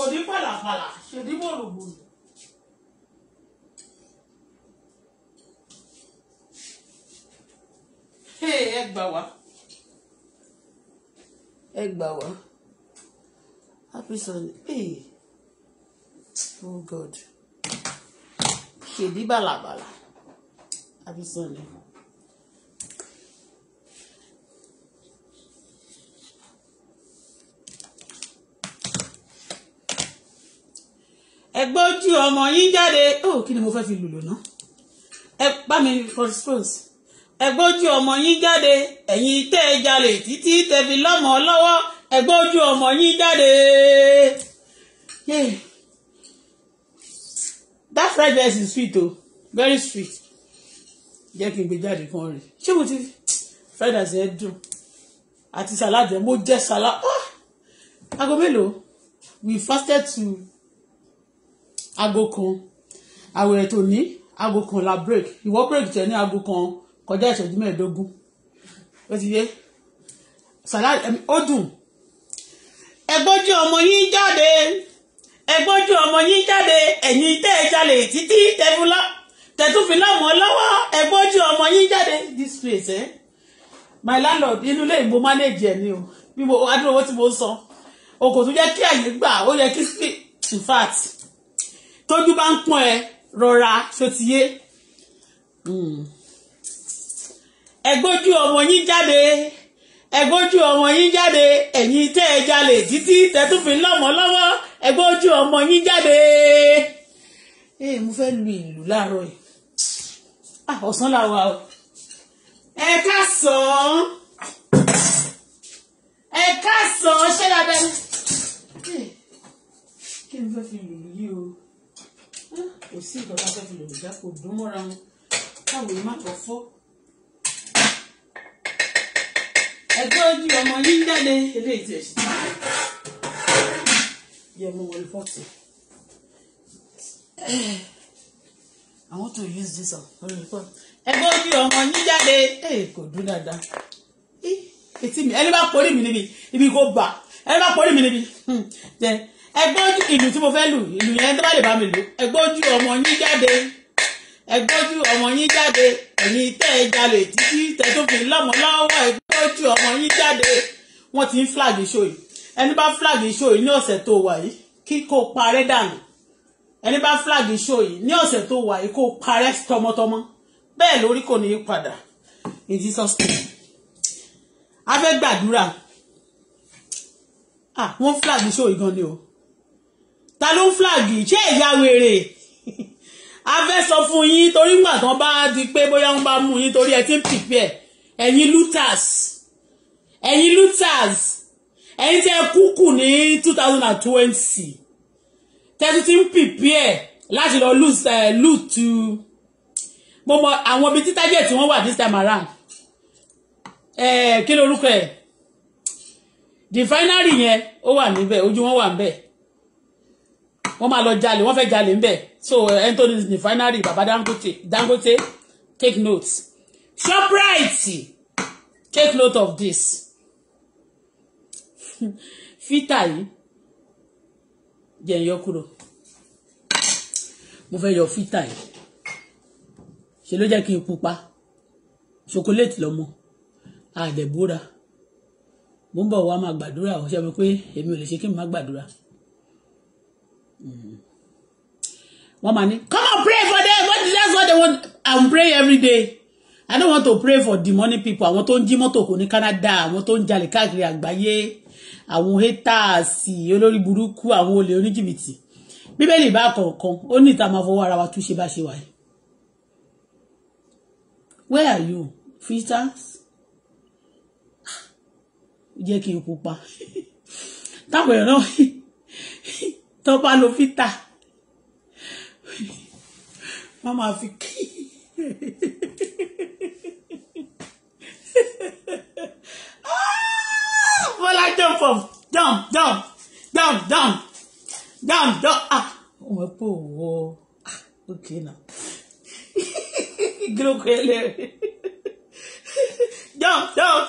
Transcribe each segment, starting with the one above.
kò ní pàlàpàlà ṣèdí bòlòbòlò. ẹ gbà wá ẹ gbà wá happy sunday hey. oh god ṣèdí bàlàbàlà happy sunday. ẹ gbójú ọmọ yín jáde ó oh, kí ni mo fẹ́ fi lùlù ná ẹ bá mi response ẹ gbójú ọmọ yín jáde ẹ̀yin tẹ́ ẹ jalè títí tẹ́ lọ́mọ lọ́wọ́ ẹ gbójú ọmọ yín jáde. That fried rice is sweet o oh. very sweet jẹ́ kí n gbé jáde kan rè ṣé mo ti fried rice yẹn dùn àti salad yẹn mo jẹ salad aago ah! mélòó we fasted to aago kan àwẹ̀rẹ̀ tó ní aago kan la break ìwọ break tẹ̀ ní aago kan kọjá ìṣẹ́jú mẹ́ẹ̀ẹ́dógún ó ti yé sàlá ó dùn ẹgbójú ọmọ yín jáde ẹgbójú ọmọ yín jáde ẹ̀yin tẹ́ ẹ jalè títí tẹ́fúlá tẹ̀túnfìlà mọ́ lọ́wọ́ ẹgbójú ọmọ yín jáde this place eh? my landlord inú ilé ìmọ̀ manage ẹ̀ ni o bí mo adúlówó tí mo ń san o kò tún jẹ́ kí àyè gbà ó yẹ kí in fact tójú bá ń pọ́n ẹ rọra ṣòtìyé hmm. ẹgbójú ọmọ yín jáde ẹgbójú ọmọ yín jáde ẹ̀yin tẹ́ ẹ jalè títí tẹ́tùfín lọ́mọ lọ́wọ́ ẹgbójú ọmọ yín jáde ee eh, mo fẹ́ lu ìlú láàárọ̀ yìí ah ọ̀sán la wà o ẹ káàsán ẹ káàsán ṣé dáadáa ni eh, kí ni fẹ́ fi lùlù kò sí nǹkan tó fẹ́ fi lò já kò dún mọ́ra wọn káwọn èèyàn má kọ́ fọ́. ẹgbẹ́ ojú ọmọ yín jáde eléyìí ti ẹ̀sìn yẹ mo wọlé pọ́ọ̀tì. I want to use this one. ẹgbẹ́ ojú ọmọ yín jáde kò dún dáadáa etí mi ẹni bá pọ́lí mi níbi ibi kò gbà ẹni bá pọ́lí mi níbi. Hmm ẹgbójú ìlú tí mo fẹ́ lù ìlú yẹn tó bá lè bá mi lù ẹgbójú ọmọ yín jáde ẹgbójú ọmọ yín jáde ẹ̀yin tẹ́ ẹ jalè títí tẹ̀sófin lọ́mọ lọ́wọ́ ẹgbójú ọmọ yín jáde wọ́n ti ń flag show yìí ẹni bá flag show yìí ní ọ̀sẹ̀ tó wà yìí kí kò parẹ́ dànù ẹni bá flag show yìí ní ọ̀sẹ̀ tó wà yìí kò parẹ́ tọmọtọmọ bẹ́ẹ̀ lórí kò ní í padà in Jesus name a fẹ́ gbàdúrà ah wọ́n flag show yìí gan ni o ta ló ń flagi ṣé ẹ̀yà wèrè a fẹ́ sọ fún yín torí ńgbà tán bá di pé bóyá wọ́n bá mú yín torí ẹ ti ń pìpẹ́ ẹ̀yin looters ẹ̀yin looters ẹ̀yin tẹ́ kúkù ní two thousand and twenty tẹ́tù ti ń pìpẹ́ láti lọ eh, loot mo mọ àwọn ibi tí target tí wọ́n wà this time around eh, kí lorúkọ ẹ̀ the finary yẹn ó wà níbẹ̀ ojú wọn wà níbẹ̀ wọ́n máa lọ jalè wọ́n fẹ́ jalè ńbẹ̀ so ẹni tó ní refinery baba Dangote Dangote take note Shoprite take note of this fita yìí jẹ́ ń yọ kúrò mo fẹ́ yọ fita yìí ṣe ló jẹ́ kí n pupa ṣokoléètì lọ́mọ àdẹ̀búra mo ń bọ̀ wá máa gbàdúrà ọ̀ṣẹ́ mi pé èmi ò lè ṣe kí n má gbàdúrà. Mm. wọ́n máa come on pray for them what is that what they want I'm pray every day I don't want to pray for demonic people I want ń jí to kò ní Canada I want ń jalè káàkiri àgbáyé àwọn haters olórí burúkú àwọn olè oníjìbìtì bíbélì bá kọ̀ọ̀kan ó ní ìta máa ara wa túnṣe bá ṣe wà yìí where are you filters ah, jẹ́ kí n pupa táwọn èèyàn náà tó bá lo fítà wọ́n máa fi kí ah, bọ́lá jump from jump jump jump jump jump jump ah wọ́n pò wọ́ ah okay now gírò kò yẹ lẹ́rìí jump jump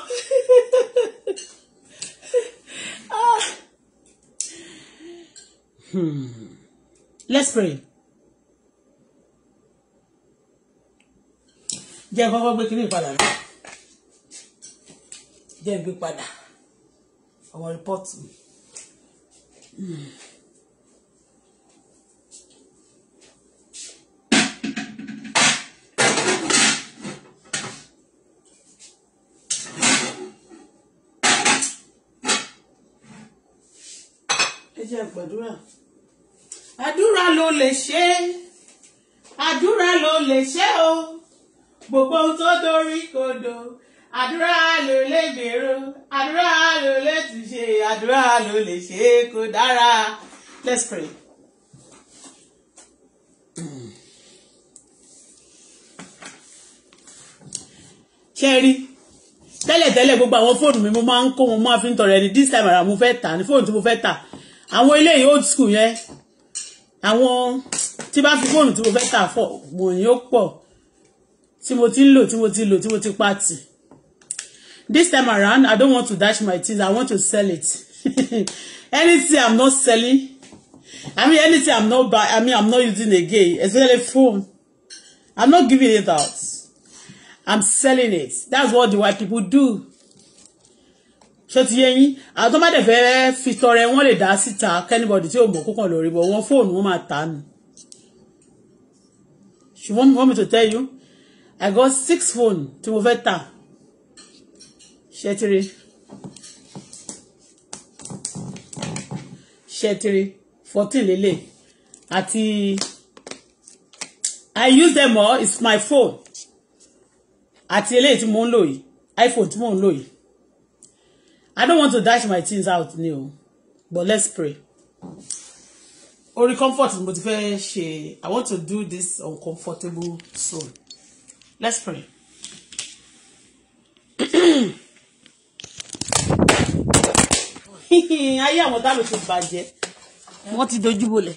ah. Hmm. Let's pray. Jẹ́ kọ́kọ́ gbé kíní ìpadà rẹ̀. Jẹ́ gbé padà. Àwọn rìpọ́tì. Hmm. jẹ́ gbàdúrà. àdúrà ló lè ṣe àdúrà ló lè ṣe o gbogbo tó dorí kodò àdúrà ló lè gbèrò àdúrà ló lè tún ṣe àdúrà ló lè ṣe kó dára. Let's pray. ṣẹ́rí tẹ́lẹ̀tẹ́lẹ̀ gbogbo àwọn fóònù mi mo máa ń kó mo máa fi ń tọrẹ ni this time ara mo fẹ́ tà ní fóònù tí mo fẹ́ tà àwọn ilé yìí old school yẹn àwọn tí bá fi fóònù tí mo fẹ́ tà fọ̀ mò ń yó pọ̀ tí mo ti ń lò tí mo ti lò tí mo ti pa this time around I don't want to dash my things I want to sell it anything I'm not selling I mean anything I'm not buy I mean I'm not using again especially phone I'm not giving it out I'm selling it that's what the white people do ṣó ti yé yín àwọn tó bá dẹ̀ fẹ́ fi tọrẹ wọ́n lè dá síta kẹ́nìbọ̀dì tí ò mọ̀ kókàn lórí bọ̀ wọ́n fóònù wọn máa tà nù. she want, want me to tell you I got six phone tí mo fẹ́ tà ṣẹ́tìrì ṣẹ́tìrì fourteen lélẹ̀ àti I use them all it's my phone àti eléyìí tí mo ń lò yìí iPhone tí mo ń lò yìí I don't want to dash my things out ni but let's pray Only comfort is ti fẹ́ I want to do this uncomfortable soon let's pray. ayé àwọn tá ló ti bàjẹ́ wọ́n ti dojú bolẹ̀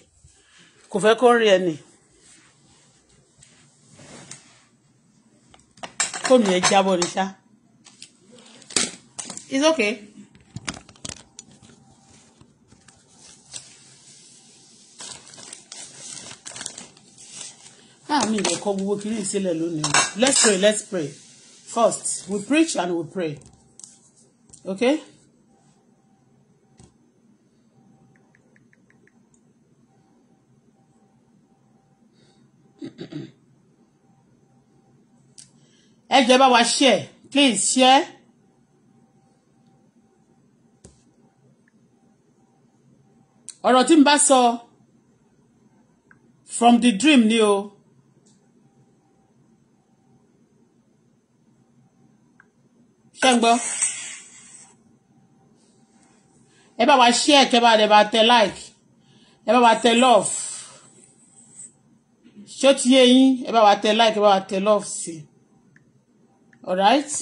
kò fẹ́ kó rí ẹni kó mi ẹ jábọ̀ ní ṣá it's okay. ah ìdẹ̀kọ́ gbogbo kiri ìsílẹ̀ lónìí let's pray let's pray first we preach and we pray okay. ẹ jẹ́ bá wa share please share. ọ̀rọ̀ tí n bá sọ from the dream ni o. ṣẹ́ngbọ́ ẹ bá wa share kẹ́ bá dẹ̀ bá tẹ like ẹ bá wa tẹ love ṣó ti yé yín ẹ bá wa tẹ like ẹ bá wa tẹ love sí alright.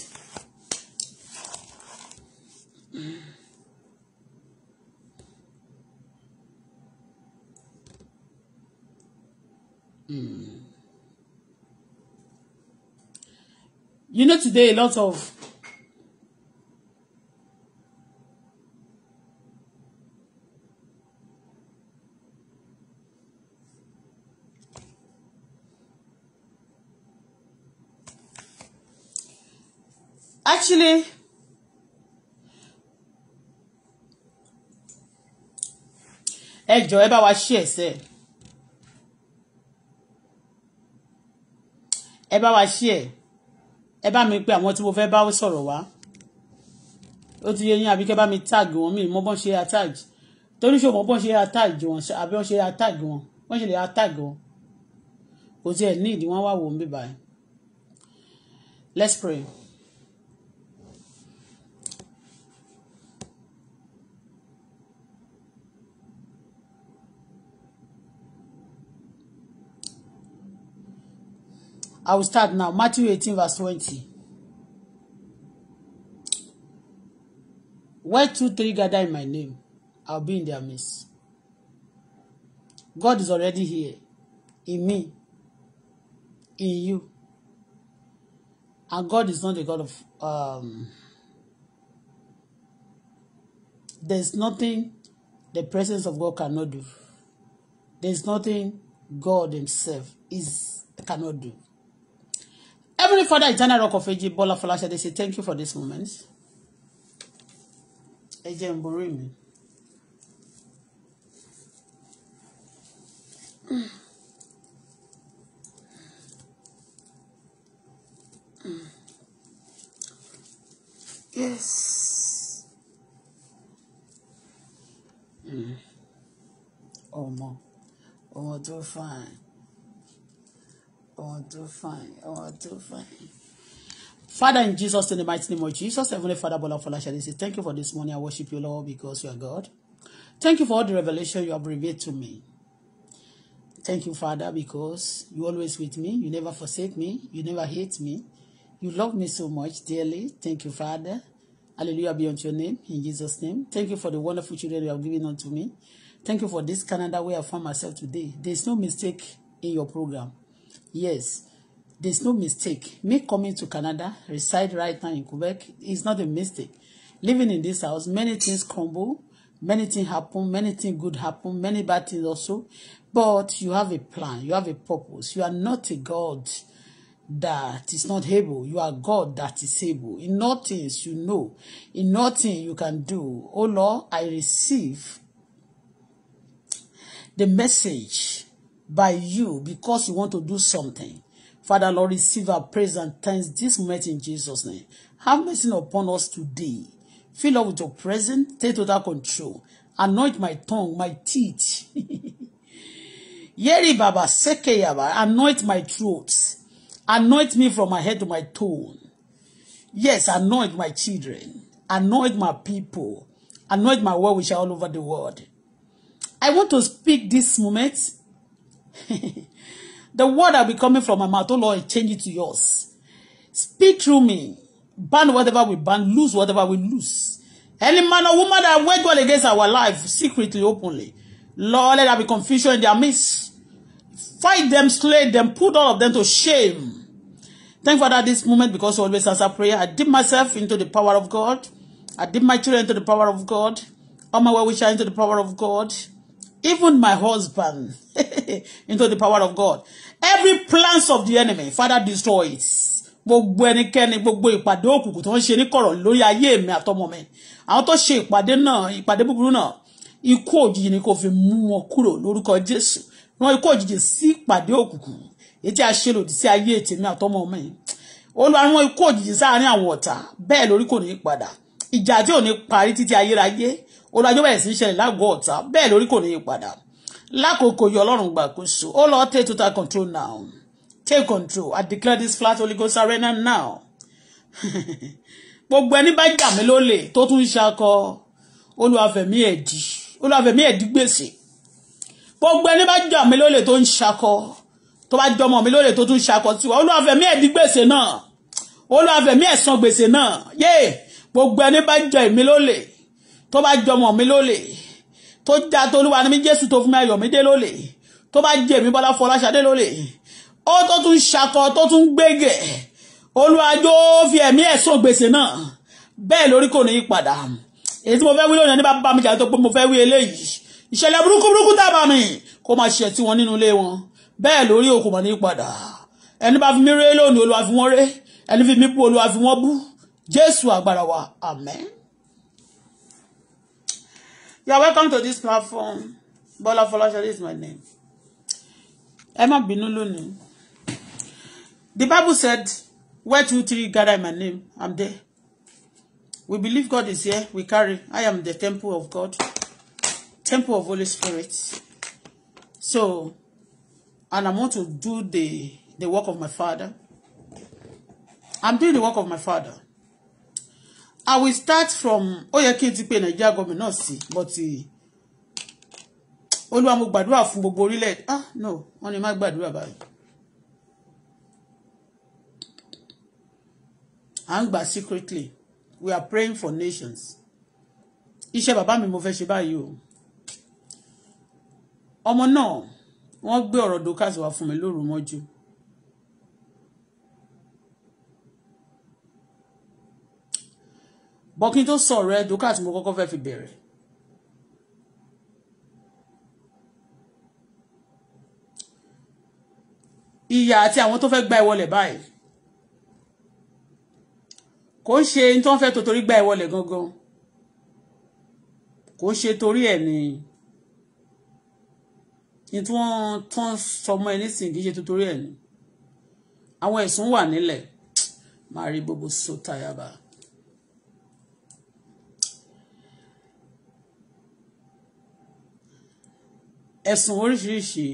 Mm. You know today a lot of actually ẹ jọ̀ọ́ ẹ bá wa share ẹsẹ̀ ẹ bá wa share ẹ bá mi pé àwọn tí mo fẹ́ bá sọ̀rọ̀ wá ó ti yẹ yín àbí bá mi tag wọn mi mo bọ́n ṣe attach torí ṣòwò bọ́n ṣe attach wọn àbí wọ́n ṣe attach wọn wọ́n ṣe lè attach wọn kò tiẹ̀ ní ìdí wọ́n wà wò ń bíbáyìí let's pray. I will start now. Matthew 18, verse 20. Where two, three gather in my name, I'll be in their midst. God is already here in me, in you. And God is not a God of. Um, there's nothing the presence of God cannot do. There's nothing God Himself is cannot do. Heavenly Father, eternal rock of ages, Bola Falasha, they say thank you for this moment. Ẹ jẹ́ Yes. Mm. Ọmọ, oh, do fine. Oh, to fine! Oh, want fine! Father, in Jesus, in the mighty name of Jesus, Heavenly Father, Bola Falashadi, say, thank you for this morning. I worship you, Lord, because you are God. Thank you for all the revelation you have revealed to me. Thank you, Father, because you always with me. You never forsake me. You never hate me. You love me so much dearly. Thank you, Father. Hallelujah be unto your name, in Jesus' name. Thank you for the wonderful children you have given unto me. Thank you for this Canada where I found myself today. There is no mistake in your program. Yes, there's no mistake. Me coming to Canada, reside right now in Quebec, is not a mistake. Living in this house, many things crumble, many things happen, many things good happen, many bad things also. But you have a plan, you have a purpose. You are not a God that is not able. You are God that is able. In all things you know, in nothing you can do. Oh Lord, I receive the message by you because you want to do something. Father, Lord, receive our praise and thanks this moment in Jesus' name. Have mercy upon us today. Fill up with your presence. Take total control. Anoint my tongue, my teeth. Yeri Baba, Seke Yaba, anoint my throat. Anoint me from my head to my tone. Yes, anoint my children. Anoint my people. Anoint my well-wisher all over the world. I want to speak this moment the word that will be coming from my mouth, oh Lord, change it to yours. Speak through me. Ban whatever we ban, lose whatever we lose. Any man or woman that wage war against our life, secretly, openly, Lord, let there be confusion in their midst. Fight them, slay them, put all of them to shame. Thank you for this moment because you always answer prayer. I dip myself into the power of God. I dip my children into the power of God. All my well wishes into the power of God even my husband, into the power of God. Every plans of the enemy, Father, destroy it. Gbogbo ẹnikẹ́ni gbogbo ìpàdé òkùnkùn tó ń ṣe ní kọ̀rọ̀ lórí ayé mi àtọmọ mi. Àwọn tó ṣe ìpàdé náà, ìpàdé búburú náà, ikú òjijì ni kò fi mú wọn kúrò lórúkọ Jésù. Rán ikú òjijì sí ìpàdé òkùnkùn. Èyí tí a ṣe lòdì sí ayé tèmi àtọmọ mi. Olúwa rán ikú òjijì sáàárín àwọn ọ̀tá. Bẹ́ẹ̀ lórí kò ní padà. Ìjà tí ò ní parí títí ayérayé olú ajọ́ bẹ̀rẹ̀ sí í ṣẹlẹ̀ lágọ̀ọ́ ọ̀tá bẹ́ẹ̀ lórí kò ní í padà lákòókò yìí ọlọ́run gbàkóso ó lọ take total control now take control I declare this flat Holy Ghost arena now gbogbo ẹni bá jà mí lólè tó tún ṣakọ olùwàfẹ̀mí ẹ̀dí olùwàfẹ̀mí ẹ̀dí gbèsè gbogbo ẹni bá jà mí lólè tó ń ṣakọ tó bá jọmọ mi lólè tó tún ṣakọ tiwa olùwàfẹ̀mí ẹ̀dí gbèsè náà olùwàfẹ̀mí ẹ̀san gbèsè náà yé gbogbo ẹni bá jà mí lólè tó bá jọmọ mi lólè tó já tolúwa ni mi jésù tó fún mi ayọ̀ mi dé lólè tó bá jẹ mi bọ́lá fọláṣadé lólè ó tó tún ṣakọ tó tún gbégè olùwàjò fi ẹ̀mí ẹ̀sùn gbèsè náà bẹ́ẹ̀ lórí kò ní í padà èyí tí mo fẹ́ wí lónìí ní bàbá mi jà tó pé mo fẹ́ wí eléyìí ìṣẹ̀lẹ̀ burúkú burúkú tá a bá mi kó máa ṣe tí wọn nínú ilé wọn bẹ́ẹ̀ lórí òkú mọ̀ ní padà ẹni bá fi mí ré lónìí olúwa fi wọ́n ré ẹni fi mí bú olúwa fi wọ́n bú jésù agbára wa àmín. You are welcome to this platform. Bola Folashade is my name. Emma má The Bible said, where two, three gather in my name, I'm there. We believe God is here. We carry. I am the temple of God, temple of Holy Spirit. So, and I want to do the, the work of my Father. I'm doing the work of my Father. I will start from ó yẹ kí n ti pe Nigeria government náà sí but eh, olúwa mo gbàdúrà fún gbogbo orílẹ̀ ah no wọ́n ní má gbàdúrà báyìí à ń gbà secretly we are praying for nations iṣẹ́ bàbá mi mo fẹ́ ṣe báyìí o ọmọ náà wọ́n gbé ọ̀rọ̀ dokas wá fún mi lóru mọ́jú bọ́ kí n tó sọ̀rọ̀ ẹ dókà tí mo kọ́kọ́ fẹ́ fi bẹ̀rẹ̀ ìyà àti àwọn tó fẹ́ gba ìwọlẹ̀ báyìí kò ń ṣe tó ń fẹ́ tòtòrí gba ìwọlẹ̀ gangan kò ń ṣe torí ẹ̀ ni ní tí wọ́n tán sọmọ ẹ nísìnyí kì í ṣe tòtòrí ẹ̀ ni àwọn ẹ̀sùn wà nílẹ̀ máa rí gbogbo sótayaba. So ẹ̀sùn oríṣiríṣi.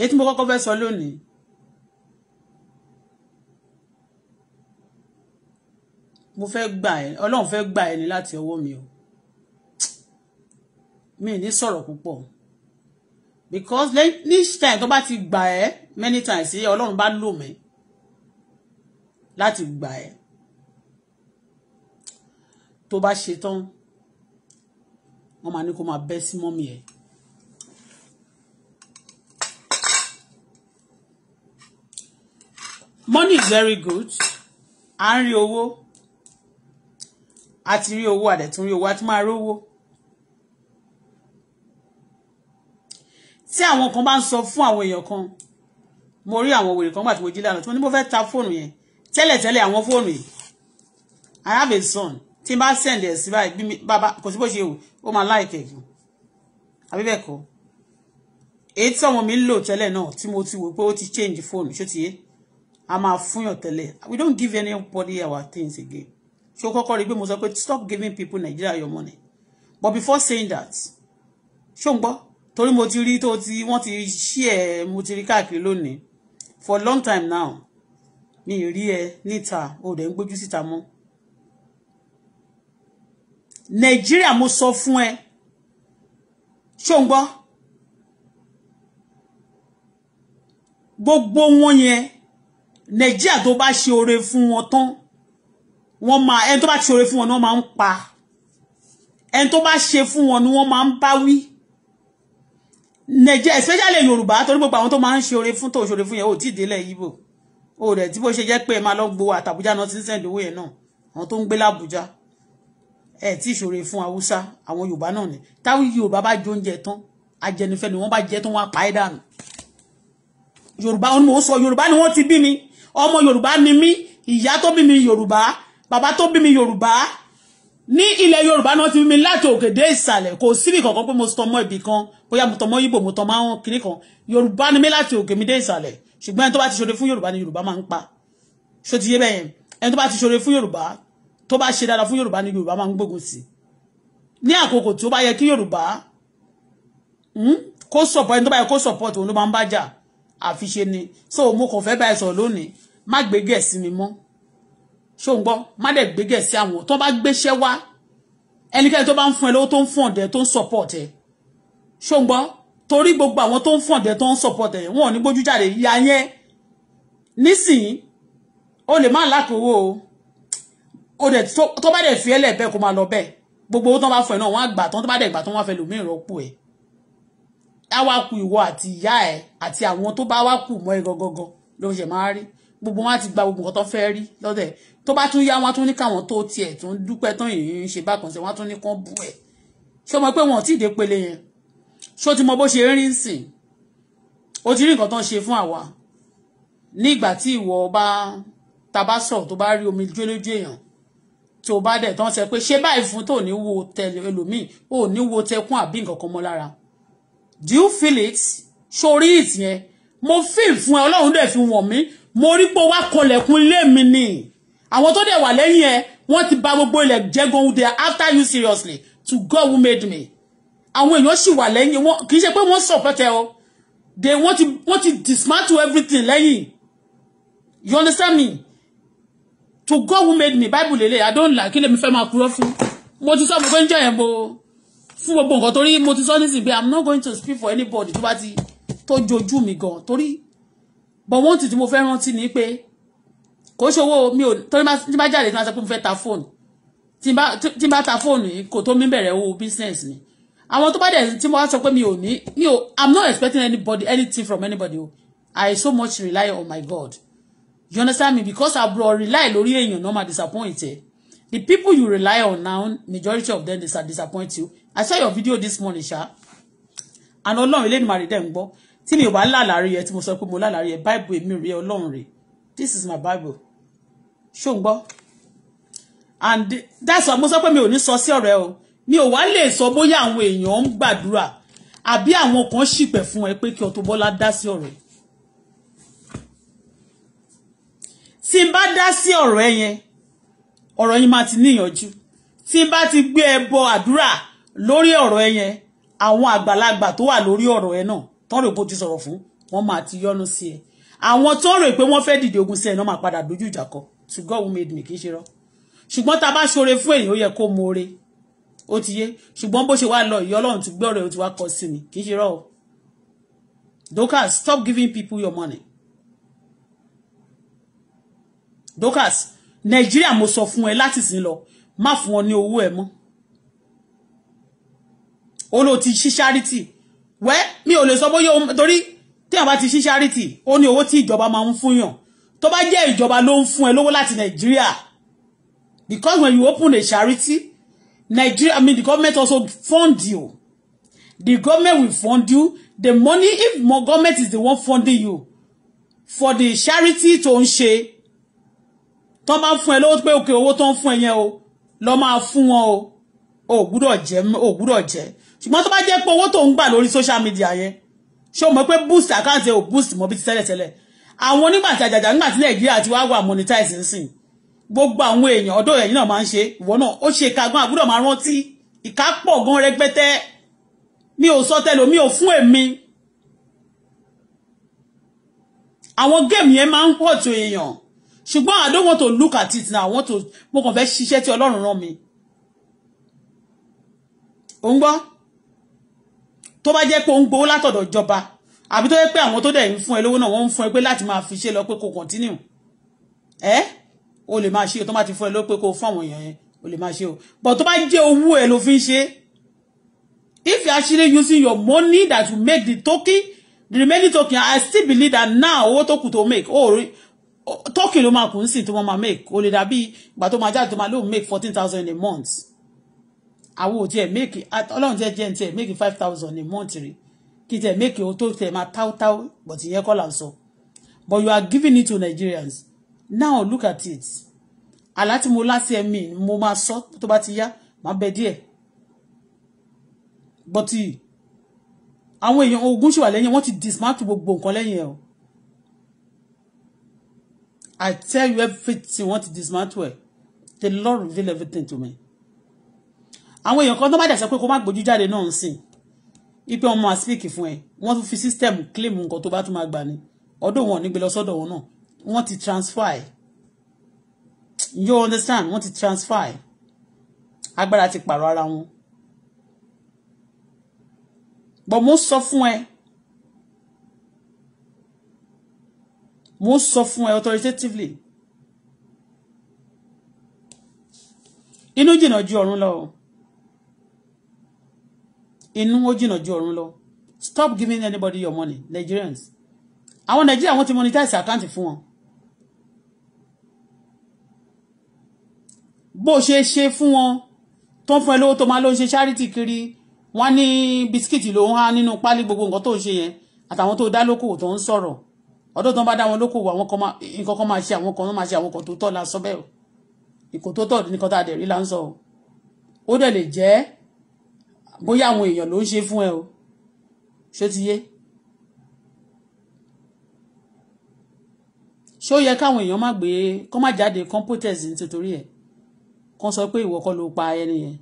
èyí tí mo kọ́kọ́ fẹ́ sọ lónìí mo fẹ́ gbà ẹ́ ọlọ́run fẹ́ gbà ẹ́ ní láti ọwọ́ mi o mi ní sọ̀rọ̀ púpọ̀ because each time tó bá ti gbà ẹ́ many times ọlọ́run bá lò mí láti gbà ẹ́ tó bá ṣe tán wọ́n máa ní kó máa bẹ́ sí mọ́mì ẹ̀. money is very good à ń rí owó a ti rí owó àdẹ̀tún rí owó a ti máa rí owó. tí àwọn kan bá ń sọ fún àwọn èèyàn kan mo rí àwọn wèrè kan gbà tí mo jí lánàá tí mo ní mo fẹ́ ta fóònù yẹn tẹ́lẹ̀tẹ́lẹ̀ àwọn fóònù yìí I have a son tí n bá send ẹ̀ sí báyìí bí bàbá kò sí bó ṣe wù ó máa láìkẹ̀ jù àbí èyí tí ọmọ mi ń lò tẹ́lẹ̀ náà tí mo ti wò pé ó ti change phone ṣó ti yé a máa fúnyàn tẹ́lẹ̀ we don't give anybody our things again ṣó kọ́kọ́ rí i pé mo sọ pé stop giving people Nigeria your money but before saying that ṣó ń gbọ́ torí mo ti rí tó ti wọ́n ti ṣí ẹ̀ mo ti rí káàkiri lónìí for long time now mi ì rí ẹ níta o dẹ̀ ń gbójú síta mọ́ nàìjíríà mo sọ fún ẹ ṣó ń gbọ́ gbogbo wọn yẹn nàìjíríà tó bá ṣe oore fún wọn tán wọ́n máa ẹni tó bá ṣe oore fún wọn ni wọ́n máa ń pa ẹni tó bá ṣe fún wọn ni wọ́n máa ń bá wí nàìjíríà especially yorùbá torí gbogbo àwọn tó máa ń ṣe oore fún tó ṣe oore fún yẹn ò tí ì délẹ̀ yíbò o rẹ̀ tí bó ṣe jẹ́ pé ẹ máa lọ gbowó àtàbújá náà ti ń sẹ́ńdowó yẹn náà àwọn tó ń gbé lábújá ẹ ti ìṣòro fún haúsá àwọn yorùbá náà ni táwọn yorùbá bá jó oúnjẹ tán ajẹnifẹ ni wọ́n bá jẹ tán wọ́n á ẹ dànù yorùbá ni mò ń sọ yorùbá ni wọ́n ti bí mi ọmọ yorùbá ni mí ìyá tó bí mi yorùbá bàbá tó bí mi yorùbá ní ilẹ̀ yorùbá náà ti mi láti òkè dé ìsàlẹ̀ kò síbì kankan pé mo tọmọ ibì kan bóyá mo tọmọ ibo mo tọmọ àwọn kiri kan yorùbá ni mi láti òkè mi dé ìsàlẹ̀ ṣùgbọ́n ẹni tó bá ti ṣoore fún yorùbá ni yorùbá máa ń pa ṣó ti yé bẹ́yẹn ẹni tó bá ti ṣoore fún yorùbá tó bá ṣe dáadáa fún yorùbá ni yorùbá máa ń gbógun sí ní àkókò tó bá yẹ kí yorùbá hmm, kó support ẹni tó bá yẹ kó support òun ló máa ń bá jà àfiṣe ni so mo kàn fẹ́ bá ẹ sọ̀rọ̀ lónìí má gbé gẹ̀ẹ́sì mi mọ́ ṣó ń gbọ́ má dẹ̀ gbé gẹ̀ẹ́sì àwọn tó bá gbéṣẹ́ wá ẹnikẹ́ni tó bá ń fún ẹ lówó tó ń fún ọ̀dẹ̀ tó ń support ẹ ṣó ń gbọ́ torí gbogbo àwọn tó ń fún ọ̀dẹ̀ tó ń support ẹ wọn ò ní gbójú jáde ìyá yẹn nísìnyí o lè má lákòówó o ó dẹ̀ tó bá dẹ̀ fi ẹ́ lẹ̀ bẹ́ẹ̀ kó máa lọ bẹ́ẹ̀ gbogbo owó tán bá fọ ẹ̀ náà wọ́n á gbà tán tó bá dẹ̀ gbà tán wọ́n á fẹ́ lòmíì rọ́pò ẹ̀ á wá ku ìwọ àti ìyá ẹ̀ àti àwọn tó bá wá kù mọ́ ẹ gangan ló ṣe máa rí gbogbo wọn á ti gba gbogbo nǹkan tó fẹ́ rí lọ́dẹ̀ tó bá tún yá wọn á tún ní káwọn tó tiẹ̀ tó ń dúpẹ́ tán yìí ń ṣe bákan ṣe wọn á tún ní kán bú ẹ̀ ṣé mọ̀ pé wọn ò tí ì dé pele yẹn ṣó ti mọ bó ṣe rí sìn ó ti rí nǹkan tó ń ṣe fún àwa ní ìgbà tí ìwọ bá ta omi jó lójú tó bá dẹ̀ tán sẹ pé ṣé báyìí fún tó ní wo tẹ̀lé ẹlòmíì ò ní wo tẹkún àbí nǹkan kan mọ́ lára do you feel it sórí ìtìyẹn mo feel fún ẹ ọlọ́run dẹ̀ fi wọ̀n mí mo rí pé wá kọlẹ̀kùn ilé mi ni àwọn tó dẹ̀ wà lẹ́yìn ẹ wọ́n ti ba gbogbo ilẹ̀ jẹ́ gan they are after you seriously to God who made me àwọn èèyàn sì wà lẹ́yìn wọn kì í ṣe pé wọ́n support ẹ o they want ti want ti dismantle everything lẹ́yìn you understand me to God who made me bible lele i don't like kí lèmi fẹ́ máa kúrọ́ fún mo ti sọ mo pé ń jẹ́ yẹn bo fún gbogbo nǹkan torí mo ti sọ nísìnyí pé i'm not going to speak for anybody tó bá ti tó jojú mi gan torí but one thing tí mo fẹ́ rántí ni pé kò ṣòwò mi ò torí tí bá jáde tí wọ́n sọ pé mo fẹ́ ta fóònù tí bá ta fóònù kò tó mi bẹ̀rẹ̀ owó business mi àwọn tó bá dẹ̀ tí mo wá sọ pé mi ò ní mi ò i'm not expecting anybody anything from anybody o i so much rely on my God you understand me because abroad rely on èèyàn náà ma disappoint the people you rely on now majority of them they dey disappoint you i saw your video this morning ṣá and Ọlọ́run ilé ìmàrí dẹ̀ marry them, tí mi ò bá lálàárí ẹ tí mo sọ pé mo lálàárí ẹ bible èmi rí Ọlọ́run rè this is my bible ṣó ń gbọ́ and that's why mo sọ pé mi ò ní sọ sí ọ̀rẹ́ o mi ò wá lè sọ bóyá àwọn èèyàn ń gbàdúrà àbí àwọn kan ṣìpẹ̀ fún ẹ pé kí Auto Bola dá sí ọ̀rẹ́ tí n bá dá sí ọ̀rọ̀ ẹ yẹn ọ̀rọ̀ yín máa ti níyànjú tí n bá ti gbé ẹbọ àdúrà lórí ọ̀rọ̀ ẹ yẹn àwọn àgbàlagbà tó wà lórí ọ̀rọ̀ ẹ náà tán rè bó ti sọ̀rọ̀ fún wọn máa ti yọ́nú sí ẹ àwọn tó rè pé wọ́n fẹ́ dìde ogun sí ẹ náà máa padà dojú ìjà kọ to God who made me kì í ṣe rọ ṣùgbọ́n tá a bá ṣoore fún èèyàn ó yẹ kó mọ oore ó ti yé ṣùgbọ́n bó ṣe wá lọ ìyá ọlọ́run ti gbọ́ ọ̀rọ̀ ẹ ó ti wá kọ sí ni kì í ṣe rọ o Dorcas stop giving people your money Dorcas Nigeria mo sọ fún ẹ láti sìn lọ má fún wọn ní owó ẹ mọ́ ó ló ti ṣí charity wẹ́ mi ò lè sọ bóyá o torí tí àwọn bá ti ṣí charity ó ní owó tí ìjọba máa ń fún yàn tó bá jẹ́ ìjọba ló ń fún ẹ lówó láti Nàìjíríà because when you open a charity Nigeria I mean the government also fund you the government will fund you the money if government is the one funding you for the charity to ń ṣe tó bá fún ẹ lówó pé òkè owó tó ń fún ẹ yẹn o lọ máa fún wọn o ò gbúdọ̀ jẹ́ ò gbúdọ̀ jẹ́ ṣùgbọ́n tó bá jẹ́ pé owó tó ń gbà lórí social media yẹn ṣé o mọ̀ pé boost àkáǹtì ò boost mọ́ bí ti tẹ́lẹ̀tẹ́lẹ̀ àwọn onígbàtí àjàjà nígbàtí nàìjíríà ti wá wà monetize nsìn gbogbo àwọn èèyàn ọ̀dọ̀ ẹ̀yin náà máa ń ṣe ìwọ náà ó ṣe ìka gan àbúrò máa rántí ìka pọ̀ gan rẹpẹtẹ mi ò sọ tẹ́lẹ̀ mi ò fún èmi àwọn géèmù yẹn máa ń pọ̀ tó èèyàn ṣùgbọ́n I don't want to look at it now I want to mo kàn fẹ́ ṣiṣẹ́ tí Ọlọ́run rán mi ò ń gbọ́ tó bá jẹ́ pé ó ń gbowó látọ̀dọ̀ ìjọba àbí tó yẹ pé àwọn tó dẹ̀ ń fún ẹ lówó náà wọ́n ń fún ẹ pé láti máa fi ṣe lọ pé kò continue ẹ́ o lè máa ṣe o tó bá ti fún ẹ lówó pé kò fún àwọn èèyàn yẹn o lè máa ṣe o but tó bá jẹ́ owó ẹ ló fi ń ṣe if you actually using your money that you make the token the remaining token I still believe that now owó tó kù tó make o tọ́kì ló máa kù ń sìn tó máa make o lè dàbí ìgbà tó máa jáde tó máa lóun make fourteen thousand in a month àwọn ò tiẹ̀ make ọlọ́run tiẹ̀ jẹ́ ń tiẹ̀ make five thousand in a month rí kí tiẹ̀ make o tó tiẹ̀ máa táwótáwó but ìyẹn kọ́ là ń sọ but you are giving it to Nigerians now look at it àlá tí mo láti ẹ̀mí mo máa sọ tó bá ti yá màá bẹ díẹ̀ but àwọn èèyàn ogun ṣì wà lẹ́yìn wọ́n ti dismantle gbogbo nǹkan lẹ́yìn ẹ̀ o I tell you everything wọ́n ti dismantle the Lord reveal everything to me. àwọn èèyàn kan tó má dẹ̀ sọ pé kó má gbójú jáde náà ń sìn ipe wọn máa speak fún ẹ wọ́n tún fi system claim nǹkan tó bá tún máa gbà ní ọ̀dọ̀ wọn ò ní gbé lọ sọ́dọ̀ wọn náà wọ́n ti transfer you understand wọ́n ti transfer ẹ̀ agbára ti pààrọ̀ ara wọn. bọ̀ mo sọ fún ẹ mo ń sọ fún ẹ authoritatively inú jìnnà ju ọ̀run lọ inú ó jìnnà ju ọ̀run lọ stop giving anybody your money Nigerians àwọn Nigeria wọ́n ti monetize àkáǹtì fún wọn bó ṣe ṣe fún wọn tó ń fún ẹ lówó tó máa ló ń ṣe charity kiri wọ́n ní bisikíìtì ló ń há nínú pálí gbogbo nǹkan tó ń ṣe yẹn àtàwọn tó dá lókòwò tó ń sọ̀rọ̀ ọdún tó ń bá dá wọn lókòwò àwọn kan nǹkan kan máa ṣe àwọn kan máa ṣe àwọn kan tó tọ́ la sọ bẹ́ẹ̀ o nǹkan tó tọ́ nǹkan tá a dẹ̀ rí la ń sọ o ó dẹ̀ lè jẹ́ bóyá àwọn èèyàn ló ń ṣe fún ẹ o ṣó ti yé ṣé ó yẹ káwọn èèyàn má gbé kó má jáde kán protest nítorí ẹ kán sọ pé ìwọ kọ́ ló pa ẹni yẹn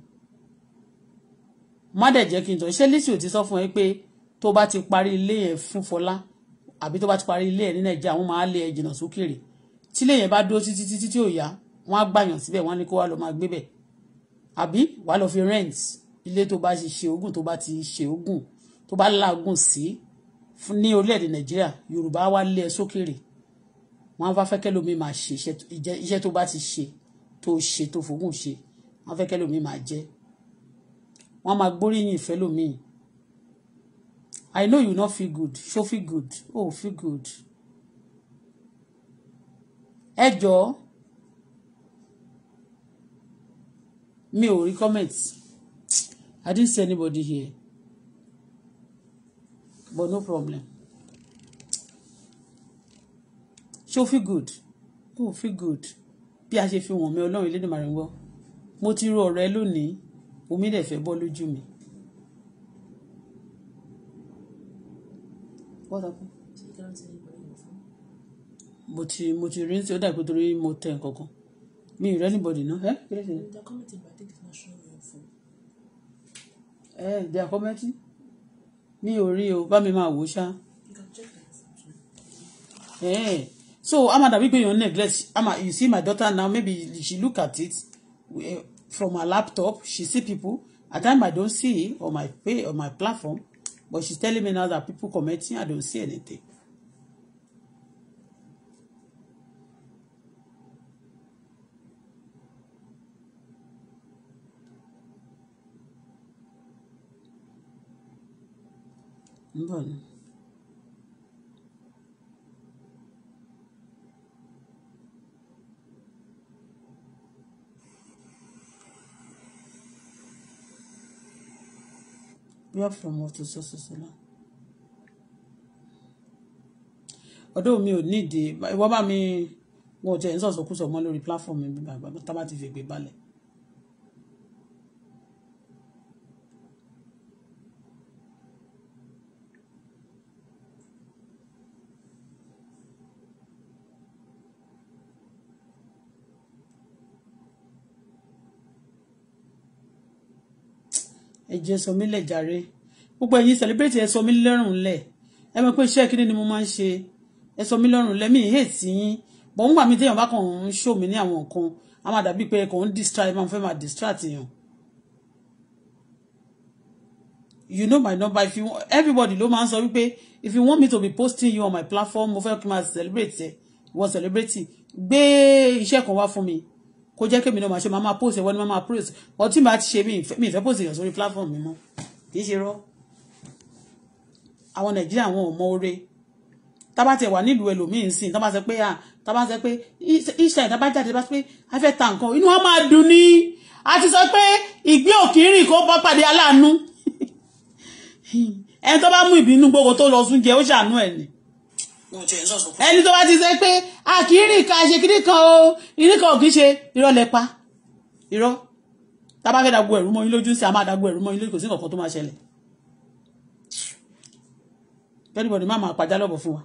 má dẹ̀ jẹ́ kí n tọ́ ṣé lísì ò ti sọ fún ẹ pé tó bá ti parí ilé yẹn fún Fọlá àbí tó bá ti parí ilé ẹ̀ ní nàìjíríà wọ́n máa lé ẹ jìnnà sókèrè tílé yẹn bá dúró títí títí tí ò yá wọ́n á gbàyàn síbẹ̀ wọ́n á ní kó wá lọ máa gbébẹ̀ àbí wàá lọ fi rent ilé tó bá ti ṣe ogún tó bá ti ṣe ogún tó bá láàgùn sí ní orílẹ̀-èdè nàìjíríà yorùbá wá lé ẹ sókèrè wọ́n á bá fẹ́ kẹ́lómi máa ṣe iṣẹ́ tó bá ti ṣe tó ṣe tó fògùn ṣe wọ́n á fẹ́ kẹ́lómi máa jẹ́ wọ́n á máa gbóríyìn ìfẹ́ lómìn I know you no feel good. So feel good. Oh, feel good. Ẹ jọ̀ọ́. Mi ò rí comments. I didn't see anybody here. But no problem. So feel good. Oh, feel good. Bí a ṣe fi wọ̀n mi Ọlọ́run ilé ìdìmọ̀ rẹ̀ ń gbọ́. Mo ti ro ọ̀rọ̀ lónìí. Omi dẹ̀ fẹ́ bọ́ lójú mi. what happened. mo ti mo ti rí ní tí ó dàgbé torí mo tẹ nǹkan kan mi ì rẹ́ anybody náà ẹ́ kí ló ṣe. the committee by take national law fún. ẹ jẹ́ àkọ́mẹ́tì mi ò rí o bá mi máa wò ó ṣá. so ama dàbí pé yóò neglect ama you see my daughter now maybe she look at it eh, from her laptop she see people at times I don't see on my pay on my platform But she's telling me now that people commenting, I don't see anything. Hmm. We are from what to so so so now. Although mi ò need ìwọ bá mi wọn ò tẹ̀ ń sọ̀sọ̀ kú sọ̀ mọ́ lórí platform mi gbàgbà tá bá ti fègbè balẹ̀. ẹ̀jẹ̀ sọ mí jàre gbogbo ẹ̀yin celebrate ẹ sọ mí lọ́rùn ẹ mọ̀ pé iṣẹ́ kíní ni mo máa ń ṣe ẹ sọ mí lọ́rùn lẹ̀ mí ì hate yín bọ̀ ń gbà mí téèyàn bá kàn ń show mí ní àwọn nǹkan a máa dàbí pé kàn ń distract máa fẹ́ máa distract yàn you know my number if you want, everybody ló máa ń sọ wípé if you want me to be posting you on my platform mo fẹ́ kí n máa celebrate ẹ ìwọ celebrate gbé iṣẹ́ kan wá fún mi kó jẹ́ kémi náà máa ṣe máa máa post ẹ̀wọ́n ni máa máa post ọtí máa ti ṣe mí ìfẹ́ post èèyàn sórí platform mi mọ́ kì í ṣe rọ́ àwọn nàìjíríà wọn ò mọ oore tábà tẹ wà nílùú ẹlòmíín sìn tábà sọ pé tábà sọ pé israel tábà jáde tábà sọ pé a fẹ́ ta nǹkan inú wọn máa dùn ní a ti sọ pé ìgbé òkìrìn kó bá pàdé aláàánú ẹni tó bá mú ìbínú gbogbo tó lọ sún jẹ ó ṣàánú ẹ̀ ni ẹni tó bá ti ṣe pé a kì í rìn ká ṣe kíní kan o kíní kan ò kì í ṣe irọ́ lẹ pa irọ́ tá a bá fẹ́ dàgbò ẹ̀rú mọ́ yín lójú sí a máa dàgbò ẹ̀rú mọ́ yín lójú kò sí nǹkan tó máa ṣẹlẹ̀ everybody má máa pàjá fún wa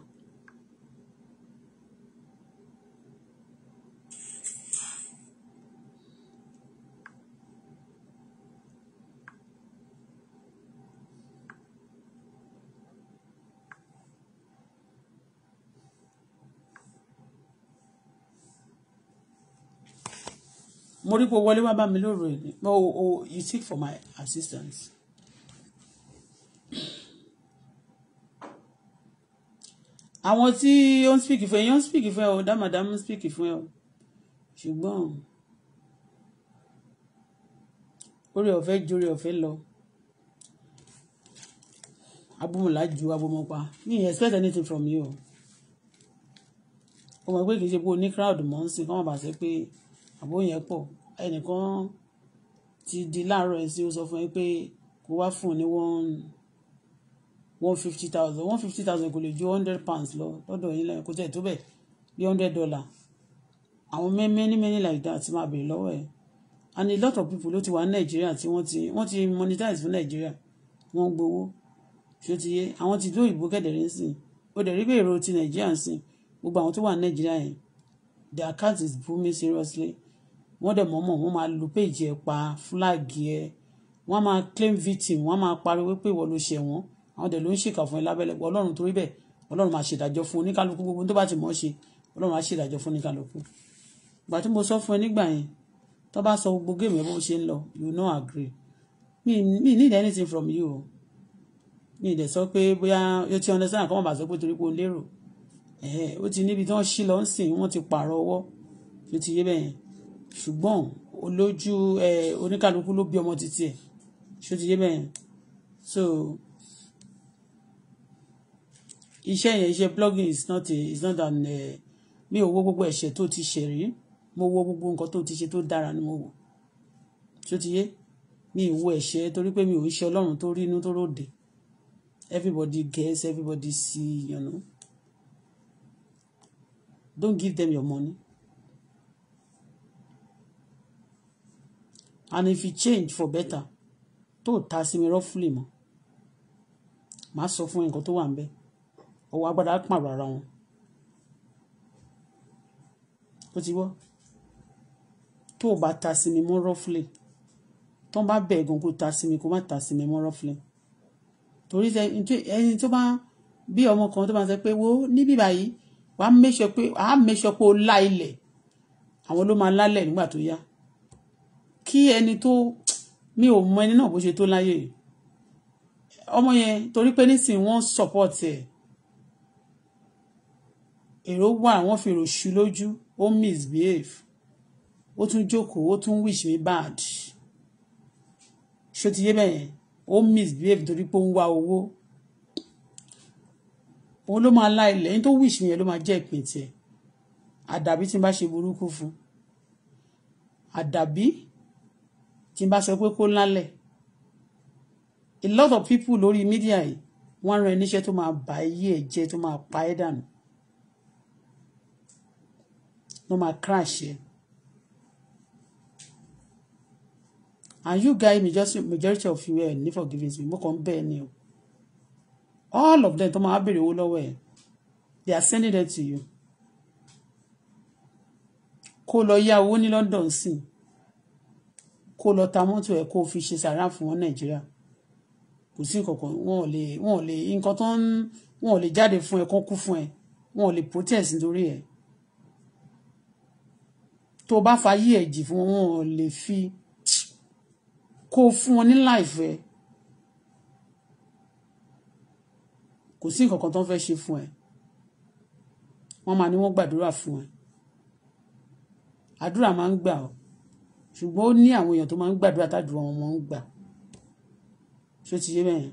mo rí pé wọlé wá bá mi lóru ẹ̀ ní o you seek for my assistance. àwọn tí ó ń speak fún ẹ yóò ń speak fún ẹ o dámadá ń speak fún ẹ o ṣùgbọ́n orí ọ̀fẹ́ ju orí ọ̀fẹ́ lọ abomola ju abomopa mi expect anything from you o mọ̀ pé kì í ṣe pé o ní crowd mọ́ ń sìn kọ́ mọ̀ bá pé àbó yẹn pọ̀ ẹnìkan ti di láàárọ̀ ẹ̀ sí ó sọ fún ẹ pé kó wá fún ní one one fifty thousand one fifty thousand kò lè ju hundred pounds lọ lọ́dọ̀ yín lẹ́yìn kó tẹ̀ tó bẹ̀ bí hundred dollar àwọn many many like that máa bèrè lọ́wọ́ ẹ̀ and a lot of people ló ti wà ní nàìjíríà tí wọ́n ti wọ́n ti monetize fún nàìjíríà wọ́n ń gbowó ṣé ti yé àwọn ti dó ìbò kẹ̀dẹ̀rẹ́ sí i ó dẹ̀ rí bèrè o ti nàìjíríà sí i gbogbo àwọn tó wà ní nàìjíríà yẹn their account is booming seriously wọ́n dẹ̀ mọ̀ọ́mọ̀ wọ́n máa lu péjì ẹ̀ pa fúláàgì ẹ̀ wọ́n máa claim victim wọ́n máa pariwo pé ìwọ ló ṣe wọ́n àwọn dẹ̀ ló ń ṣèkà fún ẹ lábẹ́lẹ̀ pé ọlọ́run torí bẹ́ẹ̀ ọlọ́run máa ṣèdájọ́ fún oníkálukú gbogbo tó bá ti mọ̀ ṣe ọlọ́run á ṣèdájọ́ fún oníkálukú ìgbà tí mo sọ fún ẹ nígbà yẹn tó bá sọ gbogbo géèmù bó ṣe ń lọ you no agree me need anything from you o mi ì dẹ̀ sọ pé bóyá o ti understand kọ́ mọ̀ bá sọ pé torí pé o lérò ó ti níbi tí wọ́n ṣí lọ ń sìn wọ́n ti pààrọ̀ ọwọ́ tó ti yé bẹ́yẹn ṣùgbọ́n olójú ẹ oníkàlùkù ló bí ọmọ títí ẹ̀ ṣó ti yé bẹ́ẹ̀ so iṣẹ́ yẹn iṣẹ́ blogging is not a is not an uh, mi ò wo gbogbo ẹ̀ṣẹ̀ tó ti ṣẹ̀ rí mo wo gbogbo nǹkan tó ti ṣe tó dára ni mo wò ṣó ti yé mi ò wo ẹ̀ṣẹ̀ torí pé mi ò ń ṣe ọlọ́run tó rí inú tó ròde everybody gets everybody see you know don't give them your money and if you change for better tó ta sí mi rọ́fúlì mọ́ màá sọ fún nǹkan tó wà ń bẹ ọwọ́ agbára pààrọ̀ ara wọn ó ti wọ́ tó o bá ta sí mi mọ́ rọ́fúlì tó ń bá bẹ̀ gan kó ta sí mi kó má ta sí mi mọ́ rọ́fúlì torí ẹni tó bá bí ọmọ kan tó bá sọ pé wo níbí báyìí wàá mẹ́sọ pé wàá mẹ́sọ pé o lá ilẹ̀ àwọn ló máa lálẹ̀ nígbà tó yá kí ẹni tó mi ò mọ ẹni náà bó ṣe tó láyè ọmọ yẹn torí pé nísìnyí wọ́n support ẹ̀ èrò wà wọ́n fi èrò ṣu lójú ó misbehave ó tún jókòó ó tún wish me bad ṣó ti yé bẹ́ẹ̀ yẹn ó misbehave torí pé ó ń wá owó òun ló máa la ilẹ̀ yín tó wish me yẹn ló máa jẹ́ ìpín tiẹ̀ àdàbí tí n bá ṣe burúkú fún àdàbí tí bá sọ pé kó lálẹ̀ a lot of people lórí mídíà yìí wọ́n ran níṣẹ́ tó máa bà ayé ẹ̀ jẹ́ tó máa pa ẹ́ dànù ló máa crash ẹ̀ and you guys majority of you ẹ̀ eh, ní forgiveness mo kàn ń ni o all of them tó máa béèrè owó lọ́wọ́ ẹ̀ they are sending them to you kó lọ yá owó ní London sí i kó lọ ta mọ́tò ẹ̀ kó fi ṣe sàrà fún wọn nàìjíríà kò sí nǹkan kan wọn ò lè wọn ò lè nǹkan tó ń wọn ò lè jáde fún ẹ kán kú fún ẹ wọn ò lè protest nítorí ẹ tó bá fàyè ẹ jì fún wọn wọn ò lè fi kó fún wọn ní láìfẹ kò sí nǹkan tó ń fẹ́ ṣe fún ẹ wọ́n máa ní wọ́n gbàdúrà fún ẹ àdúrà máa ń gbà ọ́ ṣùgbọ́n ó ní àwọn èèyàn tó máa ń gbàdúrà tádùn àwọn ọmọ ń gbà ṣó ti yé bẹ́ẹ̀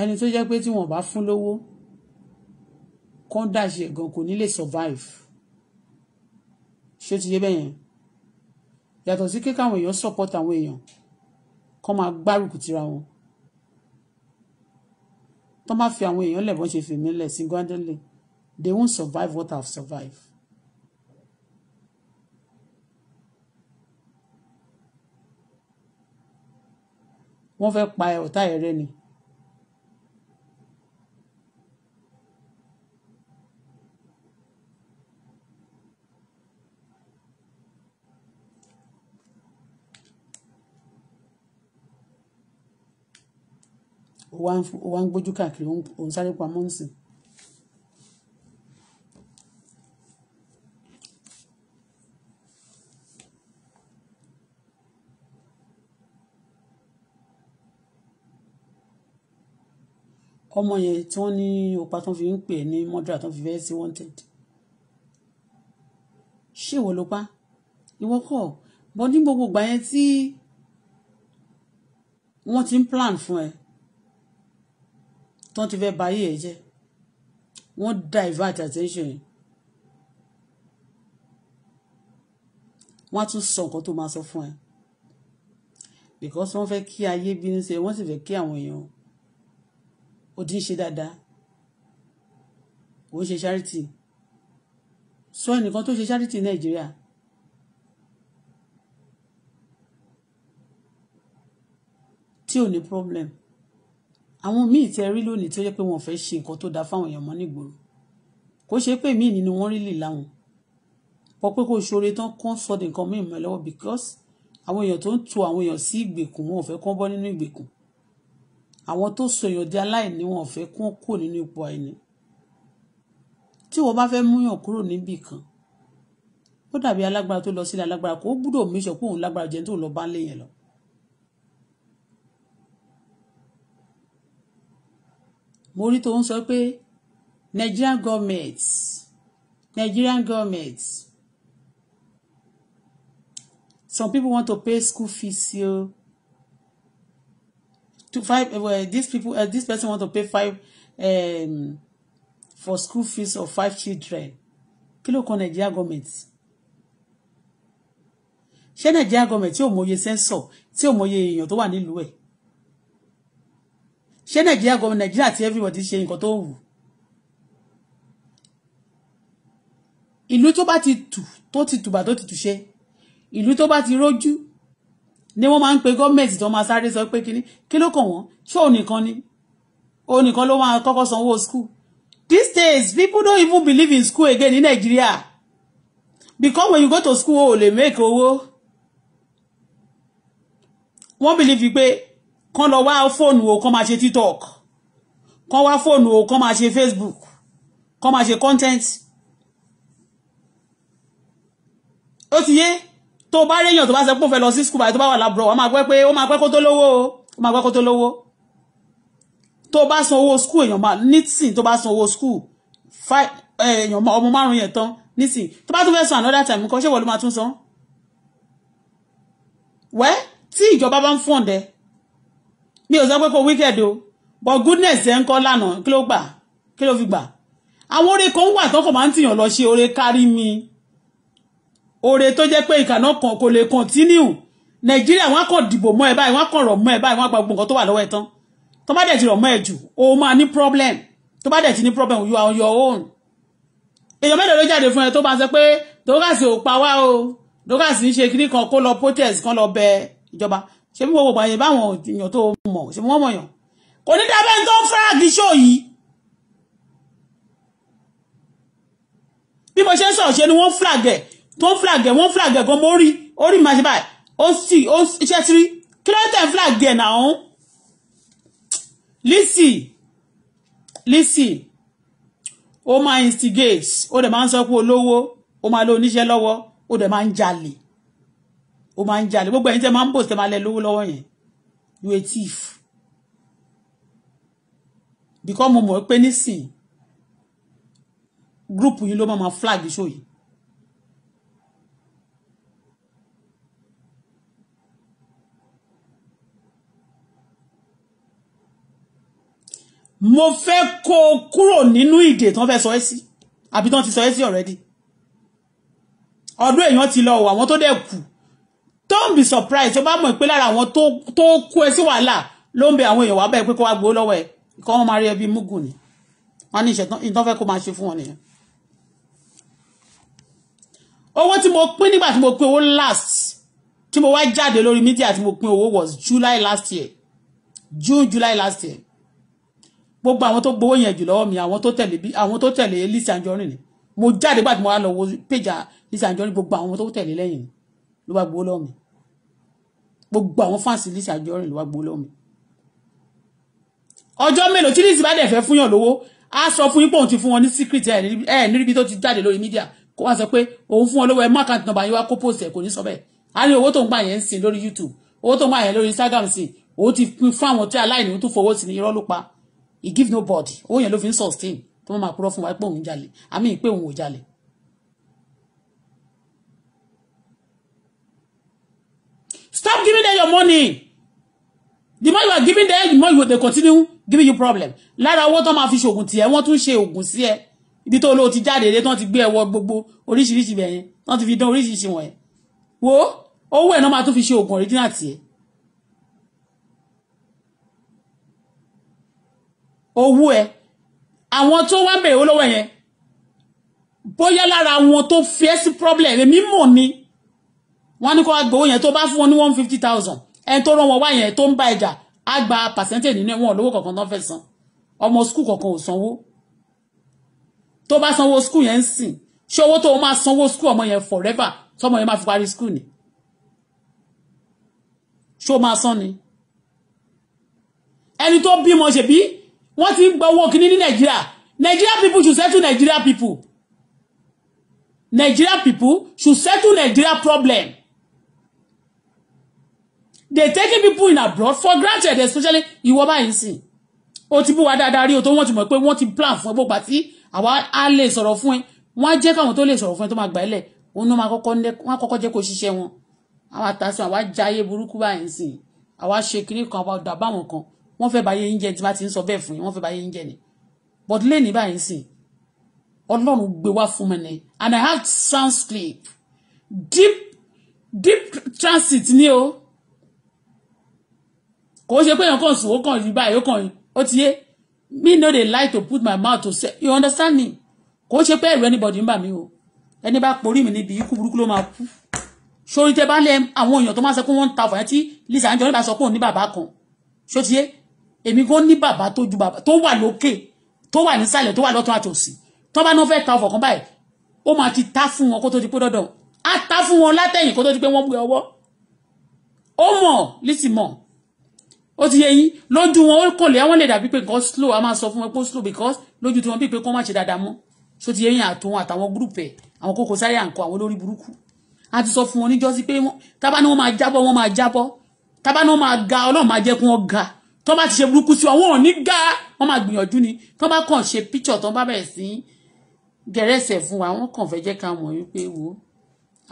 ẹni tó jẹ́ pé tí wọ́n bá fún lówó kán dàṣe gan kò ní lè survive ṣó ti yé bẹ́ẹ̀ yàtọ̀ sí kí káwọn èèyàn support àwọn èèyàn kán máa gbárùkù tira wọn tó máa fi àwọn èèyàn lẹ̀bọ́n ṣe fèmí lẹ̀ single handedly they won't survive what I've survived wọ́n fẹ́ pa ọ̀tá ẹ̀ rẹ́ ni. ó wá ń gbójú káàkiri ó ń sáré pamọ́ ń ọmọ yẹn tí wọ́n ní ọ̀pá tó fi ń pè ní mọ́dúrà tó fi fẹ́ sí wanted ṣé ìwọ ló pa ìwọ kọ́ bọ́ ní gbogbo ìgbà yẹn tí wọ́n ti ń plan fún ẹ tó ti fẹ́ ba ayé ẹ jẹ́ wọ́n divert attention yẹn wọ́n á tún sọ nǹkan tó máa sọ fún ẹ because wọ́n fẹ́ kí ayé bínú sí ẹ wọ́n sì fẹ́ kí àwọn èèyàn ó ti ń ṣe dáadáa ó ń ṣe charity sọ ẹnìkan tó ṣe charity nàìjíríà tí ò ní problem àwọn míì tẹ rí lónìí tó yẹ pé wọn fẹ́ ṣe nǹkan tó dáa fáwọn èèyàn mọ́ nígboro kò ṣe pé míì nínú wọn rí lè láwọn pọ pé kò ṣoore tán kán sọdí nǹkan míì mọ́ ẹ because àwọn èèyàn tó ń tò àwọn èèyàn sí ìgbèkùn wọn ò fẹ́ kán bọ́ nínú ìgbèkùn àwọn tó sọ èèyàn di aláìní wọn fẹ́ kún kúrò nínú ipò àìní tí wọ́n bá fẹ́ múyàn kúrò níbì kan ó dàbí alágbára tó lọ sílẹ̀ alágbára kó gbúdọ̀ méṣọ pé òun lágbára jẹun tó lọ bá ń lé yẹn lọ. mo rí tó ń sọ pé Nigerian government Nigerian government some people want to pay school fees o to five eh, well, these people uh, this person want to pay five um, for school fees of five children Kilo ló kan Nigeria government ṣé Nigeria government tí ò mọye sensor tí ò mọye èèyàn tó wà nílùú ẹ̀ ṣé Nigeria government Nigeria ti everybody ṣe nǹkan tó wù ìlú tó bá ti tù tó ti tùbà tó ti tùṣe ìlú tó bá ti rójú ni wọ́n máa ń pe gọ́ọ̀mẹ̀ntì tó máa sáré sọ pé kíní kí ló kàn wọ́n ṣé nìkan ni òun nìkan ló máa kọ́kọ́ sanwó school these days people don't even believe in school again in Nigeria because when you go to school o lè make owó wọ́n believe pé kán lọ wá fóònù o kán máa ṣe tiktok kán wá fóònù o kán máa ṣe facebook kán máa ṣe content ó ti yé tó bá réyàn tó bá sọ pé òun fẹ́ lọ sí skul báyìí tó bá wà lábúrò wà máa pẹ́ pé ó máa pẹ́ kó tó lówó o ó máa pẹ́ kó tó lówó tó bá san owó skul èèyàn máa nísìn tó bá san owó skul èèyàn ọmọ márùn yẹn tán nísìn tó bá tún fẹ́ san another time nǹkan ṣé wọ́n ló máa tún san wẹ́ tí ìjọba bá ń fọ̀n dẹ mi ò sọ pé kó wicked o but goodness ẹ̀ ń kọ́ lánàá kí ló gbà kí ló fi gbà àwọn oore kan wà tán kò máa ń tìyàn lọ ṣe oore kárí mi oore tó jẹ́ pé ìkànnà kan kò lè continue nàìjíríà wọn kàn dìbò mọ́ ẹ báyìí wọn kàn rọ̀ mọ́ ẹ báyìí wọn gba gbogbo nǹkan tó wà lọ́wọ́ ẹ tán tó bá dẹ̀ ti rọ̀ mọ́ ẹ jù o máa ní problem tó bá dẹ̀ ti ní problem you are on your own èèyàn mẹ́rin ló jáde fún ẹ tó bá sọ pé dókàsì ò pa wá o dókàsì ń ṣe kinní kan kó lọ protest kan lọ bẹ ìjọba ṣé bí gbogbo àyè báwọn èèyàn tó mọ̀ ṣé wọ́n mọ̀ yàn kò ní dábẹ́ ń tó fúráàgì ṣó yìí bí mo ṣe ń sọ̀rọ̀ ṣe ni wọ́n fúráàgì tó ń flag ẹ̀ wọ́n flag ẹ̀ gan mo rí orí màá ṣe báyìí ó sì ó ṣe ti kí ló tẹ̀ flag ẹ̀ náà ó lisi lisi ó máa instigate ó dẹ̀ máa ń sọ pé olówó ó máa lo oníṣẹ́ lọ́wọ́ ó dẹ̀ máa ń jalè ó máa ń jalè gbogbo ẹ̀yin tẹ́ máa ń bò tẹ́ máa lẹ lówó lọ́wọ́ yẹn you a thief because mo mọ̀ pé nísìn group yìí ló máa ma flag show yìí mo fẹ́ kó o kúrò nínú ìdè tán fẹ́ sọ ẹ́ sí àbí tán ti sọ ẹ́ sí already ọdún èèyàn ti lọ wọ àwọn tó dẹ̀ kù don't be surprised tó bá mọ̀ pé lára àwọn tó kó ẹ sí wàhálà ló ń bẹ àwọn èèyàn wá bẹ́ẹ̀ pé kó wá gbowó lọ́wọ́ ẹ̀ kọ́ wọn máa rí ẹbí mugun ni wọ́n ní ìtàn fẹ́ kó máa ṣe fún wọn nìyẹn. owó tí mo pín nígbà tí mo pín owó last tí mo wá jáde lórí mídíà tí mo pín owó was July last year June July last year gbogbo àwọn tó gbowó yẹn jù lọ́wọ́ mi àwọn tó tẹ̀lé bí àwọn tó tẹ̀lé Lizzy Anjorin ni mo jáde gbàdúrà mo wá lọ wo péjà Lizzy Anjorin gbogbo àwọn tó tẹ̀lé lẹ́yìn ló bá gbowó lọ́wọ́ mi gbogbo àwọn fáǹsì Lizzy Anjorin ló bá gbowó lọ́wọ́ mi. ọjọ́ mélòó tí Lizzy bá dẹ̀ fẹ́ fún yàn lówó á sọ fún yín pé òun ti fún wọn ní secret ẹ̀ ẹ̀ níbi tó ti jáde lórí mídíà kó wá sọ pé òun fún wọn lówó ẹ má kàn tàn bá yín wá kó post ẹ̀ kò ní sọ bẹ́ẹ̀ á ní owó tó ń gbà yẹn ń sìn lórí YouTube owó tó ń gbà yẹn lórí Instagram sìn òun ti pin fún àwọn tí aláìní tó fowó sí ní irọ́ ló pa he give nobody owó yẹn ló fi ń sustain tó máa purọ́ fún wa pé òun jalè mean, pé òun ò jalè. stop giving them your money the more you are giving them the more you dey continue giving you problem lára owó tó máa fi ṣoògùn tiẹ̀ wọ́n tún ṣe oògùn sí ẹ ibi tó olóò ti jáde lé tán ti gbé ẹwọ gbogbo oríṣiríṣi bẹ̀yẹn tán ti fi dán oríṣiríṣi wọ̀nyẹn wo owó ẹ̀ náà máa tún fi ṣe oògùn original tiẹ̀ owó ẹ àwọn tó wá bèrè olówó yẹn bóyá lára wọn tó fi ẹ́ sí problem èmi mọ̀ ni wọ́n ní kó wá gbowó yẹn tó bá fún wọn ní one fifty thousand ẹni tó rán wọn wá yẹn tó ń bá ẹjà á gba percentage nínú ẹ̀wọ̀n olówó kankan tó fẹ́ san ọmọ skul kankan ò sanwó tó bá sanwó skul yẹn ń sìn ṣé owó tó o máa sanwó skul ọmọ yẹn forever tọmọ yẹn máa fi parí skul ni ṣé o máa san ni ẹni tó bímọ ṣèbí wọ́n ti ń gba owó kìíní ní nàìjíríà nàìjíríà people should settle nàìjíríà people nàìjíríà people should settle nàìjíríà problem they taking people in abroad for granted especially ìwọ báyìí sìn o ti bú wa dáadáa rí o tó wọ́n ti mọ̀ pé wọ́n ti plan fún ọgbọ́gba tí àwa á lè sọ̀rọ̀ fún ẹ wọ́n á jẹ́ káwọn tó lè sọ̀rọ̀ fún ẹ tó máa gbà ẹ́ lẹ̀ òun náà wọ́n á kọ́kọ́ jẹ́ kó ṣiṣẹ́ wọn àwa tàṣán àwa jayé burúkú báyìí sìn àwa ṣe kinní kan àwa dàbáwọn kan wọ́n fẹ́ báyé yín jẹ tí bá ti ń sọ bẹ́ẹ̀ fún yín wọ́n fẹ́ báyé yín jẹ ni but lẹ́ni báyìí sìn ọlọ́run gbé wá fún mi ni and I have sound sleep deep deep transit ni o kò ṣe pé èèyàn kàn sùn ó kàn rí báyìí ó kàn rí ó ti yé me no dey like to put my mouth to say you understand me kò ṣe pé ẹ̀rù anybody ń bà mí o ẹni bá porí mi níbi ikú burúkú ló máa kú sórí tẹ bá lẹ àwọn èèyàn tó máa sọ pé wọ́n ń ta ọ̀fọ̀ yẹn tí Lizzy Anjorin bá sọ pé òun ní bàbá kan ṣó ti èmi kò ní bàbá tó ju bàbá tó wà lókè tó wà nísàlẹ̀ tó wà lọ́tún àtòsí tó bá náà fẹ́ ta ọ̀fọ̀ kan báyìí ó máa ti ta fún wọn kó tó di pé dọ́dọ̀ á ta fún wọn látẹ̀yìn kó tó di pé wọ́n gbé ọwọ́ ó mọ̀ lísì ó ti yẹ yín lójú wọn ó kò lè àwọn lè dàbí pé nǹkan slow a máa sọ fún wọn pé slow because lójú tí wọn bíi pé kó má ṣe dáadáa mọ́ so ti yẹ yín àtòun àtàwọn group ẹ̀ àwọn Koko Zaria àǹkọ àwọn olórí burúkú a ti sọ fún wọn níjọ́sí pé tábà ni wọ́n máa jábọ́ wọ́n máa jábọ́ tábà ni wọ́n máa ga ọlọ́run máa jẹ́ kí wọ́n ga tó bá ti ṣe burúkú sí àwọn òní gá wọn máa gbìyànjú ni tó bá kàn ṣe píchọ̀ tó bá bẹ̀rẹ̀ sí gẹ̀rẹ́sẹ̀ fún wa wọn kàn fẹ́ jẹ́ ká mọ̀ wípé wo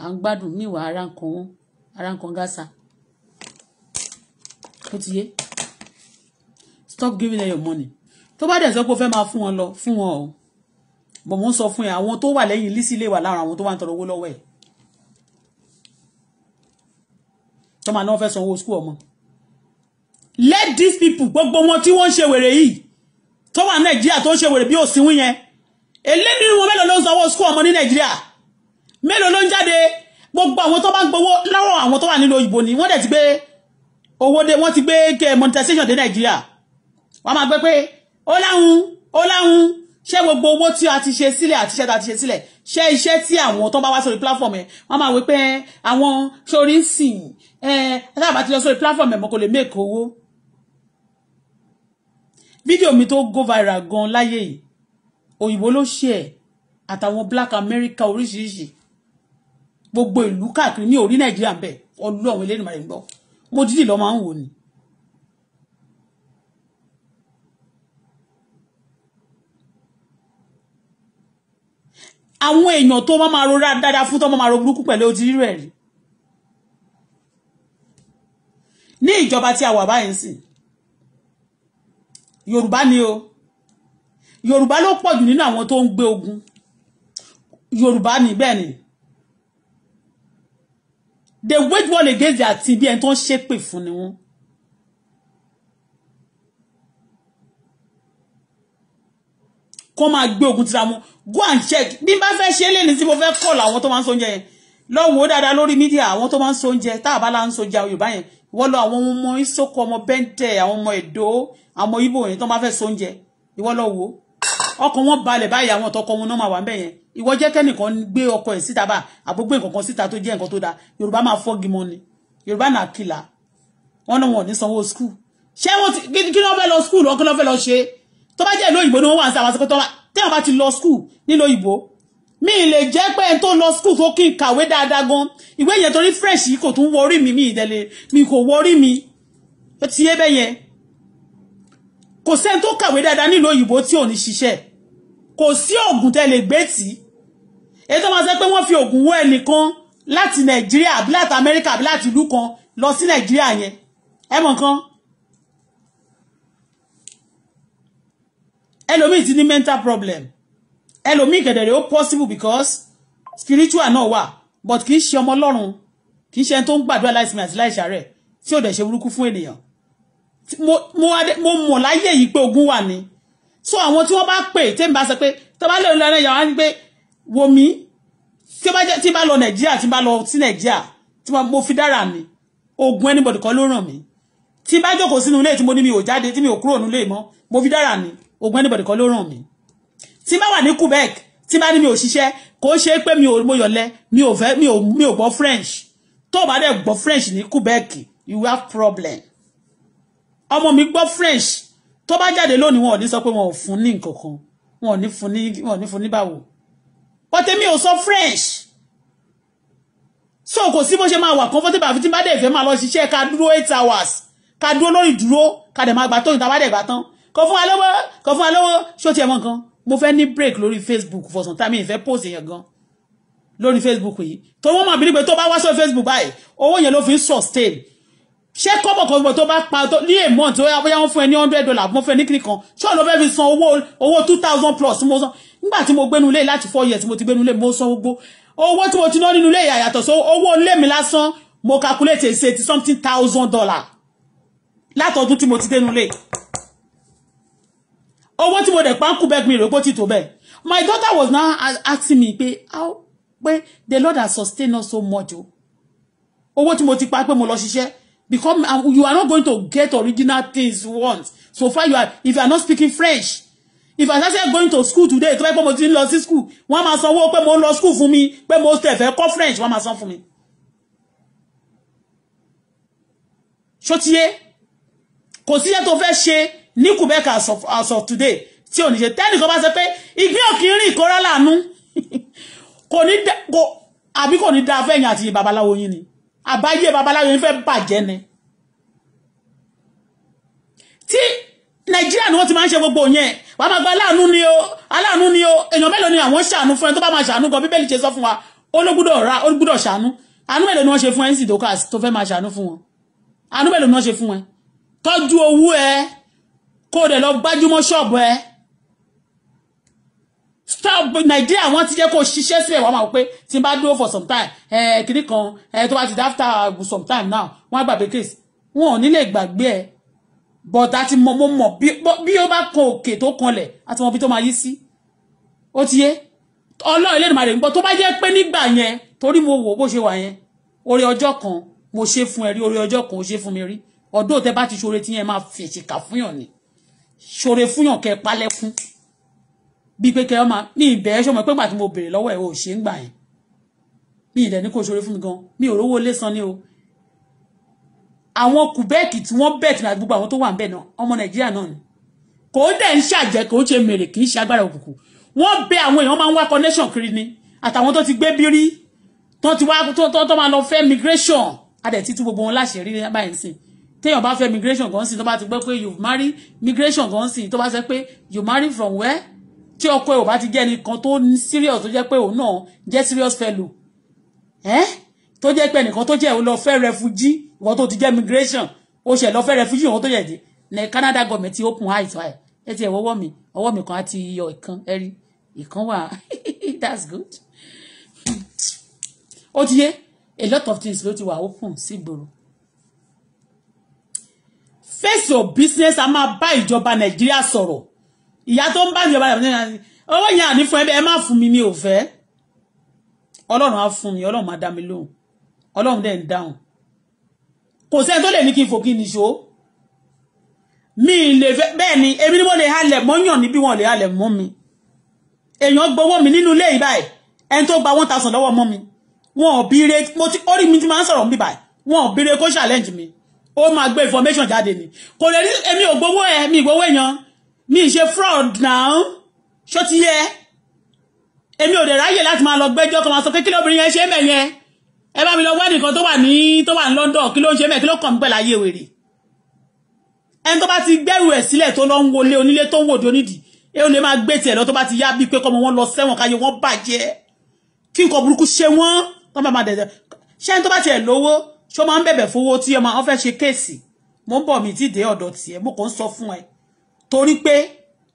à ń gbádùn níwà ara nǹkan wọn ara nǹkan gásà ó ti yé stop giving them your money tó bá dẹ̀ sọ pé o fẹ́ máa fún wọn lọ fún wọn o bọ̀ mo ń sọ fún ẹ àwọn tó wà lẹ́yìn lísì lè wà lára àwọn tó wà ń tọrọ owó lọ́wọ́ ẹ̀ tó máa náà fẹ́ sanwó skul ọmọ let these people gbogbo wọn tí wọ́n ń ṣe wèrè yìí tó wà nàìjíríà tó ń ṣe wèrè bí òsínwó yẹn èlé nínú wọn mélòó ló ń sanwó skul ọmọ ní nàìjíríà mélòó ló ń jáde gbogbo àwọn tó bá ń gbowó lọ́wọ́ àwọn tó wà nílùú òyìnbó ni wọ́n dẹ̀ ti gbé owó dé wọ́n ti gbé kẹ monetization dé nàìjíríà wọ́n máa gbé pé ó láhùn ó láhùn ṣé gbogbo owó tí a ti ṣe sílẹ̀ àti iṣẹ́ tí a ti ṣe sílẹ̀ ṣé iṣẹ́ tí àwọn tó bá wá sórí platform ẹ̀ wọ́n máa wí pé àwọn sórí ń sìn ẹ̀ ẹ̀ tábà ti lọ sórí platform ẹ̀ mọ́ kò lè make owó fídíò mi tó go viral gan láyé yìí òyìnbó ló ṣe ẹ̀ àtàwọn black america oríṣiríṣi gbogbo ìlú káàkiri ní orí nàìjíríà bẹ́ẹ̀ ọlọ́run eléyìí máa ń gbọ́ mo dídì lọ́ máa ń wò ni. àwọn èèyàn tó máa ro dáadáa fún tó máa ro burúkú pẹ̀lú ojú rírẹ̀ rí ní ìjọba tí a wà báyìí sìn yorùbá ni o yorùbá ló pọ̀ jù nínú àwọn tó ń gbé ogun yorùbá ni bẹ́ẹ̀ ni they wage war against their team bí ẹni tó ń ṣépè fún ni wọ́n. kó máa gbé ogun tira mu go and check bí n bá fẹ́ ṣe é lẹ́ni tí mo fẹ́ kọ́ làwọn tó máa ń sọ oúnjẹ yẹn lọ́wọ́ dáadáa lórí mídíà àwọn tó máa ń sọ oúnjẹ tá a bá la ń sọ oúnjẹ yorùbá yẹn ìwọ lọ àwọn ọmọ ìsókò ọmọ bẹ́ńtẹ̀ àwọn ọmọ èdò àwọn ibo yẹn tó máa fẹ́ sóúnjẹ ìwọ lọ wò ọkàn wọn balẹ̀ báyìí àwọn ọ̀tọ̀kọ wọn náà máa wà ń bẹ̀ yẹn ìwọ jẹ́ kẹ́nìkan gbé ọkọ ẹ̀ síta bá àbó gbé nǹkan kan síta tó jẹ́ nǹkan tó dáa yorùbá máa fọ́ gímọ ni yorùbá náà kìlà wọn náà wọn ò ní sanwó skul ṣé wọn ti kí ló fẹ́ lọ skul lọ kí ló fẹ́ lọ ni wọ́n wà skul nílò mi lè jẹ́ pé ẹni tó lọ school tó kí n kàwé dáadáa gan ìwé yẹn torí fresh yìí kò tún wọrí mi mi ìdẹ̀lẹ̀ mi kò wọrí mi ó ti yé bẹ́ẹ̀ yẹn kò sẹ́ni tó kàwé dáadáa nílùú òyìnbó tí ò ní ṣiṣẹ́ kò sí oògùn tẹ́ lè gbé tì í èyí tó máa sẹ́ pé wọ́n fi oògùn wọ ẹnìkan láti nàìjíríà àbí láti amẹ́ríkà àbí láti ìlú kan lọ sí nàìjíríà yẹn ẹ mọ̀ nǹkan ẹlòmíì ti ní mental problem ẹlòmíì kẹ̀dẹ̀rẹ̀ ó possible because spiritual náà wà but kì í ṣe ọmọ ọlọ́run kì í ṣe ẹni tó ń gbàdúrà láìsinmi àti láìsàárẹ̀ tí ò dẹ̀ ṣe burúkú fún ènìyàn mo mọ̀ láyé yìí pé ogun wà ni so àwọn tí wọ́n bá pè tèmi bá sọ pé tó bá lè lọ́nà ìyàwó ni pé wo mi tí bá lọ nàìjíríà tí bá lọ sí nàìjíríà tí mo fi dára mi ogun anybody kan ló ràn mí tí bá jókòó sínú ilé tí mo ní mi ò jáde tí mi ò kúrò nílé mọ́ mo fi dára mi ogun anybody kan ló ràn mí tí ma bá wà ní Quebec tí n bá ní mi ò ṣiṣẹ́ kò ṣe pé mi ò mo yọ̀lẹ́ mi ò fẹ́ mi ò mi ò gbọ́ French tó o bá dẹ̀ French ní Quebec you have problem ọmọ mi gbọ́ French tó bá jáde lónìí wọn ò ní sọ pé wọn ò fún ní nǹkan kan wọn ni ní fún ní wọn ò ní fún ní báwo pọtẹ mi ò sọ French so kò sí bó ṣe máa wà comfortable àfi tí n bá dẹ̀ fẹ́ máa lọ ṣiṣẹ́ ká dúró eight hours ká dúró lórí dúró ká dẹ̀ máa gbà tó ìta bá dẹ̀ gbà tán kò fún wa lọ́wọ́ kò fún wa lọ́wọ́ ṣó tiẹ̀ mọ́ nǹkan mo fẹ́ ní break lórí facebook for some time mi ìfẹ́ post yẹn gan lórí facebook yìí tó wọ́n mọ̀ bí nígbà tó bá wá sórí facebook báyìí owó yẹn ló fi ń sustain ṣé kọ́bọ̀ kọ́bọ̀ tó bá pa ní a month tó yá wọ́n fún ẹ ní hundred dollar wọ́n fún ẹ ní kíni kan ṣọ́ọ̀ ló fẹ́ fi san owó owó two thousand plus mo san nígbà tí mo gbénu lé láti four years mo ti gbénu lé mo san gbogbo owó tí mo ti ná nínú ilé yàtọ̀ so owó lé mi lásán mo calculate ṣe ti something thousand dollar látọdún tí mo ti dénú lé owó what mo the bank ń kú bẹ́ẹ̀ mi rè pé ó ti my daughter was now asking me pé how pé the Lord has sustained us so much oh. owó tí mo ti pa pé mo lọ ṣiṣẹ́ because uh, you are not going to get original things once so far you are if you are not speaking French if I started going to school today tó bẹ́ẹ̀ pé mo ti ń lọ school wọ́n á máa sanwó pé mo ń school fún mi pé mo tẹ̀ fẹ́ kọ́ French wọ́n á máa san fún mi. ṣó ti yé kò sí iṣẹ́ ní Quebec as of, today tí ò ní ṣe tẹ́nìkan bá ṣe pé ìgbín òkín rìn kó rálà nú kò ní kò àbí kò ní dáa fẹ́yìn àti babaláwo yín ni àbáyé babaláwo yín fẹ́ bàjẹ́ ni tí nàìjíríà ni wọ́n ti máa ń ṣe gbogbo yẹn wà á máa gba aláàánú ni o aláàánú ni o èèyàn mélòó ni àwọn ṣàánú fún ẹ tó bá máa ṣàánú gan bíbélì ṣe sọ fún wa ológbúdọ̀ ra ológbúdọ̀ ṣàánú àánú mélòó ni wọ́n ṣe fún ẹ ń sì tó kà tó fẹ́ máa ṣàánú fún wọn àánú mélòó ni wọ́n ṣe fún ẹ tọ́jú owó ẹ kó o dẹ̀ lọ gbájúmọ́ ṣọ́ọ̀bù ẹ stop nàìjíríà wọ́n ti jẹ́ kó o ṣiṣẹ́ síbẹ̀ wọ́n máa wọ pé tí n bá dúró for some time ẹ kìnnì kan ẹ tó bá ti after some time now wọ́n á gbàgbé case wọn ò ní lè gbàgbé ẹ but àti mọ mo mọ bí ó bá kan òkè tó kanlẹ̀ àti mọ bí tó máa yí sí ó ti yé ọlọ́run ilé ìmàlè ń gbọ́ tó bá jẹ́ pé nígbà yẹn torí mo wò bó ṣe wà yẹn orí ọjọ́ kan mo ṣe fún ẹ rí orí ọjọ́ kan ó ṣe fún mi rí ọdún òtẹ́ bá ti ṣoore tí yẹn ṣòre fúnyàn kẹ palẹ̀ fún bíi pé kẹ ọmọ mi ìbẹ̀ ẹ́ ṣọmọ pé gbà tí mo bèrè lọ́wọ́ ẹ̀ o ṣe ń gbà yẹn mi ìdẹ̀ ní kò ṣòre fún mi gan mi ò rówó lé ni o àwọn kùbẹ́ẹ̀kì tí wọ́n bẹ̀ẹ̀ tí mi àti gbogbo àwọn tó wà ń bẹ̀ náà ọmọ nàìjíríà náà ni kò dẹ̀ ń ṣàjẹ́ kò ṣe mèrè kì í ṣe agbára òkùnkùn wọ́n bẹ àwọn èèyàn máa ń wá connection kiri ni àtàwọn tó ti gbé bírí tó ti wá tó tó máa lọ fẹ́ migration adẹ̀ títú gbogbo wọn láṣẹ rí báyìí sìn téèyàn bá fẹ́ migration gan sí tó bá ti gbọ́ pé you marry migration gan sí tó bá sọ pé you marry from where tí ọkọ ẹ̀ ò bá ti jẹ́ ẹnìkan tó serious tó jẹ́ pé òun náà jẹ́ serious fellow ẹ́ tó jẹ́ pé ẹnìkan tó jẹ́ òun lọ fẹ́ refugee ìwọ́n tó ti jẹ́ migration ó ṣẹ̀ lọ fẹ́ refugee ìwọ́n tó yẹ̀ dé ní Canada government ti open eye to eye ẹ ti ẹ̀ wọ́wọ́ mi ọwọ́ mi kan á ti yọ ìkan ẹ rí ìkan wà that's good hmm. ó ti yé a lot of things ló ti wà open sí ìgboro face your business a máa bá ìjọba nàìjíríà sọ̀rọ̀ ìyá tó ń bá ìjọba nàìjíríà owó yẹn àní fún ẹ ẹ má fún mi mi ò fẹ́ ọlọ́run á fún mi ọlọ́run á dá mi lóhùn ọlọ́run dẹ̀ ń dáhùn kò sẹ́ni tó lè ní kí n fò kí n ṣó mi lè fẹ́ bẹ́ẹ̀ ni èmi ni mo lè halẹ̀ mọ́yàn ní bí wọ́n lè halẹ̀ mọ́ mi èèyàn gbowó mi nínú ilé yìí báyìí ẹni tó gba one thousand lọ́wọ́ mọ́ mi wọn ò bí re orí mi ti máa ń sọ̀rọ̀ mi báyìí wọn ò bí re kó challenge mi ó máa gbé information jáde ni kò lè ní èmi ò gbowó ẹ mi ìgbowó èèyàn mi ṣe fraud now ṣó ti yẹ èmi ò dẹ̀ ráyè láti máa lọ gbẹ́jọ́ kan máa sọ pé kí lóbìnrin yẹn ṣe é mẹ́yẹn ẹ bá mi lọ wẹ́ẹ̀dì kan tó wà ní tó wà ní London kí ló ń ṣe mẹ́ẹ̀ kí ló kàn ń pẹ̀lú ayé wèrè ẹni tó bá ti gbẹ́rù ẹ̀ sílẹ̀ tó lọ ń wọlé onílé tó ń wòdì onídìí ẹ ò lè máa gbé tiẹ̀ lọ tó bá ti yá bíi pé kọ́mọ wọn lọ sẹ́wọ̀n káyé wọn bàjẹ́ kí nǹkan burúkú ṣe wọ́n tó bá máa dẹ̀dẹ̀ ṣé tó bá tiẹ̀ lówó ṣó máa ń bẹ̀bẹ̀ fowó tí ọmọ wọn fẹ́ ṣe kéèsì mo ń bọ̀ mí ti dé ọ̀dọ̀ tiẹ̀ mo kàn ń sọ fún ẹ torí pé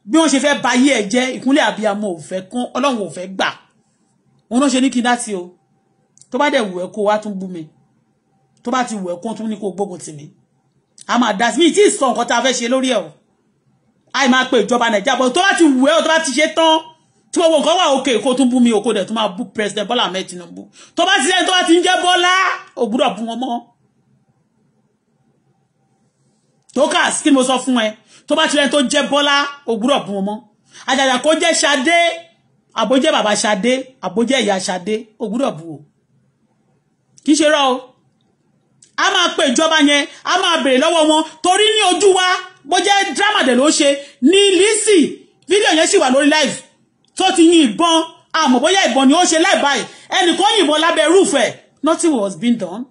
bí wọ́n ṣe fẹ́ ba ayé ẹ jẹ́ ìkúnlẹ̀ àbíyamọ ò fẹ́ kún ọlọ́run ò fẹ́ gbà òun ló ṣe ní kí n dá sí o tó bá dẹ̀ wù ẹ́ kó wá tún bú mi tó bá ti wù ẹ́ kó tún ní kó gbógun tì mí a máa dá sí mi tí ì sọ nǹkan tá a fẹ́ ṣe o àì máa pe ìjọba nàìjíríà bọ̀ tó bá ti wù ẹ́ o tó bá ti ṣe tán tí gbogbo nǹkan wà òkè kó tún bú mi òkò dẹ̀ tún máa bú president Bọ́lá Ahmed Tinubu tó bá ti sẹ́ni tó bá ti ń jẹ́ Bọ́lá ò gbúdọ̀ bú wọn mọ́ Dorcas kí ni mo sọ fún ẹ tó bá ti lẹ́ni tó jẹ́ Bọ́lá ò gbúdọ̀ bú wọn mọ́ àjàjà kó jẹ́ Ṣadé àbójẹ́ bàbá Ṣadé àbójẹ́ ìyá Ṣadé ò bú o kì í ṣe rọ o a máa pe ìjọba yẹn a máa béèrè lọ́wọ́ wọn torí ní ojú wa bó jẹ́ drama dẹ̀ ló ṣe ní Lizzy fídíò yẹn sì wà lórí live tó ti yin ìbọn àmọ́ bóyá ìbọn ni ó ṣe láì báyìí ẹnìkan yìnbọn lábẹ́ rúfù ẹ̀ nothing was being done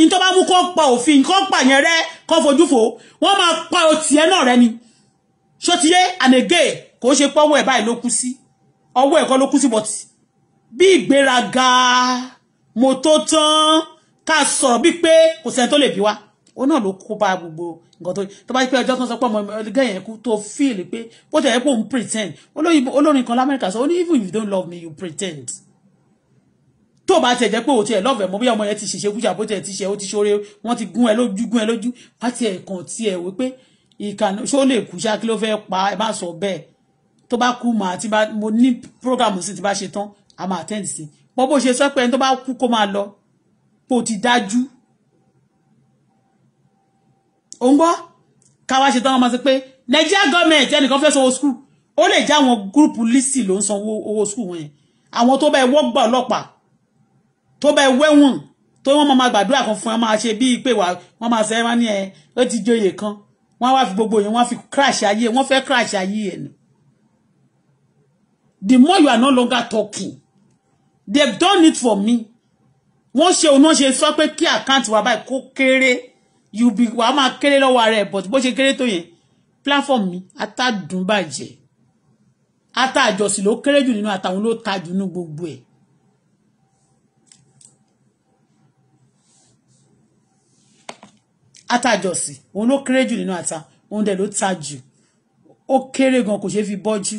in tó bá mú kó pa òfin kó pa yẹn rẹ́ kó fojúfò wọ́n máa pa òtì ẹ náà rẹ́ ni so ti ye and again kò ṣe pọ́wọ́ ẹ̀ báyìí ló kú sí ọwọ́ ẹ̀ kọ́ ló kú sí but bí ìgbéraga mo tó tán ká sọ̀rọ̀ bí pé kò sẹ́ni tó lè bí wa ó náà ló kó bá gbogbo nǹkan tó tó bá yí pé ọjọ́ tó ń sọ pé ọmọ ọlọ́gá yẹn kú tó fíìlì pé bó tẹ̀ ẹ́ pò ń pretend olórin kan lamẹ́ríkà sọ ó ní even if you don't love me you pretend tó bá tẹ̀ jẹ́ pé òun tiẹ̀ lọ́ọ̀fẹ̀ mọ́ bí ọmọ yẹn ti ṣèṣe kújà bó tiẹ̀ ti ṣe ó ti ṣoore wọ́n ti gún ẹ lójú gún ẹ lójú wá tiẹ̀ kàn tiẹ̀ wípé ìkànnì ṣó lè kú ṣá kí ló fẹ́ pa ẹ má sọ bẹ́ẹ̀ tó bá kú mà tí bá mo ní programu sí ti bá ṣe tán a máa tẹ́ǹtì sí bọ́ bó ṣe sọ pé ẹni tó bá kú kó máa lọ pò ti dájú òun gbọ́ káwa ṣe tán wọn máa sọ pé Nigeria government ẹnìkan fẹ́ sanwó skul ó lè jẹ́ àwọn gúrùpù lisi ló ń sanwó owó skul wọn yẹn àwọn tó bá ẹwọ́ gbà ọlọ́pàá tó bá ẹwẹ́wọ̀n tó wọ́n máa gbàdúrà kan fún ẹ máa ṣe bíi pé wọ́n máa sẹ́wọ́n ní ẹ ó ti joyè kan wọ́n wá fi gbogbo yẹn wọ́n fi crash ayé wọ́n fẹ́ crash ayé ẹ̀ ni the more you are no longer talking they've done it for me wọ́n ṣe òun náà ṣe sọ pé kí àkáǹtì wa báyìí kó kéré you be wàá máa kéré lọ́wọ́ ara ẹ̀ but bó ṣe kéré tó yẹn platform mi atádùn bàjẹ́ ata àjọsìn ló kéré jù nínú àtàwọn ló ta jù gbogbo ẹ̀. ata àjọsìn òun ló kéré jù nínú ata òun dẹ̀ ló ta jù ó kéré gan kò ṣeé fi bọ́jú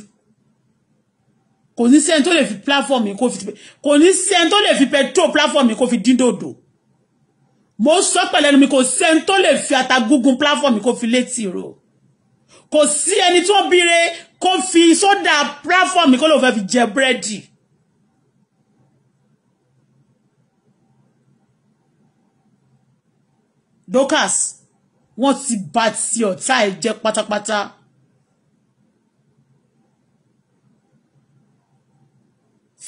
kò ní sẹ́ni tó lè fi platform mi kò fi kò ní sẹ́ni tó lè fi petrol platform mi kò fi dín mo sọ pẹ̀lẹ́nu mi kò sí ẹni tó lè fi àtagúngun platform mi kó fi létí ro kò sí ẹni tó bire kó fi sódà platform mi kó lè fẹ́ fi jẹ búrẹ́dì. Dorcas wọ́n ti bá ti ọ̀tá ẹ̀ jẹ́ pátápátá.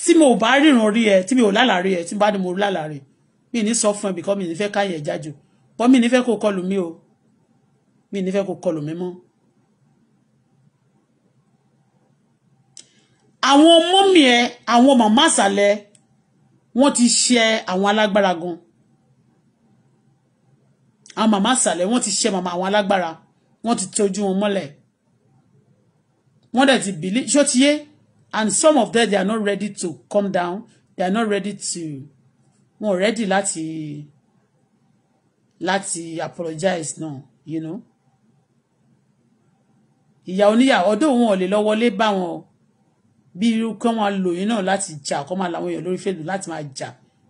tí mo bá ríran rí ẹ tí mi ò lálàá rí ẹ tí mo bá ní mo lálàá rí ẹ mi ní sọ fún ẹ bìkọ́ mi ní fẹ́ káyẹ̀ jájò bọ́ mi ní fẹ́ kó kọlù mí o mi ní fẹ́ kó kọlù mí mọ́. àwọn mọ́mì ẹ àwọn màmá àsàlẹ̀ wọ́n ti ṣe àwọn alágbára gan àwọn màmá àsàlẹ̀ wọ́n ti ṣe màmá àwọn alágbára wọ́n ti tọ́jú wọn mọ́lẹ̀ wọ́n dẹ̀ ti bìlí ṣó ti yé and some of them they are not ready to come down they are not ready to wọn ò rẹ́dì láti láti apologize náà you know ìyá oníyà ọdún òun ò lè lọ wọlé bá wọn bí irú kán wọn lò yín náà láti jà kán máa làwọn èèyàn lórí fèlú láti máa jà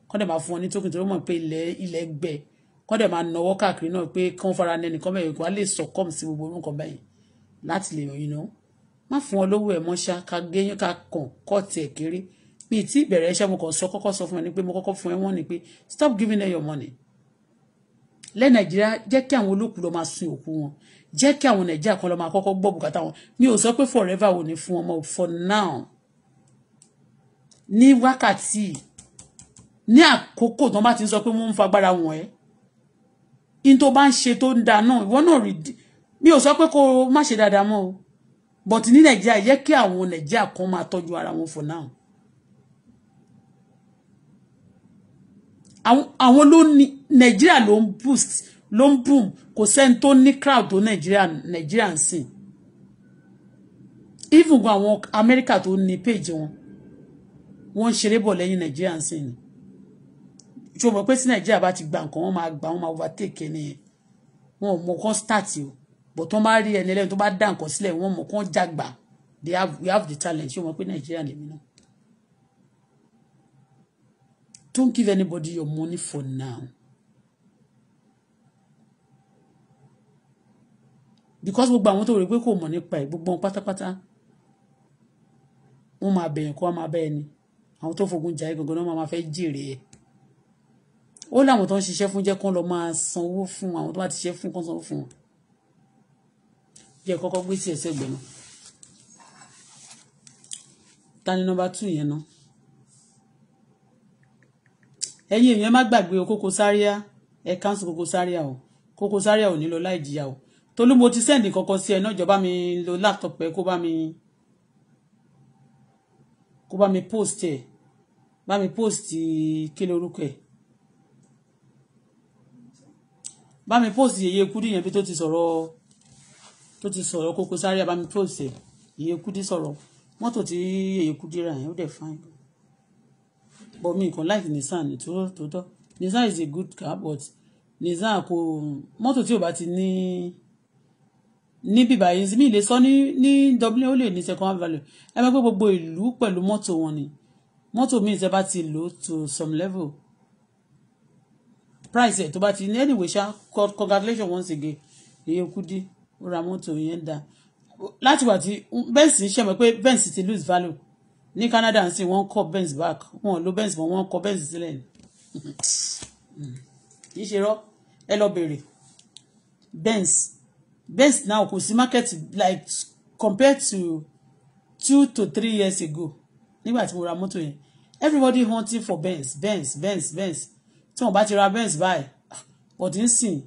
kán dẹ̀ máa fún wọn ní tókùn tó mọ̀ pé ilẹ̀ ilẹ̀ gbẹ kán dẹ̀ máa nọwọ́ káàkiri náà pé kán fara ní ẹnìkan bẹ́ẹ̀ kó a lè sọ kọ́m sí gbogbo orúkọ báyìí láti lè yín náà má fún wọn lówó ẹ̀ mọ́ṣá ká géyán ká kàn kọ́ọ̀tì ẹ̀ kéré mi ì tí ìbẹ̀rẹ̀ iṣẹ́ mo kàn sọ kọ́kọ́ sọ fún ẹ ni pé mo kọ́kọ́ fún ẹ wọ́n ni pé stop giving them your money lẹ́ nàìjíríà jẹ́ kí àwọn olókùú lọ máa sun òkú wọn jẹ́ kí àwọn nàìjíríà kan lọ máa kọ́kọ́ gbọ́ bùkátà wọn mi ò sọ pé forever ò ní fún ọmọ for now ní wákàtí ní àkókò tó bá ti ń sọ pé wọ́n ń fagbára wọn ẹ́ in tó bá ń ṣe tó ń da náà ìwọ náà rí mi ò sọ pé kó o má ṣe dáadáa mọ́ o but ní nàìjíríà yẹ kí àwọn nàìjíríà kan máa tọ́jú ara wọn for now àwọn ló ní nàìjíríà ló ń boost ló ń boom kò sẹ́ni tó ní crowd tó nàìjíríà nàìjíríà ń sìn even gan àwọn amẹ́ríkà tó ní page wọn wọ́n ń ṣeré bọ̀ lẹ́yìn nàìjíríà ń sìn ni tí o mọ̀ pé tí nàìjíríà bá ti gba nǹkan wọ́n máa gba wọ́n máa overtake ẹni yẹn wọn ò mọ̀ kán start o but tó bá rí ẹni ẹlẹ́ni tó bá dá nǹkan sílẹ̀ wọ́n mọ̀ kán jágbà they have we have the talent tí o mọ̀ pé nàìjíríà lèmi náà Don't give anybody your money for now. Because gbogbo àwọn tó rè pé kò mọ̀ nípa ẹ̀ gbogbo wọn pátápátá wọ́n máa bẹ̀yìn kó wọ́n máa bẹ́ẹ̀ ni àwọn tó fogun jà ẹ́ gangan náà máa fẹ́ jèrè ẹ̀. Ó láwọn tó ń ṣiṣẹ́ fún jẹ́ kán lọ máa sanwó fún àwọn tó bá ti ṣiṣẹ́ fún kán sanwó fún wọn. Jẹ́ kọ́kọ́ gbé sí ẹsẹ̀ gbẹ̀mọ́. Ta ni nọ́mbà two yẹn náà? ẹ̀yin èèyàn má gbàgbé o Koko Zaria ẹ̀ káńsù Koko Zaria o Koko Zaria ò ní lọ láì jìyà o tolú mo ti sẹ́ǹdì kankan sí ẹ náà jọba mi lo laptop ẹ kó bá mi kó bá mi post ẹ bá mi post kí lorúkọ ẹ bá mi post yeye kudi yẹn bí tó ti sọ̀rọ̀ tó ti sọ̀rọ̀ Koko Zaria bá mi post ẹ yeye kudi sọ̀rọ̀ mọ́tò tí yeye kudi rà yẹn ó dẹ̀ fine but me, kàn like Nissan nítòótọ́ tòótọ́ Nissan is a good car but Nissan kò mọ́tò tí ò bá ti ní ní bíbá yìí mi lè sọ ní ní Dublin ó lè ní second value ẹ máa pé gbogbo ìlú pẹ̀lú mọ́tò wọn ni mọ́tò míì tẹ́ bá ti lò to some level price ẹ̀ tó bá ti ní anyway ṣá congratulation once again èyí Kudi ó ra mọ́tò yẹn dá láti wà tí Benz ṣe mọ̀ pé Benz ti lose value ní Canada sí wọ́n kọ́ Benz back wọn ló Benz mọ́ wọ́n kọ́ Benz sílẹ̀ ni kì í ṣe rọ́ ẹ lọ bèrè Benz Benz now kò sí market like compared to two to three years ago nígbà tí mo ra mọ́tò yẹn everybody hunting for Benz Benz Benz Benz tí wọ́n bá ti ra Benz báyìí ọ̀dí ń sìn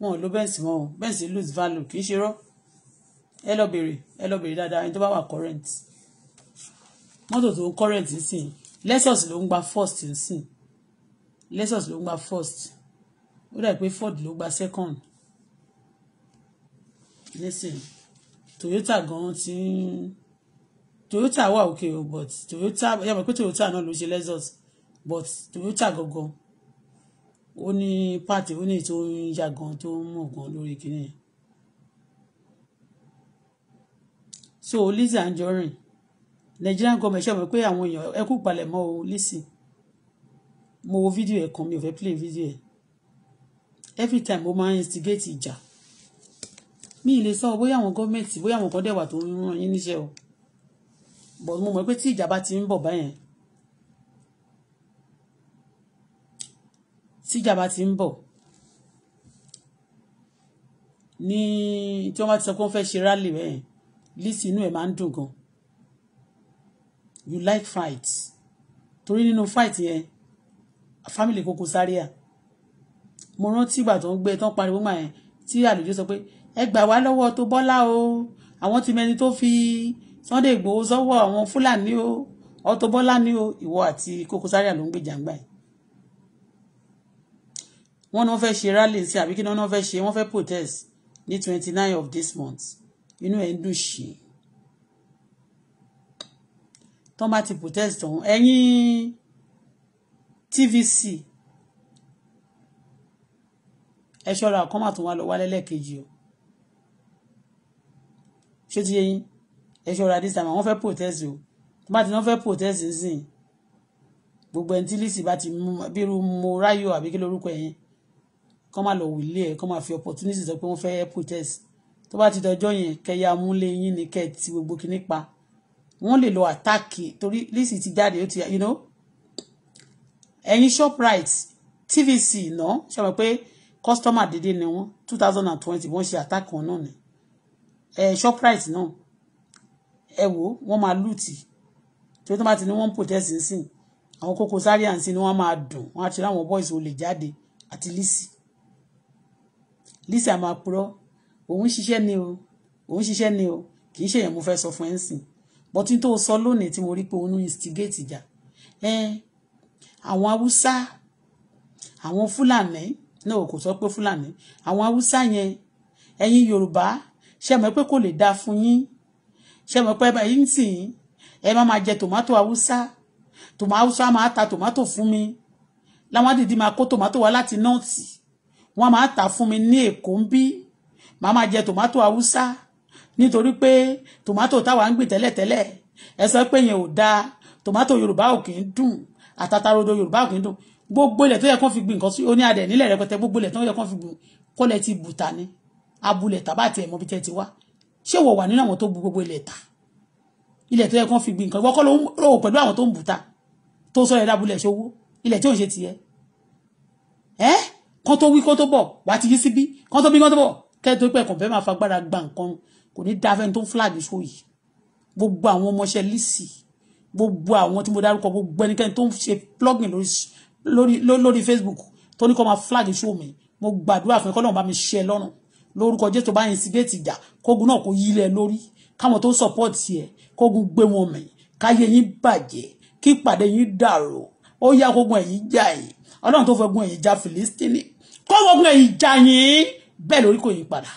wọn ò lo Benz mọ́ Benz lose value kì í ṣe rọ́ ẹ lọ bèrè ẹ lọ bèrè dáadáa ẹni tó bá wà current mọ́tò tó ń current nsìn lexus ló ń gba first nsìn lexus ló ń gba first ó dà pé ford ló gba second nísìn toyota gan ti ń toyota wà òkè o but toyota yàtọ̀ pé toyota náà ló ṣe lexus but toyota gangan ó ní pàtì ó ní tó ń ya gan tó ń mọ̀ gan lórí kìnìún so Lizzy Anjorin Nigerian government ṣe mọ̀ pé àwọn èèyàn ẹ kú palẹ̀ mọ́ o listen mo wo fídíò ẹ̀ kan mi ò fẹ́ play fídíò ẹ̀ every time mo máa ń instigate ìjà mi ì lè sọ bóyá àwọn gọ́ọ̀mẹ̀ntì bóyá àwọn kan dẹ̀wà tó ń ràn yín níṣẹ́ o but mo mọ̀ pé tí ìjà bá ti ń bọ̀ báyẹn tí ìjà bá ti ń bọ̀ ní tí wọ́n bá ti sọ pé wọ́n fẹ́ ṣe rálì rẹ̀ listen inú ẹ̀ máa ń dùn gan you like fight torí nínú fight yẹn family Koko Zaria mo rántí ìgbà tó ń gbé tán pariwo mà yẹn tí àlùjọ sọ pé ẹ gbà wá lọ́wọ́ tó bọ́lá o àwọn ti mẹni tó fi Sunday Igboho sọ́wọ́ àwọn Fúlàní o Auto Bola ni o ìwọ àti Koko Zaria ló ń gbé jàǹgbà yìí wọ́n ní wọ́n fẹ́ ṣe rally sí àbí kí ni wọ́n fẹ́ ṣe wọ́n fẹ́ protest ní twenty nine of this month inú ẹ̀ ń dùn ṣìí tán bá ti protest ọ̀hún ẹ̀yin TVC ẹ ṣọ́ra ọ̀kan mà tún wá lọ wálé lẹ́ẹ̀kejì o ṣé ti yé ẹ ṣọ́ra this time àwọn fẹ́ protest o tó bá ti náà fẹ́ protest nsìn gbogbo ẹni tí lisi bá ti mú bírú mo ráyò àbí kí lórúkọ ẹ̀yin kọ́ máa lọ wílé ẹ̀ kọ́ máa fi opportunity sọ pé wọ́n fẹ́ protest tó bá ti dọjọ́ yẹn kẹ́yà múlé yín ni kẹ́ ti gbogbo kíní pa wọ́n lè lọ àtàkì e torí lísì ti jáde ó ti you know ẹ̀yin shoprite tvc ná ṣe mọ̀ pé customer dédé ni wọ́n two thousand and twenty wọ́n ṣe àtàkì wọn náà ni ẹ̀ shoprite náà ẹ wò wọ́n máa lùtì tí wọ́n bá ti ní wọ́n ń protest nsìn àwọn Koko Zaria nsìn ni wọ́n máa dùn wọ́n á ti ráwọn boys olè jáde àti lísì lísì àmàpùrọ̀ òun ṣiṣẹ́ ni o òun ṣiṣẹ́ ni o kì í ṣèyàn mo fẹ́ sọ fún ẹ̀ ń sìn bọ́tí tó sọ lónìí tí mo rí pé òun instigate ìjà àwọn haúsá àwọn fúlàní náà kò sọ pé fúlàní àwọn haúsá yẹn ẹ̀yin yorùbá ṣe mọ̀ pé kò lè dáa fún yín ṣe mọ̀ pé ẹ ń tì yín ẹ má máa jẹ tòmátò haúsá tòmátò haúsá máa ta tòmátò fún mi láwọn dìdí máa kó tòmátò wá láti nọ́ọ̀tì wọ́n máa ta fún mi ní èkó ń bí màá máa jẹ tòmátò haúsá nítorí pé tomato táwa ń gbìn tẹ́lẹ̀tẹ́lẹ̀ ẹ sọ pé yẹn ò dáa tòmátò yorùbá ò kì í dùn àtàtàrodo yorùbá ò kì í dùn gbogbo ilẹ̀ tó yẹ kán fi gbìn nǹkan sí oní adẹ̀ nílẹ̀ rẹpẹtẹ gbogbo ilẹ̀ tó yẹ kán fi gbìn kọ́lẹ̀ ti bù ni abulẹ̀ tàbá tiẹ̀ mọ́bi tẹ́ ti wá ṣé wọ̀ wà nínú àwọn tó bu gbogbo ilẹ̀ ta ilẹ̀ tó yẹ kán fi gbìn nǹkan wọ́kọ́ ló ń rò pẹ̀lú àwọn tó ń bù ta tó sọ ẹ̀dá abulẹ̀ ṣòwò ilẹ̀ tí ò ń ṣe tiẹ̀ ẹ́ kán tó wí kán tó bọ̀ wá ti yí síbí kán tó bí kán tó bọ̀ kẹ́ẹ̀ tó pẹ̀ kàn fẹ́ máa fagbára gba nǹkan kò ní dáa tó flag ṣó yìí gbogbo àwọn ọmọọṣẹ́ Lizzy gbogbo àwọn tí mo dárúkọ gbogbo ẹnikẹ́ni tó ń ṣe plugging lórí lórí Facebook tó ní kó máa flag ṣó mi mo gbàdúrà fún ẹ kọ́ náà bá mi ṣe ẹ lọ́rùn lórúkọ Jésù tó bá yin sígẹ́ẹ̀tì ìjà kógun náà kó yí lórí káwọn tó ń support ẹ kógun gbé wọn mì káyé yín bàjẹ́ kí ìpàdé yín dàrú ó yá kógun ẹ̀yìn jà yìí ọlọ́run tó fẹ́ gun ẹ̀yìn jà Fìlístínì kó gbogbo ẹ̀yìn jà yín bẹ́ẹ̀ lórí kò yí padà.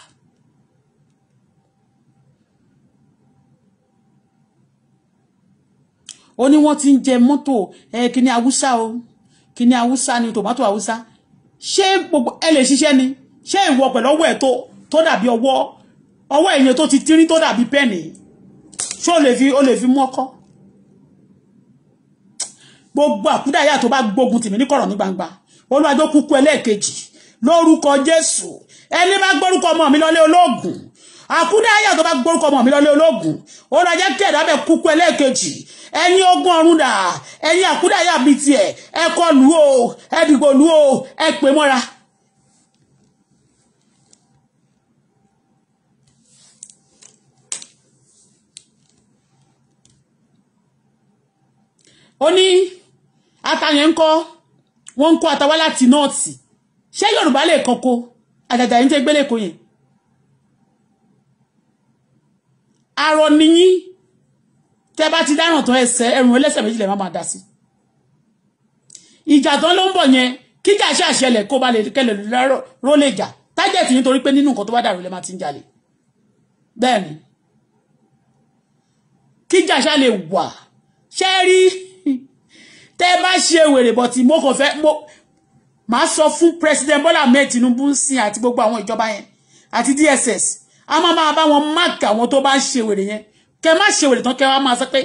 ó ní wọ́n ti ń jẹ mọ́tò ẹ kíní haúsá o kíní haúsá ni tòmátò haúsá ṣé gbogbo ẹ lè ṣiṣẹ́ ni ṣé ìwọ pẹ̀lú ọwọ́ ẹ̀ tó tó dàbí ọwọ́ ọwọ́ ẹ̀yìn tó ti tírín tó dàbí pẹ́ẹ̀nì ṣé o lè fi o lè fi mú ọkọ́ gbogbo àkúdàyà tó bá gbógun tìmí ní kọ̀rọ̀ ní gbangba olùwàjò kúkú ẹlẹ́ẹ̀kejì lórúkọ Jésù ẹni bá gbórúkọ ọmọ mi lọlé ológun àkúdàyà tó bá gbórúkọ ọmọ mi lọlé ológun olùwàjò kẹ̀dá bẹ̀ kúkú ẹlẹ́ẹ̀kejì ẹ̀yin ogun ọ̀run dà ẹ̀yin àkúdàyà bíi tiẹ̀ ẹ kọ lù ó ẹ dìgbò lù ó ẹ pè mọ́ra. ó ní atayẹn ń kọ́ wọ́n ń kó atawá láti nọ́ọ̀tì ṣé yorùbá lè kọ́kó àjàjà yìí ń tẹ́ gbélé kó yẹn arọ nìyí tẹ bá ti dáràn tán ẹsẹ̀ ẹrùn ẹlẹ́sẹ̀ méjì lẹ má máa dá sí ìjà tán ló ń bọ̀ yẹn kíjà ṣàṣẹlẹ̀ kó ba lè kẹlẹ̀ ró lè jà tájẹ̀tì nítorí pé nínú nǹkan tó bá dàrú lẹ má ti ń jalè bẹ́ẹ̀ ni kíjà ṣá lè wà ṣe rí tẹ bá ṣe wèrè bọ̀ tí mo kàn fẹ́ mo máa sọ fún president Bola Ahmed Tinubu sin àti gbogbo àwọn ìjọba yẹn àti DSS a máa máa bá wọn máàkì àwọn tó bá ń ṣe wèrè yẹn kẹ má ṣe wèrè tán kẹ wá máa sọ pé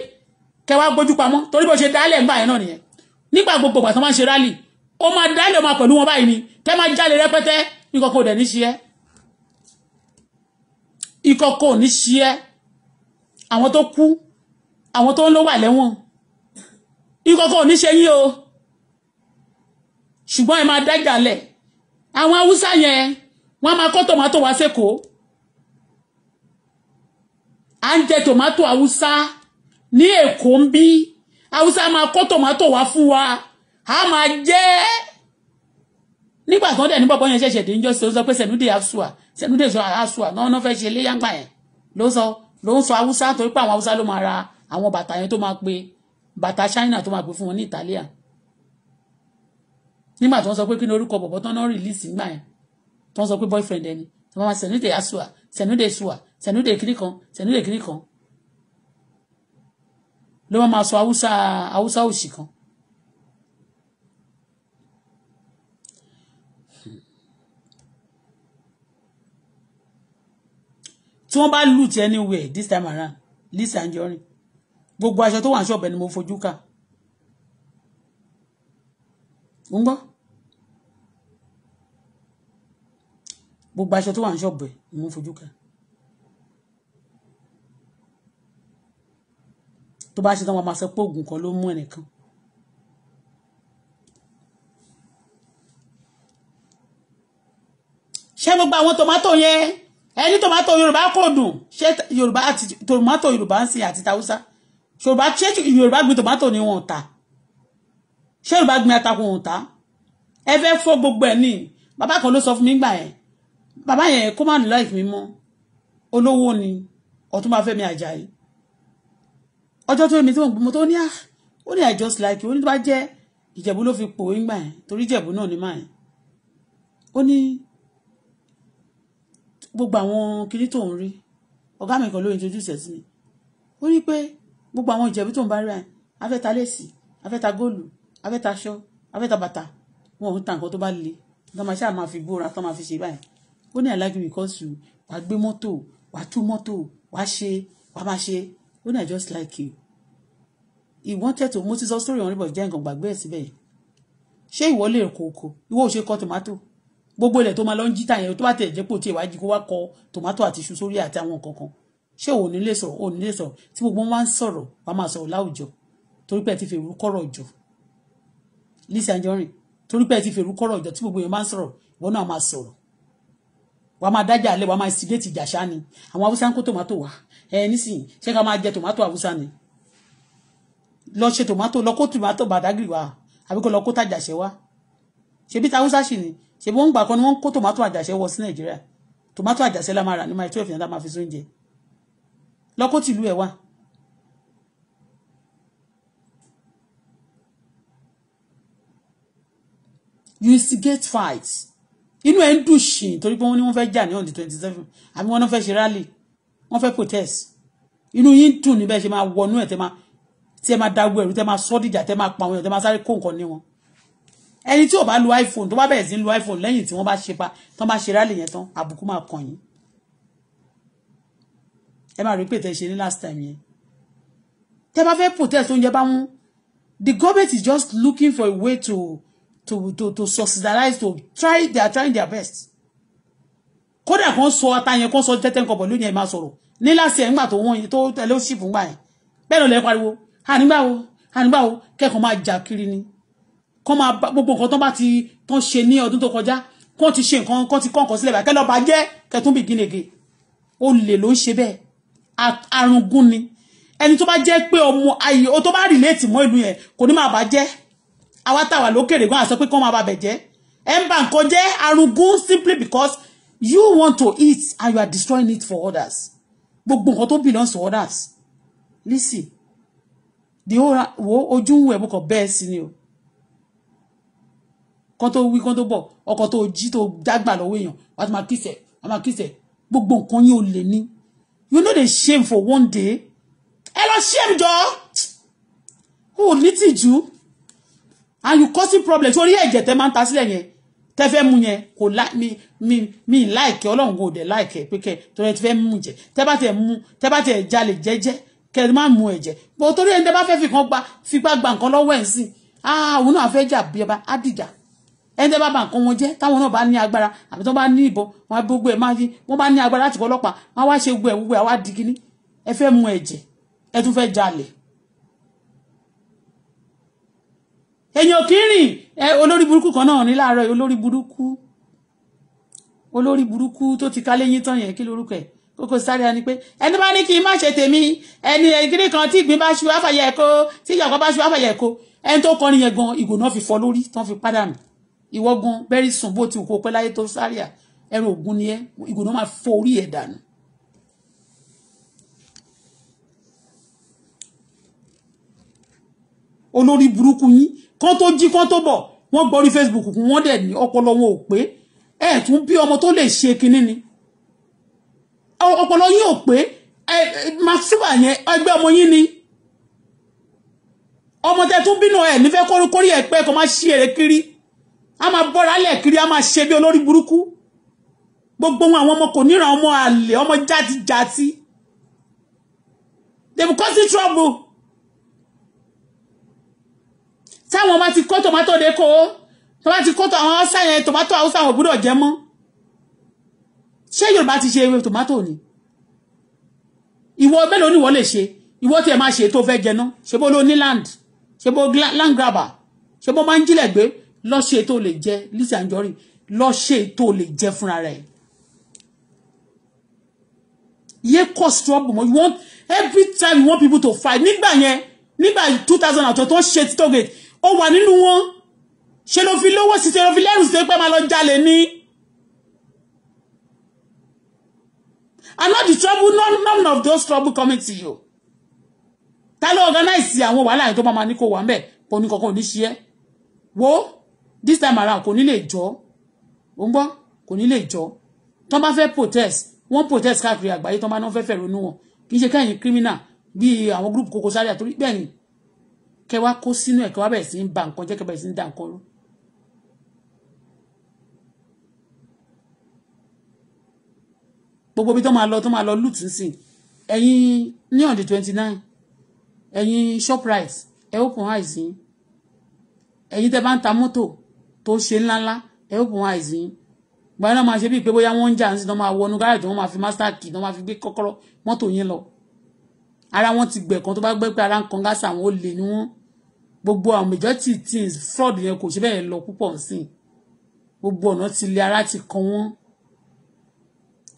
kẹ wá gbójú pamọ́ torí bó ṣe dálẹ̀ ńgbà yẹn náà nìyẹn nígbà gbogbo ìgbà tó máa ń ṣe rálì ó máa dálẹ̀ ó máa pẹ̀lú wọn báyìí ni kẹ máa jáde rẹpẹtẹ ìkọ̀kọ̀ dẹ̀ ní ṣe ẹ́ ìkọ̀kọ̀ ní ṣe ẹ́ àwọn tó kú àwọn tó ń lọ wà lẹ́wọ̀n ìkọ̀kọ̀ ní ṣe yín o ṣùgbọ́n ẹ máa dájà lẹ̀ àwọn haúsá yẹn wọ́n máa kọ́ tòmátò wá sẹ́kọ̀ọ́ à ń jẹ tòmátò haúsá ní èkó ń bí haúsá máa kó tòmátò wá fún wa a máa jẹ nígbà kan dẹ̀ ní bọ́bọ́ yẹn ṣẹ̀ṣẹ̀ dé ń jọ́ sí ló sọ pé sẹ̀núdè asua sẹ̀núdè sọ asua náà náà fẹ́ ṣe léyàgbà yẹn ló sọ ló ń sọ haúsá torí pé àwọn haúsá ló máa ra àwọn bàtà yẹn tó máa pe bàtà china tó máa pe fún wọn ní Italia nígbà tó ń sọ pé kí ni orúkọ bọ̀bọ̀ tán náà rìlíìsì ńgbà yẹn tó ń sọ pé boyfriend ẹni tó máa sẹ̀núdè asua sẹ̀núdè sua sẹ̀núdè kìíní kan sẹ̀núdè kìíní kan ló máa ma sọ haúsá haúsá òsì kan. tí wọ́n bá loot anywhere this time around Lizzy Anjorin gbogbo aṣọ tó wà ní ṣọ́ọ̀bù ẹni mo fojú kà ń gbọ́ gbogbo aṣọ tó wà ní ṣọ́ọ̀bù ẹ̀ ni mo fojú kà. tó bá ṣe tán wọn máa sọ pé oògùn kan ló mú ẹnìkan. ṣé gbogbo àwọn tòmátò yẹn ẹni tòmátò yorùbá kò dùn ṣé yorùbá àti tòmátò yorùbá ń sìn àti tàwùsá yorùbá ṣé yorùbá gbin tòmátò ni wọn ta ṣé yorùbá gbin atako wọn ta ẹ fẹ́ fọ́ gbogbo ẹ̀ ní bàbá kan ló sọ fún mi gbà yẹn bàbá yẹn kó má ní láìpẹ́ mi mọ́ olówó ni Ọ̀túnba Fẹ́mi Àjàyí ọjọ́ tó ní tí mo gbọ́ tó ní à ah, ó ní i just like you ó ní tó bá jẹ́ ìjẹ̀bú ló fi pò ó ńgbà yẹn torí ìjẹ̀bú náà ní mà yẹn ó ní gbogbo àwọn kinní tó ń rí ọ̀gá mi kan ló introduce ẹ̀ sí mi ó ní pé gbogbo àwọn ìjẹ̀bú tó ń bá rí àyìn afẹ́ta lẹ́sì afẹ́ta góòlù afẹ́ta aṣọ afẹ́ta bàtà wọn ò ń ta nǹkan tó bá le tó máa ṣáà máa fi gbóra tó máa fi ṣe báyìí ó ní I like you because wàá gbé mọ́tò wàá tú mọ́tò wàá ṣe wàá máa ṣe when I just like you he wanted to mo ti sọ story wọn níbọ̀ jẹ́ nǹkan gbàgbé ẹ̀ síbẹ̀ yìí ṣé ìwọ lè kó oko ìwọ ò ṣe kọ tomato gbogbo ilẹ̀ tó máa lọ ń jíta yẹn tó bá tẹ̀ jẹ́ pò tí ìwádìí kó wá kọ tomato àti iṣu sórí àti àwọn nǹkan kan ṣé òun nílé sọ̀rọ̀ òun nílé sọ̀rọ̀ tí gbogbo wọn máa ń sọ̀rọ̀ wọn máa sọ̀rọ̀ láwùjọ torí pé ẹ ti fèrú kọ̀rọ̀ jọ Lizzy Anjorin torí pé ẹ ti fèrú kọ̀rọ̀ jọ tí gbogbo yẹn máa ń sọ̀rọ̀ ìwọ náà máa sọ̀rọ̀ wọn máa dájà alẹ́ wọn máa sílé ti jàṣá ni àwọn haúsá ń kó tomato wá ẹ eh, nísìnyí ṣé ká máa jẹ tòmátò àwùsá ni lọ ṣe tòmátò lọ kó tòmátò bàdágìrì wa àbí kó lọ kó tàjàṣẹ wa ṣebí tàwùsá sì ni ṣebí wọn gbà kan ni wọn kó tòmátò àjàṣẹ wọ sí nàìjíríà tòmátò àjàṣẹ la máa rà ní máa twelve yẹn máa fi sóúnjẹ lọ kó tìlú ẹ wá. you instigate fights inú ẹ ń dùn ṣìn torí pé wọn ní wọn fẹ́ jà ní on twenty seven àbí wọn náà fẹ́ ṣe rally wọ́n fẹ́ protest inú yín dùn níbẹ̀ ṣe máa wọnú ẹ̀ tẹ́ máa tí ẹ máa dagbó ẹ̀rú tẹ́ máa sọ́dìjà tẹ́ máa pa àwọn èèyàn tẹ́ máa sáré kó nǹkan ní wọn ẹni tí ò bá lu iphone tó bá bẹ̀rẹ̀ sí lu iphone lẹ́yìn tí wọ́n bá ṣe pa tán bá ṣe rálì yẹn tán àbùkù máa kàn yín ẹ máa rí pé tẹ́ ṣe ní last time yẹn tẹ́ bá fẹ́ protest oúnjẹ bá mú the government is just looking for a way to to to to subsidize to try they are trying their best kódà kan sọ ata yẹn kan sọ jẹ́tẹ́ nǹkan pẹ̀lú yẹn máa sọ̀rọ̀ ní láti ẹ̀ ńgbà tó wọ́n yẹn tó tẹ̀lé ó ṣìfù ńgbà yẹn bẹ́ẹ̀ ló lẹ́ pariwo ànígbàwo ànígbàwo kẹ́kọ̀ọ́ máa jà kiri ni kọ́ máa gbogbo nǹkan tán bá ti tán ṣe ní ọdún tó kọjá kọ́ ti ṣe nǹkan kọ́ ti kọ́ǹkan sílẹ̀ báyìí kẹ́lọ́ba jẹ́ kẹtún bì gínege ó lè ló ń ṣe bẹ́ẹ̀ arungun ni ẹni tó bá jẹ́ pé ọmọ ayé o tó bá rìlẹ́ẹ̀tì mọ́ ìlú yẹn kò ní máa bà jẹ́ àwa táwa lókèrè gan àsọ pé kọ́ máa bà bẹ̀ jẹ́ ẹ̀ ń bà nǹkan jẹ́ arungun simply because you want to eat and you are destroying it for others gbogbo nǹkan tó belong to others listen the whole wo ojú ń wẹ̀ mo kàn bẹ́ẹ̀ sí ni o kan tó wí kan tó bọ̀ ọkọ̀ tó jí tó dágbà lọ́wọ́ èèyàn wà á máa kíṣẹ̀ wà á máa kíṣẹ̀ gbogbo nǹkan yín ò lè ní you no dey shame for one day ẹ lọ shame jọ o ò ní tìjú and you causing problems. torí ẹ̀jẹ̀ tẹ máa ń ta sílẹ̀ yẹn tẹ fẹ́ mu yẹn kò lá mi mi mi láìkẹ́ ọlọ́run kò dẹ̀ láìkẹ́ pé kẹ́ torí ẹ ti fẹ́ mú jẹ tẹ́ bá tẹ̀ mú tẹ́ bá tẹ̀ jalè jẹ́jẹ́ kẹ́ ẹ má mú ẹ̀jẹ̀ bó torí ẹni tẹ́ bá fẹ́ fìkan gba fipá gba nǹkan lọ́wọ́ ẹ̀ sí àwọn ah, náà fẹ́ jà bí ọba á dìjà ẹni tẹ́ bá ba nǹkan wọn jẹ́ táwọn náà bá ní agbára àbí tó bá ní ìbọn wọn gbogbo ẹ̀ máa fi wọ́n bá ní agbára láti kọ́ ọlọ́pàá wọn á wá ṣe gbogbo ẹ̀ gbogbo ẹ̀ wá di kíní ẹ fẹ́ mú ẹ̀jẹ̀ ẹ tún fẹ́ jalè èèyàn kì olórí burúkú kan náà ní láàárọ̀ olórí burúkú olórí burúkú tó ti kálé yín tán yẹn kí lorúkọ ẹ̀ Koko Zaria ni pé ẹni bá ní kí n má ṣe tèmi ẹni ẹgbẹ́ kan tí ìgbín bá ṣu àfàyà ẹ̀kọ́ tí ìyàgbọ́ bá ṣu àfàyà ẹ̀kọ́ ẹni tó kọrin yẹn gan ìgò náà fi fọ́ lórí tán fi pádànù ìwọ gan bẹ́rí sùn bó ti kó pẹ́ láyé tó Zaria ẹrù ògùn ni ẹ ìgò náà máa fọ́ orí ẹ̀ dànù. olórí burúkú yín kán tó jí kán tó bọ̀ wọ́n gbọ́ orí Facebook kún wọ́n dẹ̀ ní ọpọlọ wọn ò pé ẹ tún bí ọmọ tó lè ṣe kinní ni ọpọlọ yín ò pé masiva yẹn ẹgbẹ́ ọmọ yín ni ọmọ tẹ tún bínú ẹ nífẹ̀ẹ́ kórìkórì ẹ pé kò má ṣe èrè kiri a máa bọ́ra lẹ̀ kiri a máa ṣe bí olórí burúkú gbogbo àwọn ọmọ kò níran ọmọ àlè ọmọ játijàti they be causing trouble táwọn bá ti kó tomato de kó o tó bá ti kó àwọn haúsá yẹn tomato haúsá wọn gbúdọ̀ jẹ mọ́ ṣé yorùbá ti ṣe ewé tomato ni ìwọ mélòó ni ìwọ lè ṣe ìwọ tí ẹ máa ṣe tó fẹ́ jẹ náà ṣe bó ló ní land ṣe bó land grabber ṣe bó máa ń jílẹ̀ gbé lọ ṣe tó lè jẹ Lizzy Anjorin lọ ṣe tó lè jẹ fúnra rẹ̀ yé cause trouble mọ́ you want every time you want people to fight nígbà yẹn nígbà two thousand and twelve tó ń ṣe títọ́gẹ̀ ó wà nínú wọn ṣe ló fi lówó sí ṣe ló fi lẹ́rù sí pé máa lọ jalè ní. and the trouble none, none of those trouble coming to you. ta ló organize àwọn wàhálà yẹn tó máa ní kó wà ń bẹ̀ pọ̀ ní kankan ò ní ṣe wo this time around kò ní lè jọ́ ò ń gbọ́ kò ní lè jọ́ tó bá fẹ́ protest wọ́n protest káàkiri àgbáyé tó bá náà fẹ́ fẹ́ ronú wọn kì í ṣe kẹ́yìn criminal bíi àwọn group Koko Zaria àtúrí bẹ́ẹ̀ ni kẹwàá kó sínú ẹ̀ kẹwàá bẹ̀rẹ̀ sí ń ba nǹkan jẹ́ kẹwàá bẹ̀rẹ̀ sí ń da nǹkan rú gbogbo ibi tó máa lọ tó máa lọ lùtù sìn ẹ̀yin ní on the twenty nine ẹ̀yin shoprite ẹ open eyes yín ẹ̀yin tẹ́ bá ń ta mọ́tò tó ṣe ńláńlá ẹ open eyes yín gbàyẹn náà máa ṣe bíi pé bóyá wọ́n ń jà ń sìn náà máa wọnú gáràjì wọ́n máa fi master key náà máa fi gbé kọ́kọ́rọ́ mọ́tò yín lọ ara wọn ti gbẹ̀kan tó bá gbẹ́ pé ara ń kan gáàsì àwọn olè ni wọ́n gbogbo àwọn majority things fraud yẹn kò ṣe bẹ́ẹ̀ lọ púpọ̀ nsìn gbogbo ọ̀nà ti lé ara ti kan wọ́n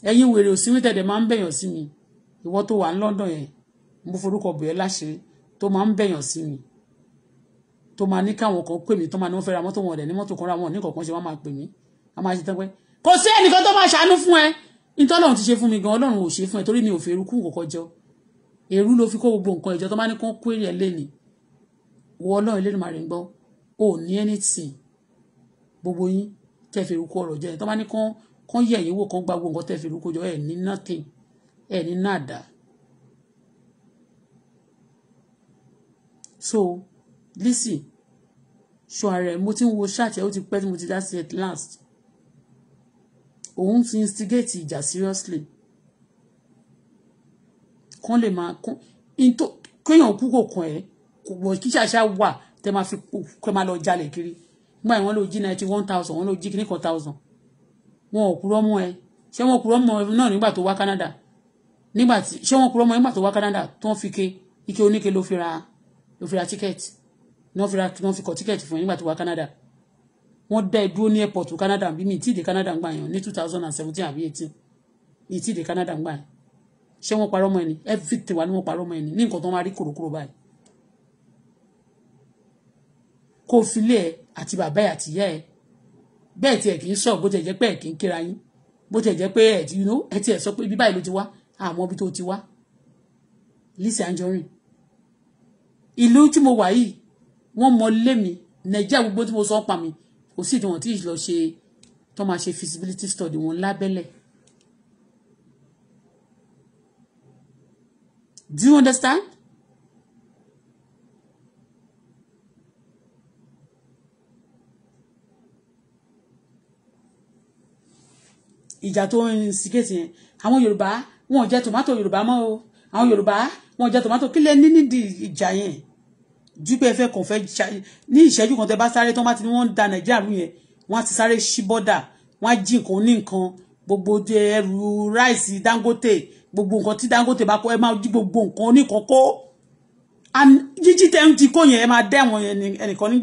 ẹ̀yin wèrè òsínwí tẹ̀dẹ̀ máa ń bẹ̀yàn sí mi ìwọ tó wà ní London yẹn mo forúkọ bò ẹ́ láṣìírí tó máa ń bẹ̀yàn sí mi tó máa ní káwọn kan pè mí tó máa ní wọ́n fẹ́ ra mọ́tò wọn ọ̀dẹ̀ ní mọ́tò kan ra wọn ní kọ̀ọ̀kan ṣe wọ́n máa pè mí a máa ṣe tán pé kò sí ẹnìkan tó máa ṣàánú fún ẹ ìtọ́lọ́run ti ṣe fún mi gan ọlọ́run ò ṣe fún ẹ torí mi ò erukú kọ̀ọ̀kan jọ èrú ló fi kó gbogbo nǹkan ìjọ tó máa ní kán kó èrè ẹ lẹ́nìí wọ ọlọ́run ilé ìmọ̀ rẹ̀ gbọ́ ò ní anything gbogbo yín tẹ́ erukú ọ̀rọ̀ jẹ́ tó máa ní kán kán yẹ̀ yín wò kán gba gbogbo nǹkan tẹ́ fi rú kójọ ẹ̀ ní nothing ẹ̀ ní nàdá. so listen ṣọ ààrẹ mo ti ń wo ṣáàtì ẹ ó ti pẹ́ tí mo ti dá sí at last òun ti instigate ìjà seriously kán lè máa kán into kéèyàn kú kò kàn ẹ́ kò wọ kí ṣàṣà wà tẹ́ máa fi kẹ́ máa lọ jalè kiri nígbà yẹn wọ́n lò jí ninety one thousand wọ́n lò jí kìíní thousand wọn ò purọ́ mọ́ ẹ ṣé wọn purọ́ mọ́ ẹ náà nígbà tó wá Canada nígbà tí ṣé wọn purọ́ mọ́ ẹ nígbà tó wá Canada tó ń fi ke ike oníke ló fi ra ló fi ra tíkẹ́ẹ̀tì wọ́n fi ra wọ́n fi kọ tíkẹ́ẹ̀tì fún ẹ nígbà tó wá Canada wọ́n dá ẹ dúró ní airport Canada bí mi de Canada ń gbà yẹn ní two thousand and seventeen àbí eighteen de Canada ń gbà yẹn ṣé wọ́n parọ́ mọ́ ẹni everything wà ní wọ́n parọ́ mọ́ ẹni ní nǹkan tó máa rí kòròkòrò báyìí kó o filé ẹ àti bàbá ẹ àti ìyá ẹ bẹ́ẹ̀ tiẹ̀ kì í sọ bó tiẹ̀ jẹ́ pé ẹ̀ kì í kíra yín bó tiẹ̀ jẹ́ pé ẹ̀ ti you know ẹ̀ tiẹ̀ sọ pé ibi báyìí ló ti wá àmọ́ ibi tó ti wá Lizzy Anjorin ìlú tí mo wà yìí wọ́n mọ lé mi nàìjíríà gbogbo tí mo sọ pa mi kò sí ìdíwọ̀n tí ìlọ ṣe tó máa ṣe feasibility study wọn lábẹ́lẹ̀ do you understand? ìjà tó ń sikẹ́tì yẹn àwọn yorùbá wọn ò jẹ tòmátò yorùbá mọ́ o àwọn yorùbá wọn ò jẹ tòmátò kí lẹ ní nídìí ìjà yẹn dúpẹ́ fẹ́ kàn fẹ́ ní ìṣẹ́jú kan tẹ bá sáré tán bá ti ní wọ́n ń da nàìjíríà rú yẹn wọ́n á ti sáré ṣí bọ́dà wọ́n á jí nǹkan ní nǹkan gbogbo ẹrù ráìsì dangote gbogbo nǹkan tí dangote bá kó ẹ máa jí gbogbo nǹkan oníkókó jíjí tẹ́ ń ti kó yẹn ẹ máa dẹ́wọ̀n ẹnìkan ní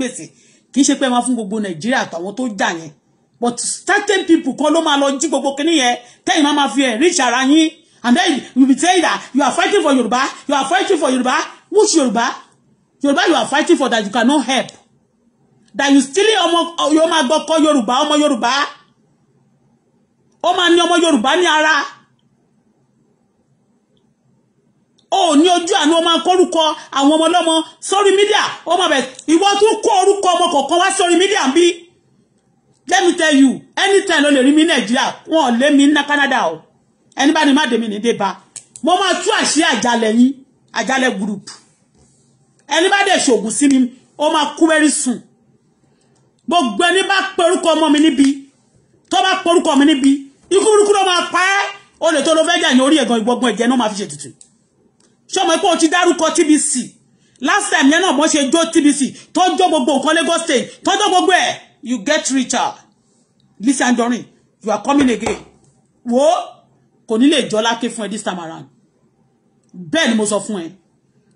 kì í ṣe pé ẹ máa fún gbogbo nàìjíríà àtàwọn tó jà yẹn but certain people kan ló máa lọ jí gbogbo kinní yẹn tẹ́yìn máa máa fi enrich ara yín and then you be saying that you are fighting for Yorùbá you are fighting for Yorùbá which Yorùbá Yorùbá you are fighting for that you cannot help that you still ọmọ yóò máa gbọ́kọ́ Yorùbá ọmọ Yorùbá ó máa ní ọmọ Yorùbá ní ara ó ní ojú àánú ó máa kórúkọ àwọn ọmọ ọlọ́mọ sórí mídíà ó máa ìwọ tún kó orúkọ ọmọ kọ̀ọ̀kan wá sórí mídíà ń let me tell you anytime ló lè rí mi nàìjíríà wọn ò lé mi ní canada o anybody bá ní má dèmi ní débà mo máa tú àṣírí àjálẹ̀ yín àjálẹ̀ group Anybody bá dẹ̀ ṣògùn sí mi ó máa kú very soon gbogbo ẹni bá pe orúkọ ọmọ mi níbi tó bá pe orúkọ mi níbi ikú burúkú ló máa pa ẹ́ olè tó lọ fẹ́ jà ní orí ẹ̀gàn ìgbọ̀gbọ̀n ẹ̀jẹ̀ náà máa fi ṣètùtù ṣọmọ pé o ti dárúkọ TBC last time yẹn náà mo ṣe jó TBC tó jó gbogbo nǹkan Lagos state tó jó gbogbo ẹ̀ you get richer Lizzy Anjorin you are coming again wo kò ní lè jọ láké fún ẹ this time around bẹ́ẹ̀ ni mo sọ fún ẹ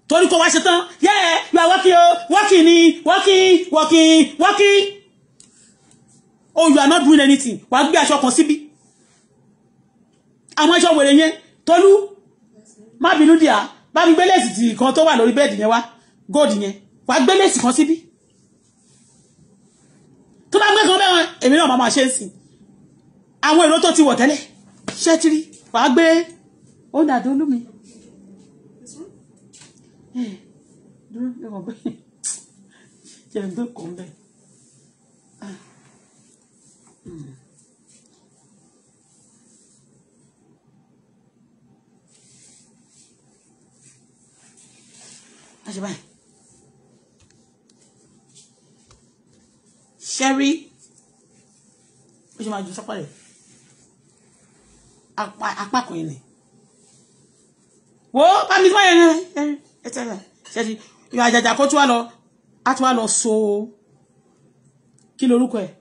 torí kò wá ṣe tán yẹ́ẹ̀ you are working o oh, working ni working working working oh you are not doing anything wàá gbé aṣọ kan síbí àwọn aṣọ wèrè yẹn tolú má bínú díà bá mi gbé léèsì kan tó wà lórí bẹ́ẹ̀dì yẹn wá góòdì yẹn wàá gbé léèsì kan síbí tó bá gbé kan bẹ́ẹ̀ wọn èmi náà máa máa ṣe é sí àwọn èrò tó ti wọ̀ tẹ́lẹ̀ ṣẹ́tírí wàá gbé ó dàdó lómi dúró ní wọn bẹ jẹ gbé kó ń bẹ. àṣìbáyìí. Ah. Hmm. ṣẹ́rí ó ṣe máa ju sọ́pọ̀ rẹ̀ apá kan yẹn ni wo bámi tí wọ́n yẹn ní ẹ̀ẹ́dẹ́gbẹ̀rẹ̀ ṣẹ́rí ìwà àjàjà kó tún wá lọ á tún wá lọ so kí lorúkọ ẹ̀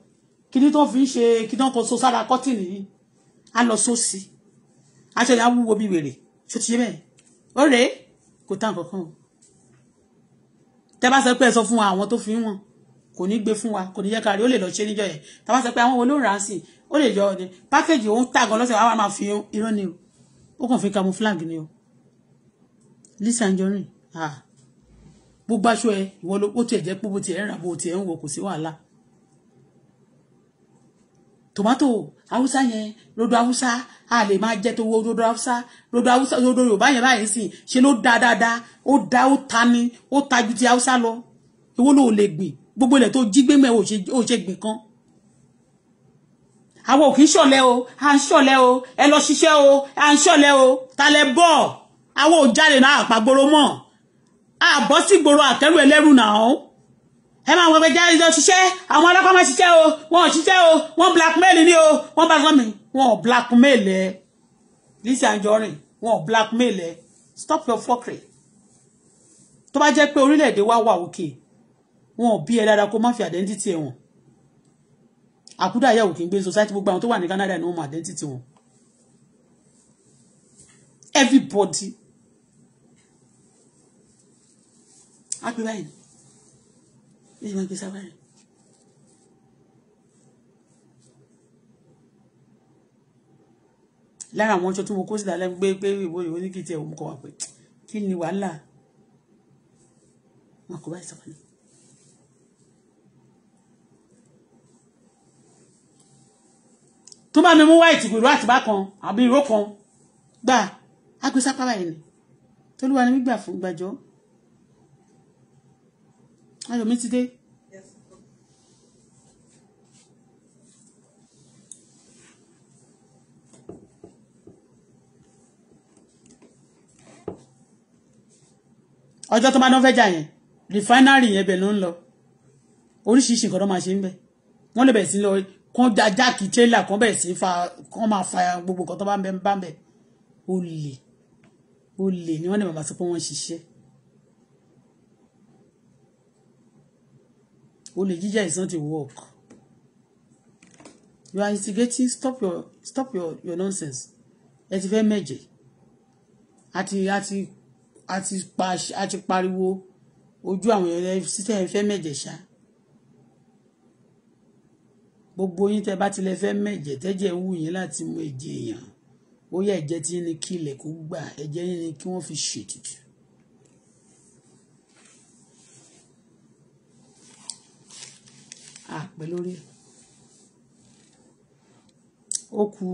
kí ni tó fi ń ṣe kí ni tó ń so sára kọ́tìnì yìí á lọ sósì aṣọ ìyá wúwo bí wèrè ṣó ti yé bẹ́ẹ̀ ó rèé kò tán kankan tẹ́ bá sọ pé ẹ sọ fún àwọn tó fi ń wọn kò ní gbé fún wa kò ní jẹ́ ká rí ó lè lọ ṣe níjọ yẹn tá a bá sọ pé àwọn olóòrán sí ó lè yọ ọdẹ pákéjì òun tàgọ lọ́sẹ̀ wa máa fi irọ́ ni o ó kàn fi camouflage ni o Lizzy Anjorin ah gbogbo aṣọ ẹ ìwọ ló ó tiẹ̀ jẹ́ pé bó tiẹ̀ ń rà bó tiẹ̀ ń wọ kò sí wàhálà tòmátò haúsá yẹn rodo haúsá a lè máa jẹ tó wo rodo haúsá rodo haúsá rodo yorùbá yẹn báyìí sìn ṣe ló da dáadáa ó da ó ta ni ó ta ju ti haúsá lọ ìwọ ló lè gbìn gbogbo ilẹ̀ tó jí gbé mẹ́wọ́ ò ṣe gbìn kan àwọn ò kì o à ń ṣọ̀lẹ o ẹ lọ ṣiṣẹ́ o à ń ṣọ̀lẹ o talẹ̀ bọ̀ àwọn ò jáde náà àpagboro mọ́ àbọ̀ sí gbòòrò àkẹ́rù ẹlẹ́rù náà ẹ máa wọ́n pé jáde lọ ṣiṣẹ́ àwọn ọlọ́pàá máa ṣiṣẹ́ o wọn ò ṣiṣẹ́ o wọn blackmail ni o wọn bá sọ mi wọn ò blackmail ẹ Lizzy Anjorin wọn ò blackmail ẹ stop your fuckery tó bá jẹ́ pé orílẹ̀ wa wà òkè okay wọn ò bí ẹ dáadáa kó má fi identity ẹ wọn àkúdà ayáwó kì í gbé society gbogbo àwọn tó wà ní Canada ni wọ́n mọ identity wọn everybody á pè báyìí ní ìṣẹ́ máa gbé sábà rẹ̀. lára àwọn ọjọ́ tí mo kó sí lálẹ́ gbé pé ìwé ìwé oníkìtì ẹ̀ òun kọ̀ wá pé kí ni wàhálà wọn kò bá ìsọ̀kan ní. tó bá mi mú white ìró àtibá kan àbí ìró kan gbà agbésápá báyìí ni tolúwa ni gbígbà fún gbàjọ ayọ̀ mi ti dé. ọjọ́ tó bá dán fẹ́ jà yẹn refinery yẹn bẹ̀ ló ń lọ oríṣiríṣi nǹkan tó máa ṣe ń bẹ̀ wọ́n lè bẹ̀ sí lọ kán jákì tírélà kán bẹ̀rẹ̀ sí fa kán máa fa gbogbo nǹkan tó bá ń bẹ ń bá ń bẹ olè olè ni wọ́n ní bàbá sọ pé wọ́n ń ṣiṣẹ́ olè jíjà is not a work you are instigating stop your stop your your nonsense ẹ ti fẹ́ mẹ̀jẹ̀ àti àti àti pariwo ojú àwọn ẹ̀rẹ́ sísẹ́ ẹ fẹ́ mẹ̀jẹ̀ ṣáá gbogbo yín tẹ́ bá tilẹ̀ fẹ́ mẹ̀jẹ̀ tẹ́jẹ̀ ń wù yín láti mú ẹ̀jẹ̀ èèyàn ó yẹ ẹ̀jẹ̀ tí yín ni kí ilẹ̀ kó gbà ẹ̀jẹ̀ yín ni kí wọ́n fi ṣètùtù. àpẹ lórí ẹ̀ ó ku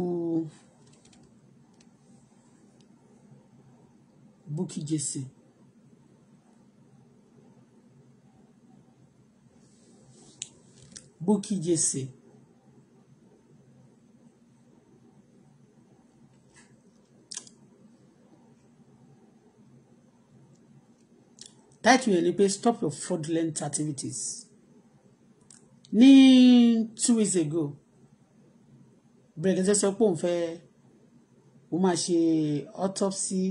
Bukky Jesse. Bukky Jesse táìtù yẹn ni pé stop your fraudulent activities ní two weeks ago Brekete sọ pé òun fẹ́ òun máa ṣe autopsy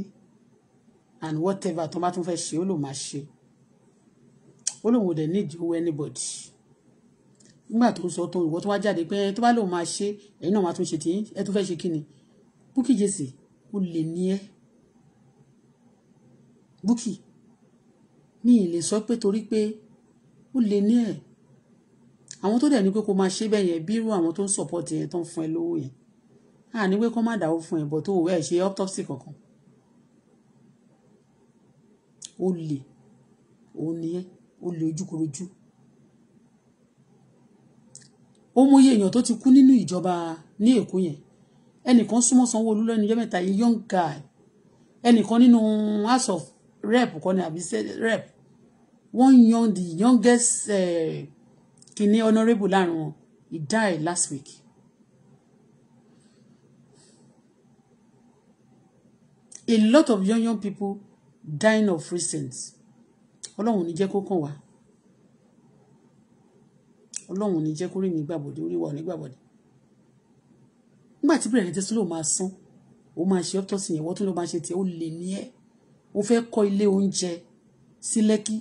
and whatever tó bá tún fẹ́ ṣe ó lòun máa ṣe ó lòun ò dẹ̀ need owó anybody nígbà tó ń sọ tó ìwọ tó wá jáde pé tó bá lòun máa ṣe ẹ̀yin náà máa tún ṣe tìyín ẹ tún fẹ́ ṣe kí ni Bukky Jesse ó lè ní ẹ Bukky mi ì lè sọ pé torí pé ó lè ní ẹ̀ àwọn tó dẹ̀ ní pé kó máa ṣe bẹ́ẹ̀ yẹn bírú àwọn tó ń sọ̀pọ̀tì yẹn tó ń fún ẹ lówó yẹn à ní pé kó má dáwó fún ẹ bọ̀ tó ẹ ṣe autopsy kankan ó lè òun ni ẹ ó lè ojúkorojú ó mú iye èèyàn tó ti kú nínú ìjọba ní Èkó yẹn ẹnìkan súnmọ́ Sanwó-Olú lẹ́nu ọjọ́ mẹ́ta yìí young guy ẹnìkan nínú house of rep kọ́ni àbí rep one young the youngest uh, kìnní honourable láàrin wọn he died last week. a lot of young young people dying of recent ọlọ́run ò ní jẹ́ kó kàn wá ọlọ́run ò ní jẹ́ kó rí mi gbàbọ̀dé orí wa ò ní gbàbọ̀dé nígbà tí bẹ̀rẹ̀ tẹ́sí ló máa sán ó máa ṣe ọ́tọ́sì yẹn wọ́n tún ló máa ṣe tiẹ̀ ó lè ní ẹ́ ó fẹ́ kọ́ ilé oúnjẹ sí lẹ́kí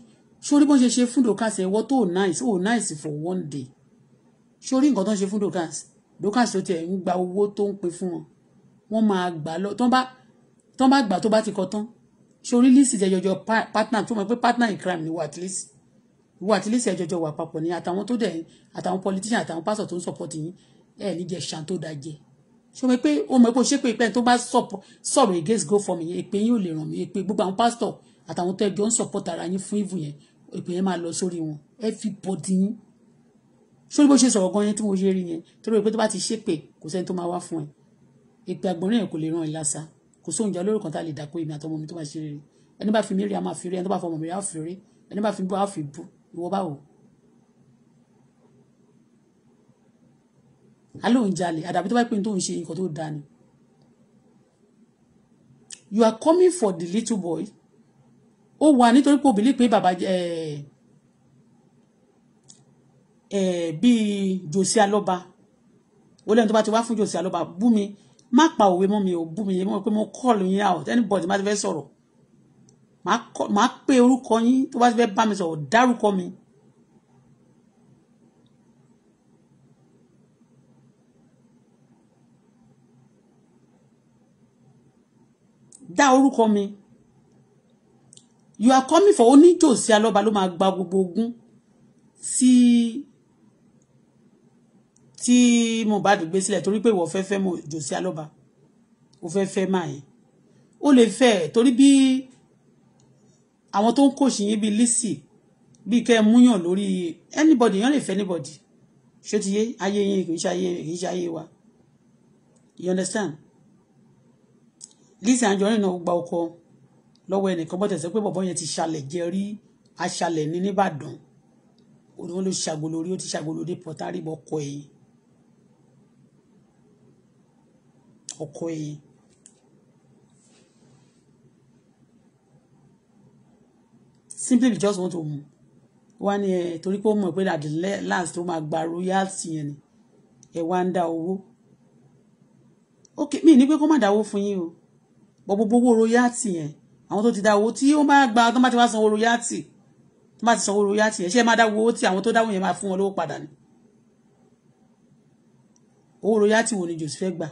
sórí bọ́n ṣe ṣe fún Dorcas ẹ̀wọ́ tó nice ó nice for one day sórí nǹkan tó ń ṣe fún Dorcas Dorcas tó tiẹ̀ ń gba owó tó ń pè fún wọn wọ́n máa gbà lọ tán bá tán bá gbà tó bá ti kọ tán sórí Lizzy jẹ́ jọjọ partner tó mọ̀ pé partner in crime ni wọ́n at least wọ́n at least ẹ̀jọ̀jọ̀ wà papọ̀ ní àtàwọn tó dẹ̀ àtàwọn politician àtàwọn pásọ̀ tó ń support yín ẹ̀ níjẹ̀ ṣàn tó da jẹ́ ṣé o mọ̀ pé o mọ̀ pé o ṣe pé ìpẹ́ tó bá sọ̀rọ̀ against go for me èpè yín ò lè ràn mí èpè gbogbo àwọn pásítọ̀ àtàwọn tó ẹjọ́ ń support ara yín fún ìvù yẹn èpè máa lọ sórí wọn everybody yín sórí bó ṣe sọ̀rọ̀ gan yẹn tí mo ṣe rí yẹn torí pé tó bá ti ṣépè kò sẹ́ni tó máa wá fún ẹ èpè àgbọ̀nrín yẹn kò lè ràn ẹ́ lásà kò sóhun ìjà olórúkọ tá a lè dàpọ̀ èmi àtọmọ mi tó máa ṣe rere ẹni bá fi mí rí a máa fi rí ẹni tó bá fọmọ mi rí a fi rí ẹni bá fi bú a fi bú ìwọ báwo. alóhùn jalè àdàbí tó bá pín tó ń ṣe nǹkan tó dáa ni you are coming for the little boy ó wà nítorí pé òbílí pé bàbá ẹ ẹ eh, eh, bíi jòsí alọba ó lẹ́nu tó bá ti wá fún jòsí alọba bú mi má pa òwe mọ́ mi ò bú mi yé mọ́ pé mo call yín out anybody má ti fẹ́ sọ̀rọ̀ màá pe orúkọ yín tó bá ti fẹ́ bá mi sọ̀rọ̀ dárúkọ mi. dá orúkọ mi you are coming for oníjòsí alọ́ba ló máa gba gbogbo ogún mo tí Mohbad gbé sílẹ̀ torí pé fe fẹ́ fẹ́ jòsí alọ́ba o fe fẹ́ máa yẹn o le fe tori bi àwọn tó ń kòṣì yín lisi bi kẹ́ ẹ múyàn anybody yẹn lè fẹ́ anybody ṣé ti yé ayé yín kì í ṣe ayé kì í wa you understand lisi ni no gba ọkọ lọ́wọ́ ẹnìkan bọ́tẹ̀ sọ pé bọ̀bọ́ yẹn ti ṣalẹ̀ jẹ rí aṣalẹ̀ ní nìbàdàn òun ló ṣàgbolo rí ó ti ṣàgbolo dé pọtárì ọkọ ẹ̀ ọkọ ẹ̀ simply we just want to mú wá ní ẹ torí pé ó mọ̀ pé at the last máa gba royalty yẹn ni ẹ wá ń dá owó ok mi ní pé kó má dáwó fún yín o bọ gbogbo owó royalty yẹn àwọn tó ti dá owó tí ó máa gba tó máa ti wá sanwó royalty tó máa ti sanwó royalty yẹn ṣé ẹ máa dáwó owó tí àwọn tó dáwó yẹn máa fún wọn lówó padà ni owó royalty wo ni jòsí fẹ́ gbà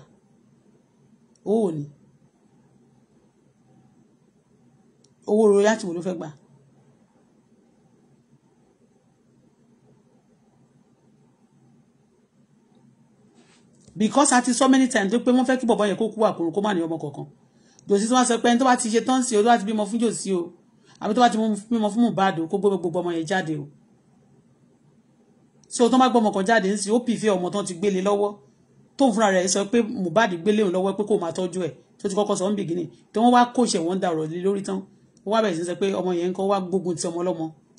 owó wo ni owó royalty wo ló fẹ́ gbà. because a ti sọ many times pé wọ́n fẹ́ kí bọ̀bọ̀ yẹn kó kú àkùrù kó má ní ọmọ kankan jòsí tí wọ́n sọ pé ẹni tó bá ti ṣe tán sí o tó bá ti bímọ fún jòsí o àbí tó bá ti bímọ fún Mohbad o kó gbé gbogbo ọmọ yẹn jáde o so tó má gbọmọ kan jáde ńsìn ó pìfẹ́ ọmọ tán ti gbélé lọ́wọ́ tóun fúnra rẹ̀ sọ pé Mohbad gbélé òun lọ́wọ́ pé kó máa tọ́jú ẹ̀ tó ti kọ́kọ́ sọ ń bìgínì tí wọ́n wá kóṣẹ̀ wọ́n da ọ̀rọ̀ lé lórí tán wọ́n wá bẹ̀rẹ̀ sí sọ pé ọmọ yẹn ń kọ́ wá gbógun ti ọmọ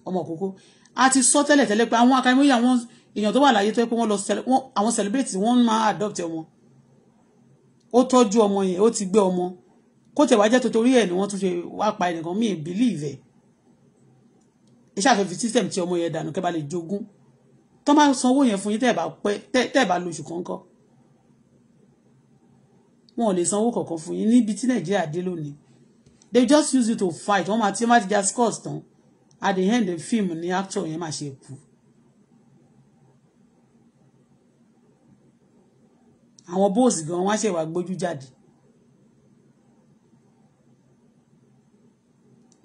ọmọ òkókó a ti sọ tẹ́lẹ̀ tẹ́lẹ̀ pé àwọn akadémí àwọn èèyàn tó wà láyé tó yẹ pé wọ́n lọ àwọn celebrate wọ́n máa adopt ọmọ ó tọ́jú ọmọ yẹn ó ti gbé ọmọ kó tẹ̀ wá jẹ́ torí ẹ̀ ni wọ́n tún ṣe wá pa ẹnìkan mí believe ẹ̀ ẹ ṣàfihàn system ti ọmọ yẹn dànù kẹ́ bá lè jogún tó máa sanwó yẹn fún yín tẹ́ ẹ̀ bá pẹ́ tẹ́ ẹ̀ bá lóṣù kọ́ńkọ́ wọn ò lè sanwó kọ̀ọ̀kan fún yín níbi tí nàìjíríà dé lónìí they just use you to fight wọn máa tí wọn máa ti já scores tán at the end of film ni actor yẹn máa ṣe kú. àwọn bóòsì gan wọn á ṣe wá gbójú jáde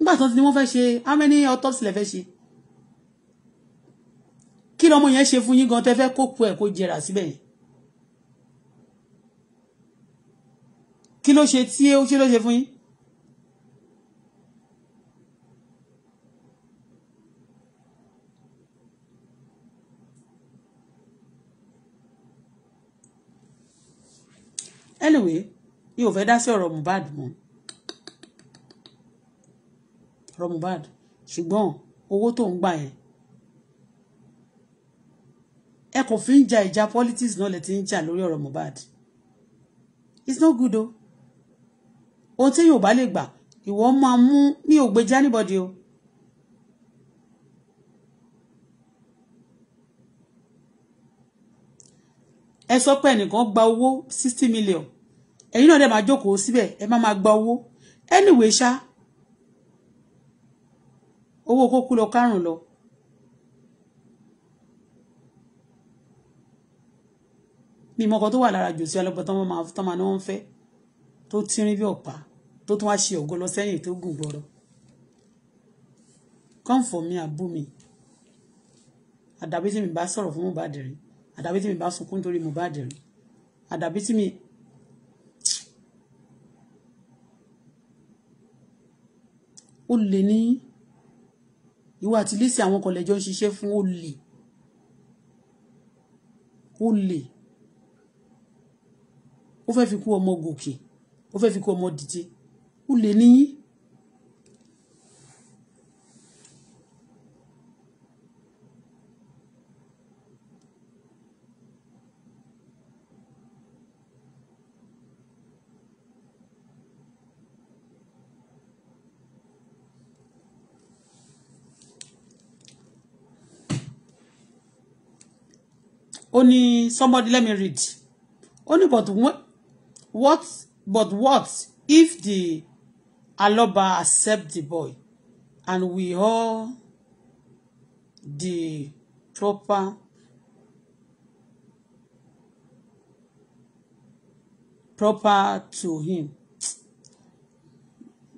nígbà tí wọ́n ti ní wọ́n fẹ́ ṣe how many autopsy lè fẹ́ ṣe kí lọmọ yẹn ṣe fún yín gan tẹ́ fẹ́ kó ku ẹ̀ kó jẹrà síbẹ̀ yẹn kí ló ṣe tí ó ṣe ló ṣe fún yín. anyway mi ò fẹ́ dá sí ọ̀rọ̀ Mohbad mọ́ from Mohbad ṣùgbọ́n owó tó ń gbà yẹn ẹ kò fi ń ja ìjà politics náà lè ti ń jà lórí ọ̀rọ̀ Mohbad it's not good o ohun tí yóò bá lè gbà ìwọ máa mú mi ò gbèjà anybody o. ẹ sọ pé ẹnìkan gba owó sixty million ẹ̀yin náà dẹ̀ máa jókòó síbẹ̀ ẹ má máa gba owó anyway ṣá owó kókú lọ kárùn lọ. mi mọ́kọ tó wà lára jòsí alọ́gbọ́n tán máa tán máa ní wọ́n fẹ́ tó tínrín bí ọ̀pá tó tún wá ṣe ògo lọ sẹ́yìn tó gùn gbọ́rọ̀ come for àbú mi àdàbí tí mi bá sọ̀rọ̀ fún Mohbad rí àdàbí tí mi bá sunkún nítorí Mohbad rí àdàbí tí mi ó lè ní ìwọ àti Lizzy àwọn kan lẹ́jọ́ ń ṣiṣẹ́ fún olè olè ó fẹ́ fi kú ọmọ gòkè ó fẹ́ fi kú ọmọ dìde olè níyìn Only somebody let me read Only but what but what if the aloba accept the boy and we all the proper proper to him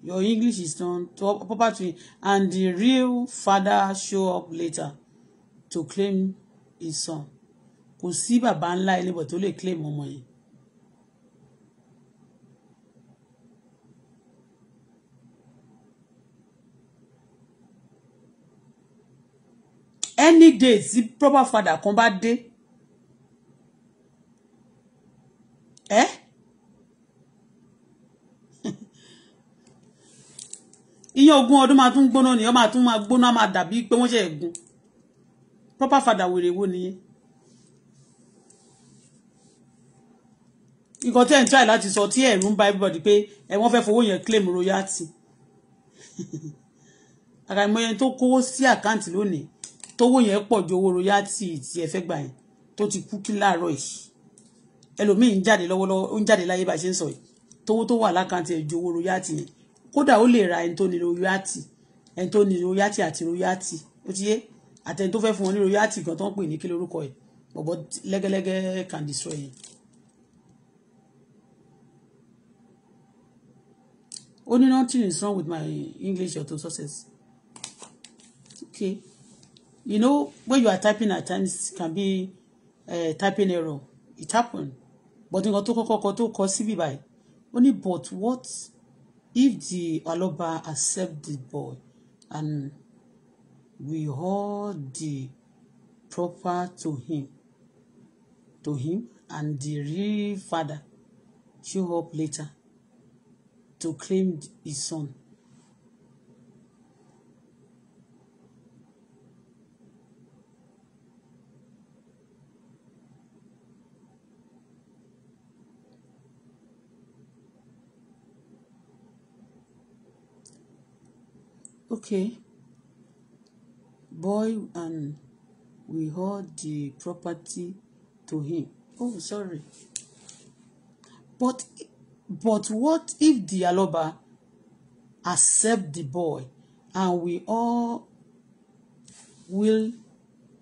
your English is not proper to him and the real father show up later to claim his son kò sí bàbá ńlá anybody tó lè claim ọmọ yẹn. any day tí proper father kan bá dé ẹ ìyẹn ogún ọdún máa tún gbóná nìyẹn máa tún máa gbóná máa dàbí pé wọ́n ṣe é gun proper father wèrè wo nìyẹn. nǹkan tẹ́ ń try láti sọ tí ẹ̀rù ń ba everybody pé ẹ wọ́n fẹ́ fowó yẹn claim royalty àkàìmọye tó kówó sí àkáǹtì lónìí tówó yẹn pọ̀ ju owó royalty tí ẹ fẹ́ gbà yẹn tó ti kú kí láàárọ̀ yìí ẹlòmíì ń jáde lọ́wọ́lọ́wọ́ ó ń jáde láyé bá a ṣe ń sọ yìí tówó tó wà lákàǹtì ẹ̀ ju owó royalty yẹn kódà ó lè ra ẹni tó ní royalty ẹni tó ní royalty àti royalty ó ti yé àtẹni tó fẹ́ fún wọn ní royalty kan tó ń pè ní kí lórúkọ ẹ̀ bọ̀bọ̀ lẹ́gẹ́lẹ́gẹ́ can destroy yẹn Only ní nothing is wrong with my English Auto Success okay you know when you are typing at times it can be uh, typing error it happen but nǹkan tó kọ́kọ́ kọ tó kọ síbí báyìí ó ní but what if the aloba accept the boy and we all the proper to him to him and the real father show up later to claim his son. Okay, boy, and we hold the property to him. Oh, sorry. But But what if the Aloba accept the boy and we all will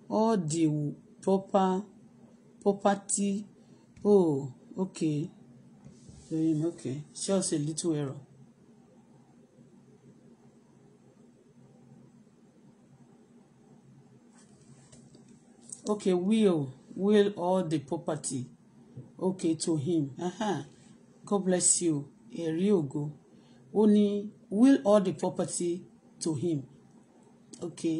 all the proper property? Oh, okay. Mm, okay, just a little error. Okay, will will all the property okay to him. Uh-huh. God bless you ẹ̀rí ògo ó ní will all the property to him okay.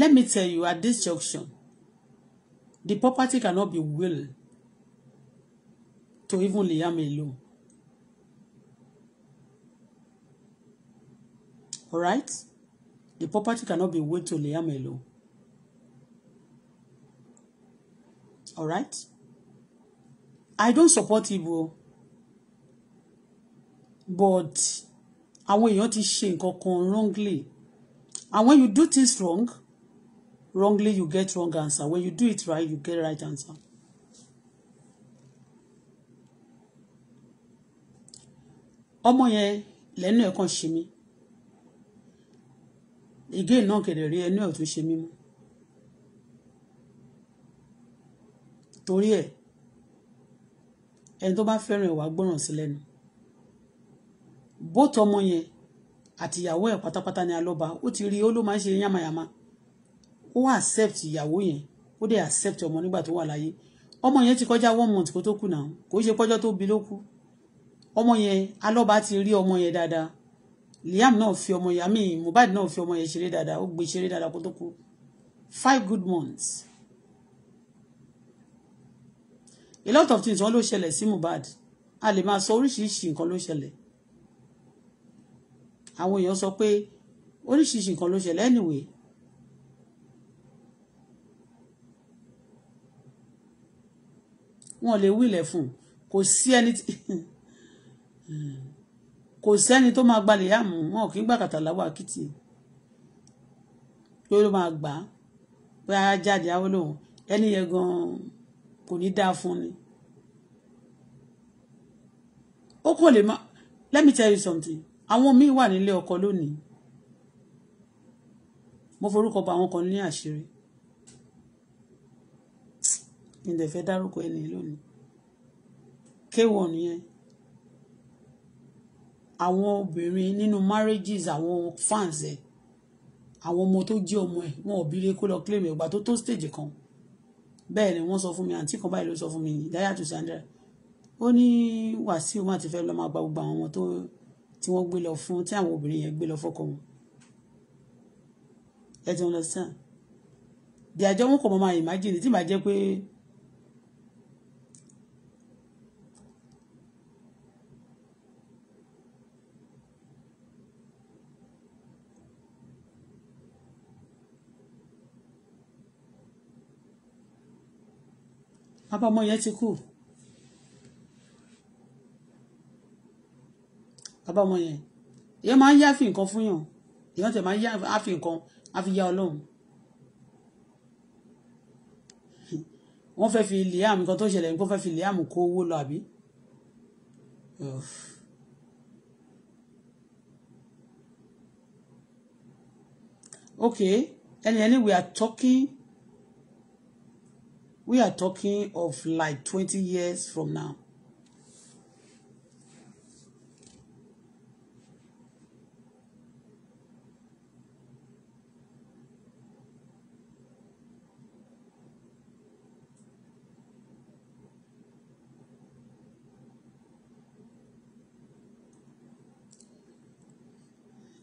Let me tell you at this junction the property cannot be will to even Liam alone. All right? The property cannot be will to Liam alone. all right I don't support Ibo, but àwọn èèyàn ti ṣe nǹkan kan wrongly and when you do things wrong wrongly you get wrong answer when you do it right you get right answer. ọmọ yẹn lẹ́nu ẹ̀ kan ṣe mí again náà kẹ̀dẹ̀ rí ẹnu ẹ̀ tó ṣe mí mú torí ẹ̀ ẹni tó bá fẹ́ràn ẹ̀ wá gbọ́ràn sí lẹ́nu bóòtù ọmọ yẹn àtìyàwó ẹ̀ pátápátá ni alọ́ba ó ti rí ó ló máa ń ṣe yánmayàmá ó accept ìyàwó yẹn ó dẹ̀ accept ọmọ nígbà tó wà láyé ọmọ yẹn ti kọjá one month kó tó kù náà kò ṣe pọ́jọ́ tó bí ló kú ọmọ yẹn alọ́ba ti rí ọmọ yẹn dáadáa Liam náà fi ọmọ yẹn I mean Mohbad náà fi ọmọ yẹn ṣeré dáadáa ó gbé ṣeré dáadáa kó tó kú five good months a lot of things wọ́n ló ṣẹlẹ̀ sí Mohbad a lè máa sọ oríṣiríṣi nǹkan ló ṣẹlẹ̀ àwọn èèyàn sọ pé oríṣiríṣi nǹkan ló ṣẹlẹ̀ anyway wọn lè wílẹ̀ fún kò sí ẹni kò sẹ́ni tó máa gbalẹ̀ yá mú wọn kì í gbà kàtà láwọ àkìtì pé ó máa gbà pé á àwọn olóhùn ẹni yẹn gan-an kò ní dáa fún ni ó kò lè má let me tell you something àwọn míì wà nílé ọkọ lónìí mo forúkọ bá àwọn kan ní àṣírí ìdẹ̀ fẹ́ dárúkọ ẹni lónìí kéwọ̀n nìyẹn àwọn obìnrin nínú marriages àwọn fans ẹ̀ àwọn ọmọ tó jẹ́ ọmọ ẹ̀ wọn ò bí lè kó lọ claim ẹ̀ ìgbà tó tó stage kan bẹ́ẹ̀ ni wọ́n sọ fún mi àǹtí kan báyìí ló sọ fún mi ìdáyàtò Sandra ó ní Wàsíù má ti fẹ́ lọ́ọ́ máa gba gbogbo àwọn ọmọ tó tí wọ́n gbé lọ fún tí àwọn obìnrin yẹn gbé lọ fọ́kọ wọn ẹ ti understand di àjọ wọn kò mọ máa imagine tí màá jẹ́ pé bàbá ọmọ yẹn ti kú bàbá ọmọ yẹn èèyàn máa ń yá fi nǹkan fún yàn èèyàn tẹ̀ máa ń yá àfi nǹkan àfi yá ọlọ́run wọ́n fẹ́ fi liam nǹkan tó ṣẹlẹ̀ nǹkan fẹ́ fi liam kó owó lọ àbí. okay and anyway we are talking we are talking of like 20 years from now.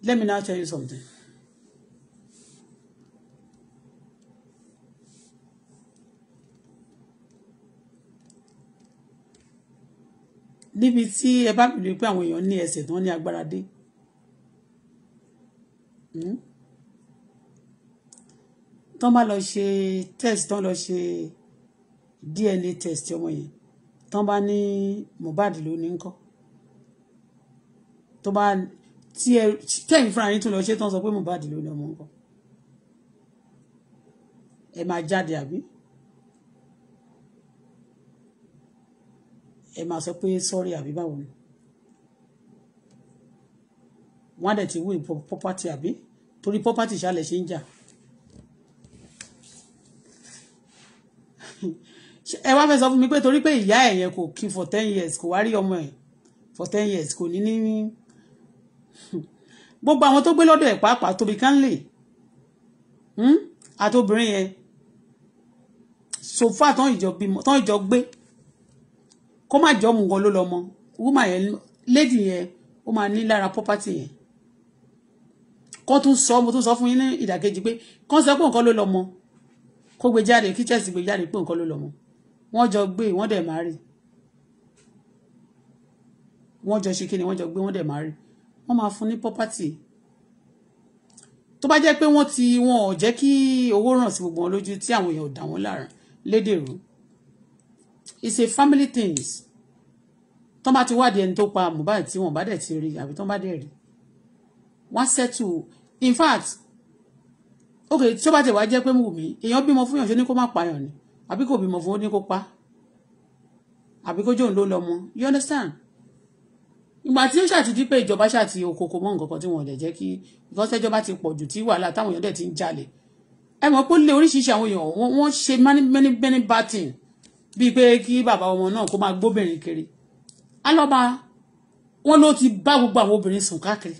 Let me now tell you something. níbi tí ẹ bá bìrì pé àwọn èèyàn ní ẹsẹ̀ tí wọ́n ní agbára dé hmm? tán bá lọ ṣe test tán lọ ṣe DNA test ọmọ yẹn tán bá ní Mohbad ló ní ńkọ́ tó bá tí ẹ tẹ̀yìn fúnra yín tó lọ ṣe tán sọ pé Mohbad ló ní ọmọ ńkọ́ ẹ máa jáde àbí. ẹ máa sọ pé sọ́rí àbí báwo ni wọ́n á dẹ̀ ti wí property àbí torí property ṣàlẹ̀ ṣe ń jà ẹ wá fẹ́ sọ fún mi pé torí pé ìyá ẹ̀ yẹn kò kí for ten years kò wá rí ọmọ ẹ̀ for ten years kò ní ní gbogbo àwọn tó gbé lọ́dọ̀ ẹ̀ pàápàá tóbi kan lè àti obìnrin yẹn sòfà tán ìjọ gbé kó má jọ òun gan ló lọ mọ woman yẹn lady yẹn ó máa ní lára property yẹn kó tún sọ mo tún sọ fún yín ní ìdàkejì pé kó sọ pé nǹkan ló lọ mọ kó gbé jáde kí Chelsea gbé jáde pé nǹkan ló lọ mọ wọ́n jọ gbé wọ́n dẹ̀ marry wọ́n jọ ṣe kíni wọ́n jọ gbé wọ́n dẹ̀ marry wọ́n máa fún ní property tó bá jẹ́ pé wọ́n ti wọn ò jẹ́ kí owó ràn sí gbogbo wọn lójú tí àwọn èèyàn ò dà wọ́n lára lédèrú it's a family things tọ́n bá ti wádìí ẹni tó pa Mohbad tí wọ́n bá dẹ̀ ti rí àbí tọ́n bá dẹ̀ rí wọ́n settle in fact ok tí ó bá tẹ̀ wá jẹ́ pé Wùmí èèyàn bímọ fún yàn ṣe ní kó má pààyàn ni àbí kò bímọ fún ó ní kó pa àbí kó jóun ló lọmọ you understand ìgbà tí ó ṣàtidí pé ìjọba ṣàti okòkò mọ́ nǹkan kan tí wọ́n lè jẹ́ kí because ẹjọba ti pọ̀ jù tí wàhálà táwọn èèyàn dẹ̀ ti ń jalè ẹ mọ̀ pé ó lé oríṣiríṣi àwọn èèyàn wọ́n ṣe many many many bad things bíi pé kí bàbá ọmọ náà kó máa gbóbìnrin kiri alọ́ba wọn ló ti bá gbogbo àwọn obìnrin sùn káàkiri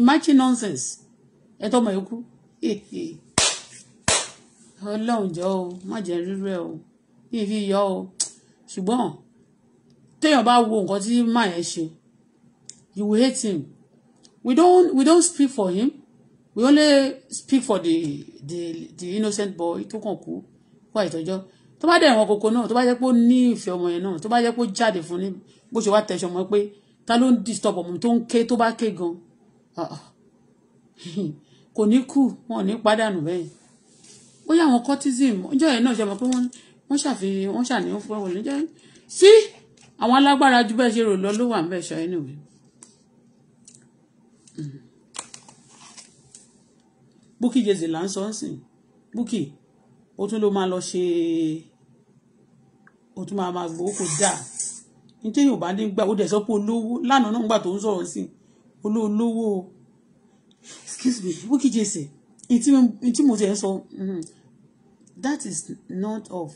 imagine nonsense ẹ tọ́ ọmọ yẹn kú ọlọ́run jọ o má jẹ́ rírú ẹ o yìí fi yọ o ṣùgbọ́n téèyàn bá wo nǹkan tí má yẹn ṣe you will hate him we don't we don't speak for him we only speak for the the the innocent boy tó kàn kú kó àìtọ́jọ́ tó bá dẹ̀ wọn koko náà tó bá jẹ́ pé ó ní ìfẹ́ ọmọ yẹn náà tó bá jẹ́ pé ó jáde fún ní bó ṣe wá tẹ̀sán mọ́ pé ta ló ń disturb ọmọ mi tó ń ké tó bá ké gan ah, ah. kò ní kú wọn ò ní pàdánù bẹ́ẹ̀ bóyá àwọn cortism ọjọ́ yẹn náà ṣe mọ̀ pé wọ́n ṣàfihàn wọ́n ṣàníyàn fún ọ̀wọ̀ lójọ́ sí àwọn alágbára ju bẹ́ẹ̀ ṣe rò lọ ló wà ń bẹ́ẹ̀ ṣọ ẹnu mi. Bukky jèsè là ń sọ ń sìn Bukky ó tún ló máa lọ ṣe o tún máa máa gbowó kò dáa ní yóò bá ní gbà ó dẹ̀ sọ pé olówó lánàá náà nígbà tó ń sọ̀rọ̀ sí olówó excuse me Bukky Jesse ní tí mo ti ẹ̀ sọ mm-hmm, that is not of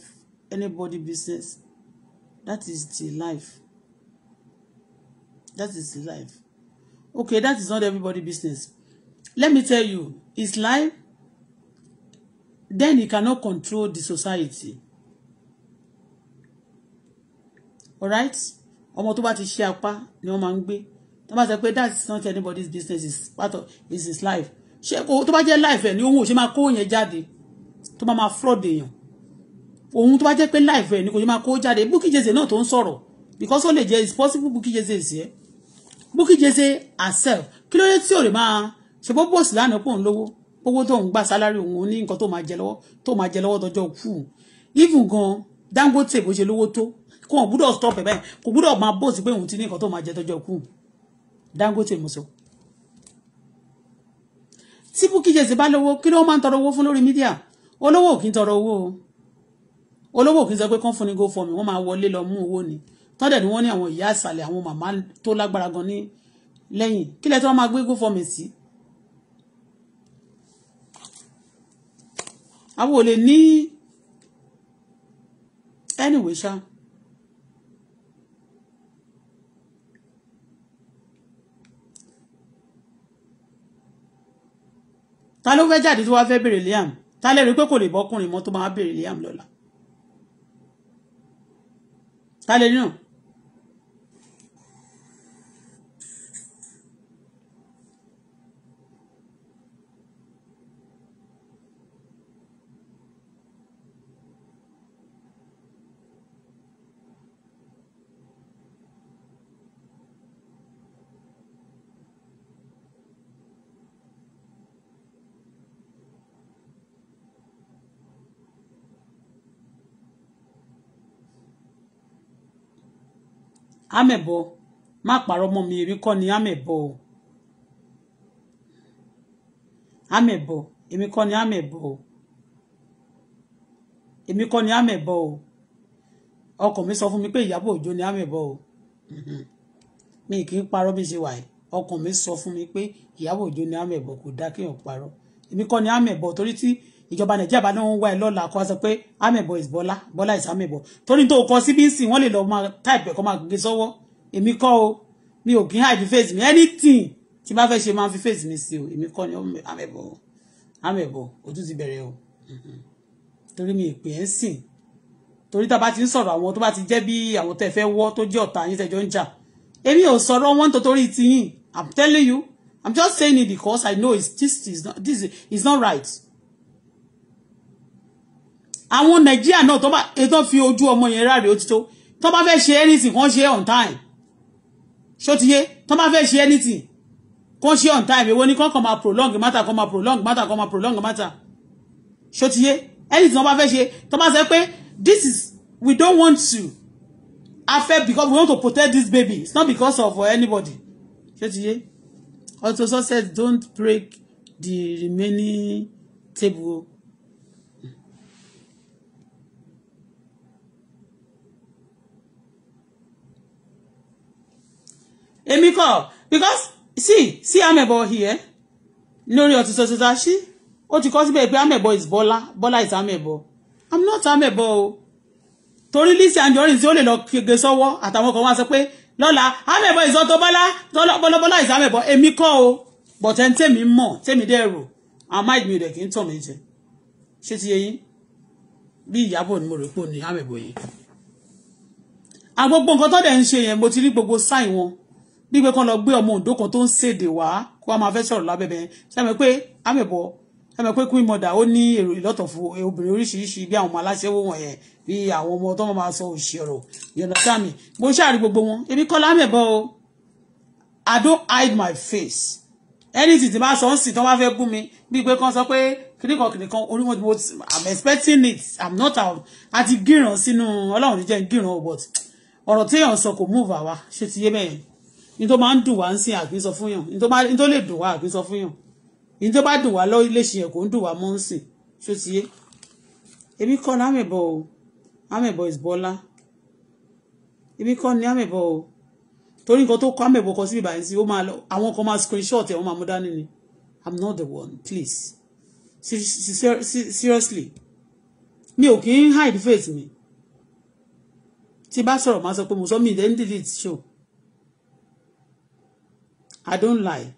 anybody business that is the life that is the life okay that is not everybody business let me tell you his life then he cannot control the society alright ọmọ tó bá ti ṣe apá ni wọ́n máa ń gbé tó bá sọ pé that is not anybody's business is part of is his life ṣé kò tó bá jẹ́ life ẹ̀ ni òun ò ṣe máa kó yẹn jáde tó bá máa fraud èèyàn òun tó bá jẹ́ pé life ẹ̀ ni kò ṣe máa kó jáde Bukky Jesse náà tó ń sọ̀rọ̀ because ó lè jẹ́ it's possible Bukky Jesse is here Bukky Jesse herself kí ló dé tí ò lè máa ṣe bó bòsì lánàá pò ń lówó owó tó ń gbà sálárì òun ní nǹkan tó máa jẹ lọ́wọ́ tó máa jẹ lọ́wọ́ tọjọ́ kù even gan Dangote bó ṣe lówó tó kò wọ́n gbúdọ̀ stop ẹ̀ báyìí kò gbúdọ̀ máa bóòsì pé òun ti ní nǹkan tó máa jẹ tọ́jọ́ kù Dangote mo sọ. tí Bukky Jesse bá lówó kí ló máa ń tọrọ owó fún lórí mídíà olówó ò kí ń tọrọ owó o olówó ò kí ń sọ pé kán fún ni go for me wọ́n máa wọlé lọ mú owó ni tọ́dẹ̀ ni wọ́n ní àwọn ìyá àsàlẹ̀ àwọn màmá tó lágbára gan ní lẹ́yìn kí lẹ́tọ́ máa gbé go for sí. àwọn ò lè ní anyway ṣáá. ta ló fẹ́ jáde tó wá fẹ́ bèrè Liam ta lẹ́rìí pé kò lè bọ́kùnrin mọ́ tó máa bèrè Liam lọ́la ta lẹ́rìí náà amẹ̀bọ má parọ́ mọ́ mi èmi kọ́ ni amẹ̀bọ o amẹ̀bọ èmi ni amẹ̀bọ o ọkọ mi sọ fún mi pé Ìyábọ̀ Òjó ni amẹ̀bọ o mhm. mi kì í parọ́ bí ṣe wà yìí ọkọ mi sọ fún mi pé Ìyábọ̀ Òjó ni amẹ̀bọ kò dá kéèyàn parọ́ emi kọ́ ni amẹ̀bọ torí tí ìjọba nàìjíríà bá náà ń wá ẹ lọ́la kó a sọ pé amẹ̀bọ is bọ́lá bọ́lá is amẹ̀bọ torí tó kọ síbí ń sìn wọ́n lè lọ máa táìpẹ̀ kọ́ máa gbé sọ́wọ́ èmi kọ́ o mi ò kí ń hide face mi anything tí bá fẹ́ ṣe máa fi face mi sí o èmi kọ́ ni amẹ̀bọ amẹ̀bọ ojú ti bẹ̀rẹ̀ o mm-hmm. torí mi ìpè ẹ̀ ń sìn torí tá a bá ti ń sọ̀rọ̀ àwọn tó bá ti jẹ́ bí àwọn tẹ̀ fẹ́ wọ́ tó jẹ́ ọ̀tá yín tẹ̀jọ́ ń jà èmi ò sọ̀rọ̀ wọn nítorí tiyín I'm telling you I'm just saying it because I know it's, this is not this is, it's not right àwọn nàìjíríà náà tó bá ètò fi ojú ọmọ yẹn ráre òtítọ́ tó bá fẹ́ ṣe anything kàn ṣe on time ṣó ti yé tó bá fẹ́ ṣe anything kàn ṣe on time èwo ni kàn kàn máa prolong matter kàn máa prolong matter kàn máa prolong matter ṣó ti yé anything wọ́n bá fẹ́ ṣe tó bá sọ pé this is we don't want to affect because we want to protect this baby it's not because of anybody ṣó ti yé Auto Success don't break the remaining table èmi kọ because see see amebo here lórí ọtí sọsọsọ sí ó ti kọ síbẹ̀ pé amebo is Bọ́lá Bọ́lá is amebo i'm not amebo o torí Lizzy Anjorin tí ó lè lọ gègé sọ́wọ́ àtàwọn kan wá sọ pé lọ́la amebo is Auto Bola Bọ́lá is amebo èmi kọ o but ẹni tèmi mọ̀ tèmi dẹ́rù àwọn máìkì mi rẹ̀ kì í tàn mí jẹ ṣé ti yẹ yín bí Ìyábọ̀ ni mo rò pé òní amebo yìí àwọn gbogbo nǹkan tó dẹ̀ ń ṣe yẹn mo ti rí gbogbo sign wọn bí kán lọ gbé ọmọ òǹdó kan tó ń ṣèdè wá kó a máa fẹ́ sọ̀rọ̀ lábẹ́bẹ́ sẹ́mi pé àmẹ̀bọ̀ sẹ́mi pé queen mother ó ní èrò ìlọ́tọ̀ fún obìnrin oríṣiríṣi bí àwọn ọmọ aláṣẹ́wó wọ̀nyẹn bí àwọn ọmọ tó máa sọ òṣì ọ̀rọ̀ yọ̀nà sami mo ṣàrí gbogbo wọn èmi kọ́ lámẹ̀bọ̀ o I don't hide my face anything tí bá sọ ń sìn tó bá fẹ́ gún mi bí pé kán sọ pé kìnìkan kìnìkan onímọ̀ tí mo I'm expecting it I'm not out àti gíràn sínú ọlọ́run ní jẹ́ gíràn but ọ̀rọ̀ téèyàn sọ kò move àwa ṣe ti yé bẹ́yẹn ní tó máa ń dùn wá ń sìn àbí sọ fún yàn ní tó lè dùn wá àbí sọ fún yàn ní tó bá dùn wá lọ ilé ṣe yẹn kò ń dùn wá mọ́ ń sìn ṣó ti yé èmi kọ́ ni amẹ̀bọ̀ o amẹ̀bọ̀ is Bọ́lá èmi kọ́ ni amẹ̀bọ̀ o torí nǹkan tó kọ́ amẹ̀bọ̀ kọ síbi báyìí sí ó máa lọ àwọn kan máa screenshot ẹ̀ wọ́n máa mú dání ni I'm not the one please seriously mi ò kì í hide face mi tí bá sọ̀rọ̀ máa sọ pé mo sọ mi then delete show I don't lie.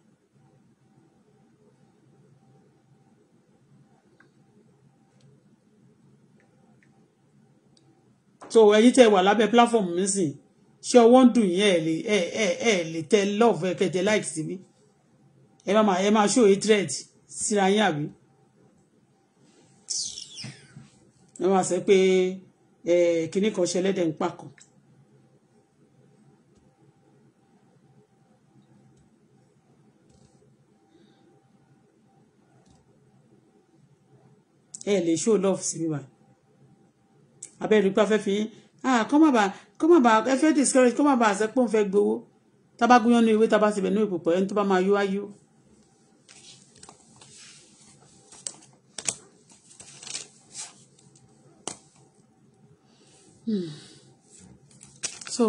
so ẹ̀yin tẹ́ wà lábẹ́ platform mi sìn ṣé ọwọ́ ń dùn yín ẹ lè ẹ ẹ lè tẹ love ẹ kẹtẹ like síbí ẹ má ẹ má show hatred síra yín àbí ẹ má sọ pé ẹ kinní kan ṣẹlẹ́dẹ̀ ń pa ẹ lè show love sí mi wá abẹ́rù pé afẹ́fẹ́ yín ah kọ́ má bàa kọ́ má bàa ẹ fẹ́ discourage kọ́ má bàa àṣẹ pé òun fẹ́ gbowó tábà gúnyán ní ewé tábà síbẹ̀ ní ìpòpọ̀ ẹni tó bá máa yó á yó. Hmm. so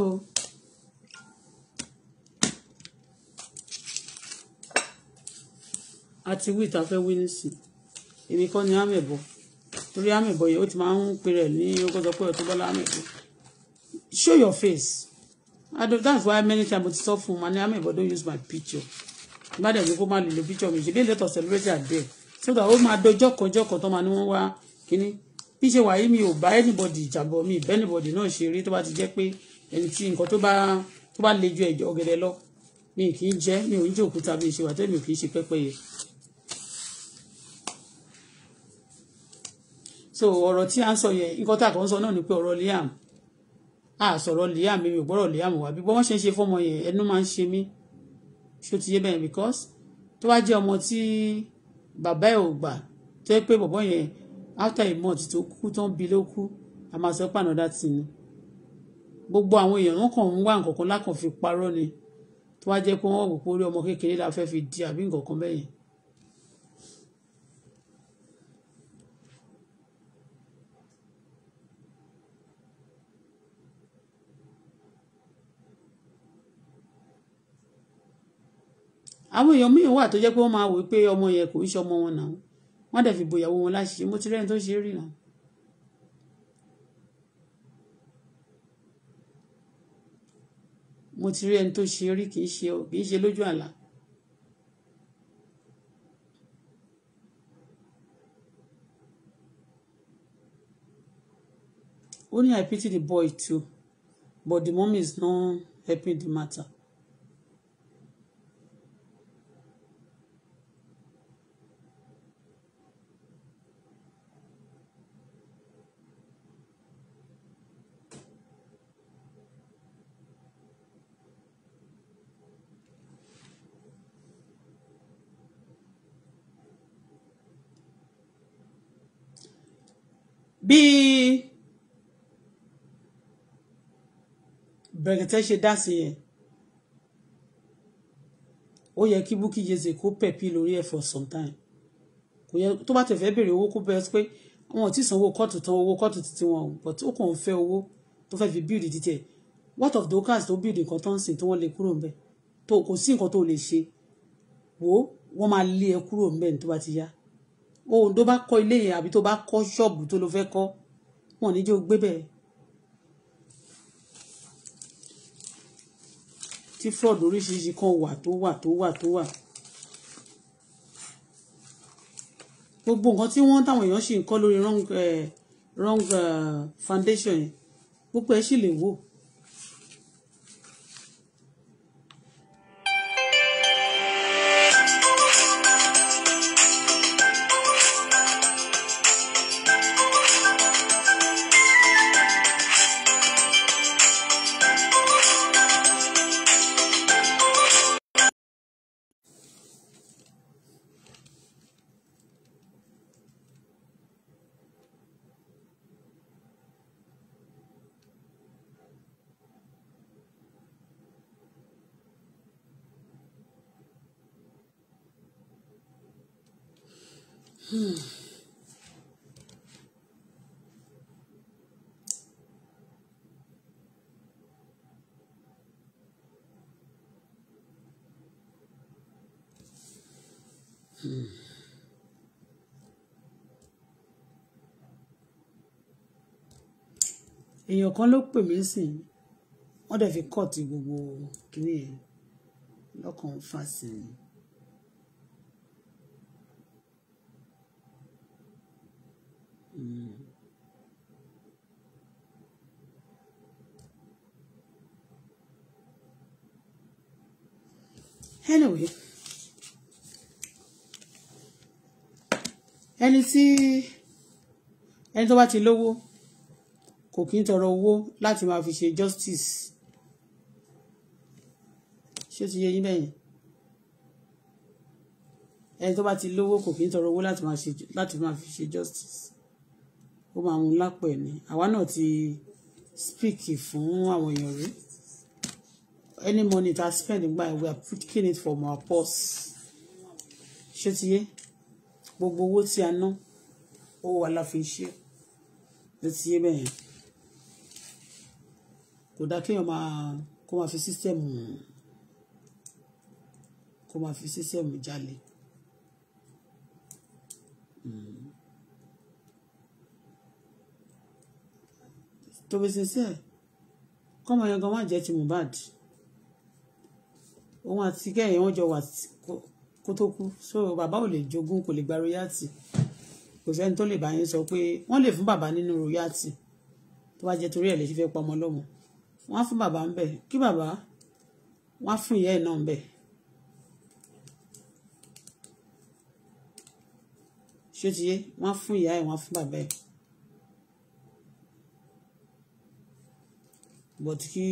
àti wíìtì afẹ́ wí nísìnyí èmi kọ́ ni amẹ̀bọ torí amẹ̀bọ yẹn ó ti máa ń pèrè ní ọkọ̀ sọ pé ọ̀tún bọ́lá amẹ̀bọ show your face I don't, that's why many times mo ti sọ fún un ma ní amẹ̀bọ don't use my picture bá dẹ̀ ní kó má lè lo picture mi ṣe lè lẹ́tọ̀ celebrate her there so that ó máa dojọ́ kan jọ́ kan tó máa ní wọ́n wá kínní bí ṣe wàyí mi ò bá anybody ìjàbọ̀ mi ìbẹ́ anybody náà ṣe rí tó bá ti jẹ́ pé ẹni tí nǹkan tó bá tó bá le ju ẹ̀jọ̀ ọ̀gẹ̀dẹ̀ lọ mi kì í jẹ mi ò ń jẹ òkúta bí ṣe wà tẹ́lẹ̀ mi kì í ṣe pẹ́pẹ́yẹ so ọ̀rọ̀ tí à ń sọ yẹn nǹkan tá a kàn ń sọ náà ni pé ọ̀rọ̀ Liam a sọ̀rọ̀ Liam mi ò gbọ́rọ̀ Liam wá bí wọ́n ṣe ń ṣe fọ́mọ yẹn ẹnu máa ń ṣe mí ṣó ti yé bẹ́ẹ̀ because tó wá jẹ́ ọmọ tí bàbá ẹ̀ ò gbà tó yẹ pé bọ̀bọ́ yẹn after a month tó kú tó ń bi ló kú a máa sọ pé another thing ni gbogbo àwọn èèyàn wọn kàn ń wá nǹkan kan lákàn fi parọ́ ni tó wá jẹ́ pé wọ́n wò la fẹ́ fi di àbí àwọn èèyàn míì wà tó jẹ́ pé wọ́n máa wò pé ọmọ yẹn kò ń ṣe ọmọ wọn náà wọ́n dẹ̀ fi bòyàwó wọn láṣìṣe mo ti rẹ́ni tó ṣe é rí náà. mo ti rí ẹni tó ṣe rí kì í ṣe ọ kì í ṣe lójú àlá. ó ní I pity the boy too but the mom is not helping the matter. bíi bẹ̀rẹ̀tẹ́ ṣe dá sí yẹn ó yẹ kí Bukky Jesse kó pẹ̀pì lórí ẹ̀ for some time kò yẹ tó bá tẹ̀fẹ́ béèrè owó kó bẹ́ẹ̀ pé wọn ò tí sanwó kóòtù tán owó kóòtù ti tiwọn but ó kàn ń fẹ́ owó tó fẹ́ fi bíìdì títẹ̀ what of dokas tó bíìdì nǹkan tó ń sìn tí wọ́n lè kúrò ńbẹ̀ tó kò sí nǹkan tó lè ṣe wò wọ́n máa lé ẹ kúrò ńbẹ̀ ní tó bá ti yá ohun tó bá kọ́ ilé yẹn àbí tó bá kọ́ ṣọ́ọ̀bù tó lọ fẹ́ kọ́ wọn níjó gbé bẹ́ẹ̀ tí fraud oríṣiríṣi kan wà tó wà tó wà tó wà gbogbo nǹkan tí wọ́n táwọn èèyàn sì ń kọ́ lórí wrong, uh, wrong eh, foundation yẹn gbogbo ẹ̀ sì lè wò. Hmm. èèyàn kan ló pè mí sí i wọ́n dẹ̀ fi kọ́ọ̀tì gbogbo kìnìyẹn lọ́kàn fásitì. Mm. anyway ẹni tí ẹni tó bá ti lówó kò kí ń tọrọ owó láti máa fi ṣe justice ṣé ó ti yé yín bẹ́ẹ̀ yẹn ẹni tó bá ti lówó kò kí ń tọrọ owó láti máa fi ṣe justice ó máa mú lápò ẹ̀ àwa náà ti speak fún àwọn èèyàn rí any money that spend nígbà we are putting it from our purse ṣé ti yé gbogbo owó tí a ná ó wà la fi ṣe ló ti yé bẹ́ẹ̀ kò dá kéèyàn máa kó máa fi sísẹ́mù kó máa fi sísẹ́mù jalè. Mm. tó fi sincere kọ́mọ yẹn gan má jẹ́ ti Mohbad òun àti kẹ́yìn wọ́n jọ wà kó tó kú so bàbá ò lè jogún kò lè gba royalty kò sẹ́ni tó lè bá yín sọ pé wọ́n lè fún bàbá nínú royalty tó bá jẹ́ torí ẹ̀ lè ṣe fẹ́ pa ọmọ lọ́mọ wọ́n á fún bàbá ń bẹ̀ kí bàbá wọ́n á fún ìyá ẹ̀ náà ń bẹ̀. ṣé ti yé wọ́n á fún ìyá ẹ̀ wọ́n á fún bàbá ẹ̀ but kí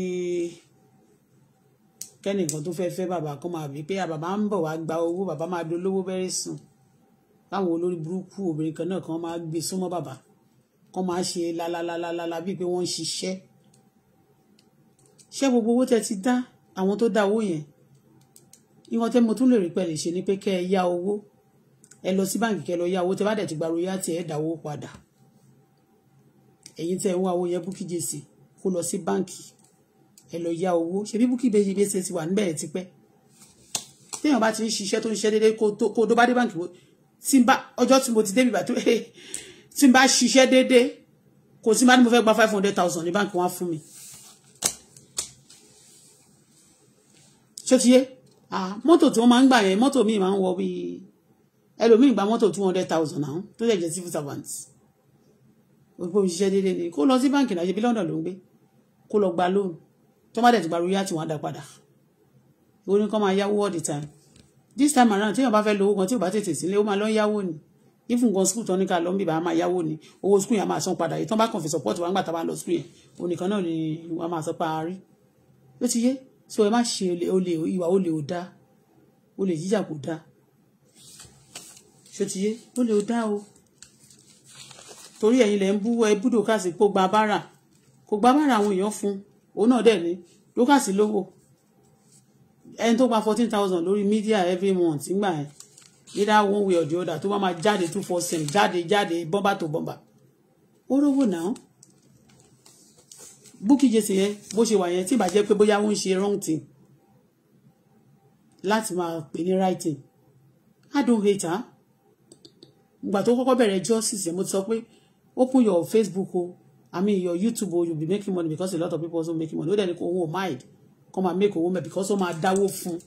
kẹ́nìkan tó fẹ́ẹ́ fẹ́ bàbá kan máa bí pé bàbá ń bọ̀ wá gba owó bàbá máa dolówó bẹ́rẹ̀ sùn báwọn olórí burúkú obìnrin kan náà kan máa gbé súnmọ́ bàbá kan máa ṣe lálálálálá bíi pé wọ́n ń ṣiṣẹ́ ṣé gbogbo owó tẹ́ ti dá àwọn tó dá owó yẹn ìwọ̀n tẹ́ mo tún lè rí pẹ̀lú ṣe ni pé kẹ́ ẹ yá owó ẹ lọ sí báǹkì kẹ́ ẹ lọ yá owó tẹ́ bá dẹ̀ ti gba royalty ẹ dáwó padà ẹ̀yin tẹ́ ń wá owó yẹn Bukky Jesse kó lọ sí báǹkì ẹ lọ yá owó ṣe bí búkì bèjì bèjì ti wà níbẹ̀ yẹn tipẹ́ téèyàn bá ti ń ṣiṣẹ́ tó ń ṣe déédéé kó tó bá dé báǹkì tí n bá ọjọ́ tí mo ti débi bàtú tí n bá ṣiṣẹ́ déédéé kò sí máa ní mo fẹ́ gba five hundred thousand ní báǹkì wọn fún mi. ṣé ti yé mọ́tò tí wọ́n máa ń gbà yẹn mọ́tò míì máa ń wọ bíi ẹlòmíì gba mọ́tò two hundred thousand náà tó dẹ̀ jẹ́ civil servant òpó òṣìṣẹ́ déédéé ni kó lọ sí báǹkì náà ṣe bí London ló ń gbé kó lọ gba loan tó má dẹ̀ ti gba royalty wọn á dá padà ìwọ ni kọ́ máa yáwó all the time this time around téèyàn bá fẹ́ lówó kan tí ò bá tètè sílé ó máa lọ yáwó ni even gan school tán ní ká lọ ń bíbá a máa yáwó ni owó school yẹn a máa san padà yìí tán bá kàn fi support wa ń gbà tá a bá lọ school yẹn onìkan náà ni a máa sọ pé a rí ló ti yé so ẹ má ṣe olè ìwà olè ò dáa olè jíjà kò dáa ṣó ti yé olè ò dáa o torí ẹ̀yin lẹ ń bú ẹ búdò káàsì pó gba bára kò gbá bára àwọn èèyàn fún òun náà dẹ̀ ni Lucas lówó ẹni tó gba fourteen thousand lórí media every month nígbà yẹn either one way or the other tó bá máa jáde two four cent jáde jáde bọ́mbà tó bọ́mbà ó rówó náà Bukky Jesse yẹn bó ṣe wà yẹn tí ìbàjẹ́ pé bóyá ó ń ṣe wrong thing láti máa pè ní right I don't hate her ah. ìgbà tó kọ́kọ́ bẹ̀rẹ̀ justice yẹn mo ti sọ pé open your Facebook o. Oh I mean your YouTube o oh, you be making money because a lot of people also making money ó dẹ̀ ní kó owó mind kó máa make owó mẹ́ because ó máa dáwó fún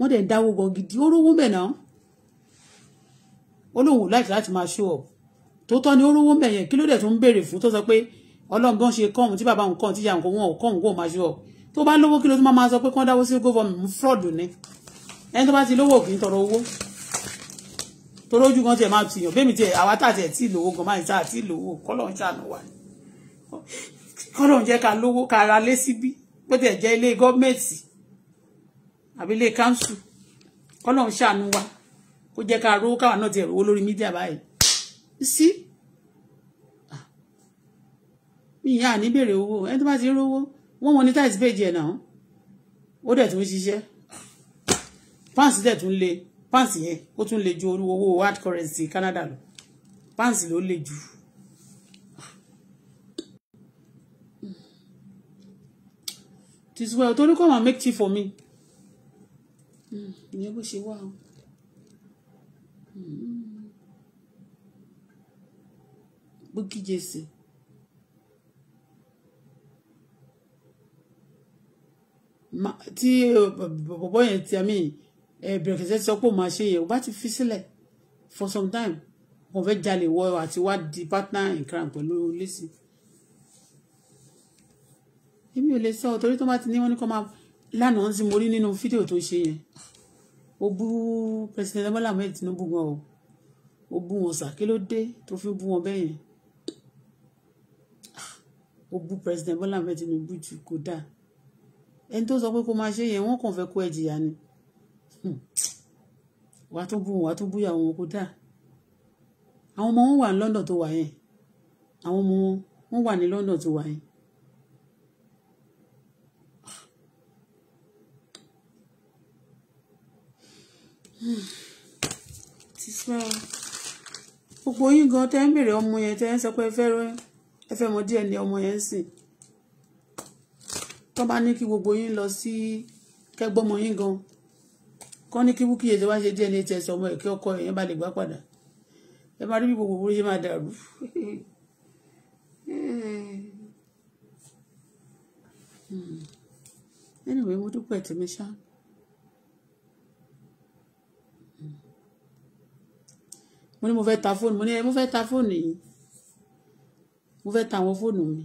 wọ́n dẹ̀ ń dáwó gan gidi ó rówó mẹ́ náà láti máa show up tòótọ́ ni ó rówó mẹ́ yẹn kí ló dẹ̀ tún ń béèrè fún tó sọ pé ọlọ́gbọ́n ṣe kọ́hún tí bàbá òun kọ́hún tí ìyá òun kọ́hún kọ́hún kò máa show up tó bá lówó kí ló tún máa sọ pé kán dáwó sí government fraud ni ẹni tó bá ti lówó kì í tọrọ owó torójú gan tiẹ̀ máa tìyàn bẹ́ẹ̀ mi tiẹ̀ àwa tà tiẹ̀ tí ì lówó gan máa ń tà tí ì lówó kọ́lọ́ ń ṣàánú wa ni kọ́nà jẹ́ ká lówó ká ra lé síbí bó tẹ̀ jẹ́ ilé gọ́ọ̀mẹ̀ntì àbí ilé káńsù kọ́nà ń ṣàánú wa kó jẹ́ ká rówó káwa náà ti rówó lórí mídíà báyìí sí ah. mi ìyá àní béèrè owó ẹni tó bá ti rówó wọ́n mọ ní táìsì péjì ẹ̀ náà ó dẹ̀ tún ṣiṣẹ́ pàǹsì dẹ̀ tún le pàǹsì yẹn ó tún le ju owó hard currency Canada lọ pàǹsì ló le jù. this well torí come and make tea for me hmm, ìyẹn bó ṣe wà o. Hmm. Bukky Jesse. tí eh, bọ̀bọ̀ yẹn ti àmì eh, bẹ̀rẹ̀kẹ̀sẹ̀ sọ pé màá ṣe yẹn o bá ti fi sílẹ̀ for some time wọn fẹ́ jalè wọ àti wá di partner in crime pẹ̀lú lẹ́sìn èmi ò lè sọ torí tó bá ti ní wọn ní kó máa lánàá ń sin mo rí nínú fídíò tó ṣe yẹn ó bú president Bola Ahmed Tinubu gan o ó bú wọn sà kí ló dé tó fi bú wọn bẹ́yẹn ó ah, bú president Bola Ahmed Tinubu jù kó dáa ẹni tó sọ pé kó máa ṣe yẹn wọn kàn fẹ́ kó ẹ ni hmm. wàá tó bú wọn wàá tó bú ìyàwó wọn kó dáa àwọn ọmọ wọn wà ní London tó wà yẹn àwọn ọmọ wọn wà ní London tó wà yẹn ti smell gbogbo yín gan tẹ́ ń bèrè ọmọ yẹn tẹ́ ń sọ pé ẹ fẹ́ ẹ fẹ́ mọ díẹ̀ ní ọmọ yẹn ń sìn tó bá ní kí gbogbo yín lọ sí kẹgbọ́mọ yín gan kọ́ ní kí wúkìyè tó bá ṣe díẹ̀ ní tẹ̀sí ọmọ ẹ̀ kí ọkọ ẹ̀ yẹn bá lè gbá padà ẹ máa rí bí gbogbo owó máa dàrú. Hmm. anyway mo dúpẹ́ tèmi ṣáá. mo ní mo fẹ́ ta fóònù mo ní ẹ mo fẹ́ ta fóònù yìí mo fẹ́ ta àwọn fóònù mi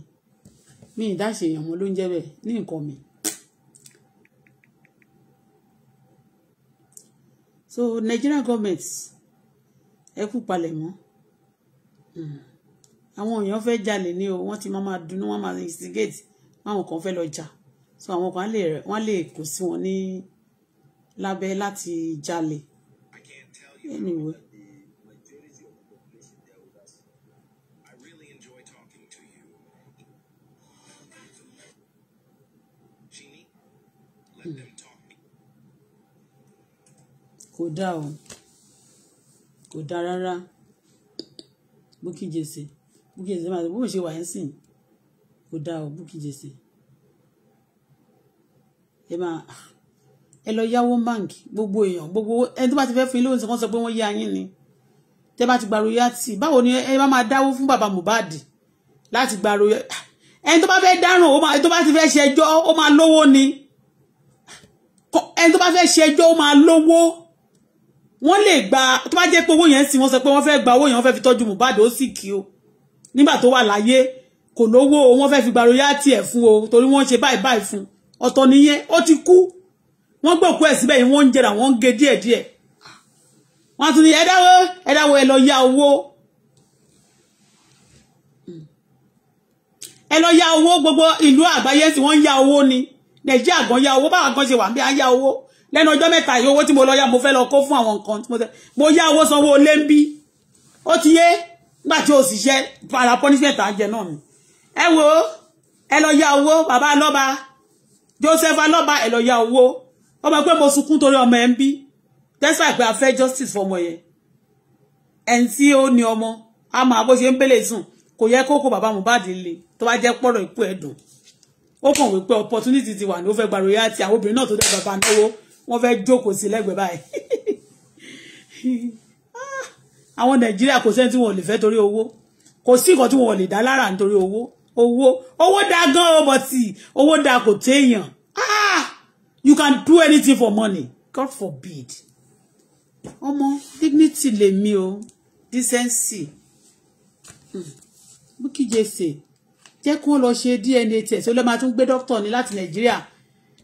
mi ìdáṣe èèyàn mo ló ń jẹ́ bẹ́ẹ̀ ní nǹkan mi. so Nigerian government ẹ kú palẹ̀ mọ́ hmm. àwọn èèyàn fẹ́ jalè ní o wọ́n ti máa máa dunú wọ́n máa instigate àwọn kan fẹ́ lọ jà so àwọn kan wọ́n lè kó sí wọn ní lábẹ́ láti jalè anyway. kò dáa o kò dáa rárá Bukky Jesse Bukky Jesse máa bó ṣe wà ẹ́ sìn kò dáa o Bukky Jesse ẹ máa ẹ lọ yáwó báǹkì gbogbo èèyàn gbogbo ẹni tó bá ti fẹ́ fún yín lóhùn sí wọ́n sọ pé wọ́n yá yín ni tẹ́ bá ti gba royalty báwo ni ẹ bá máa dáwó fún bàbá Mohbad láti gba royalty ẹni tó bá fẹ́ dáràn ẹni tó bá ti fẹ́ ṣẹjọ́ ó máa lówó ni ẹni tó bá fẹ́ ṣẹjọ́ ó máa lówó wọ́n lè gba tó bá jẹ́ pé owó yẹn sì wọ́n sọ pé wọ́n fẹ́ gba owó yẹn wọ́n fẹ́ fi tọ́jú Mohbad ó sì kí o nígbà tó wà láyé kò lówó wọ́n fẹ́ fi gba royalty ẹ̀ fún o torí wọ́n ṣe báyìí báyìí fún ọ̀tọ̀ nìyẹn ó ti kú wọ́n gbòkú ẹ̀ síbẹ̀ yìí wọ́n ń jẹrà wọ́n ń ge díẹ̀díẹ̀ wọ́n tún ní ẹ̀dáwó ẹ̀dáwó ẹ̀ lọ ya owó ẹ lọ ya owó gbogbo ìlú àgbáyé sì wọ́n ń ya owó ni Nàìjíríà gan ya owó báwa gan ṣe wà bí a ń ya owó lẹ́nu ọjọ́ mẹ́ta yìí owó tí mo lọ yá mo fẹ́ lọ kó fún àwọn nǹkan tí mo tẹ́ mo yá owó sanwó lé ń bí ó ti yé nígbà tí o sì ṣe para punishment à ń jẹ náà ni ẹ wo ẹ lọ yá owó bàbá lọ́ba Joseph alọ́ba ẹ lọ yá owó ọmọ pé mo sunkún torí ọmọ ẹ ń bí tẹ́sà pé a fẹ́ justice fọmọ yẹn ẹni tí ó ní ọmọ a máa bó ṣe ń bẹ́lẹ̀ sùn kò yẹ kó kó bàbá Mohbad le tó bá jẹ́ pọ̀rọ̀ ìpò ẹ̀dùn ó kàn wípé opportunity ti wà ní ó fẹ́ gba royalty àwọn obìnrin náà tó dẹ́ bàbá náwó wọ́n fẹ́ jókòó sí lẹ́gbẹ̀ẹ́ báyìí ah, àwọn nàìjíríà kò sẹ́ni tí wọ́n lè fẹ́ torí owó kò sí nǹkan tí wọ́n lè dá lára nítorí owó owó owó dá gan o owó dá kò téèyàn ah you can do anything for money god forbid ọmọ dignity lè mi o decency Bukky hmm. Jesse jẹ́ kí wọ́n lọ ṣe dna test ó lọ́ máa tún gbé dókítà ní láti nàìjíríà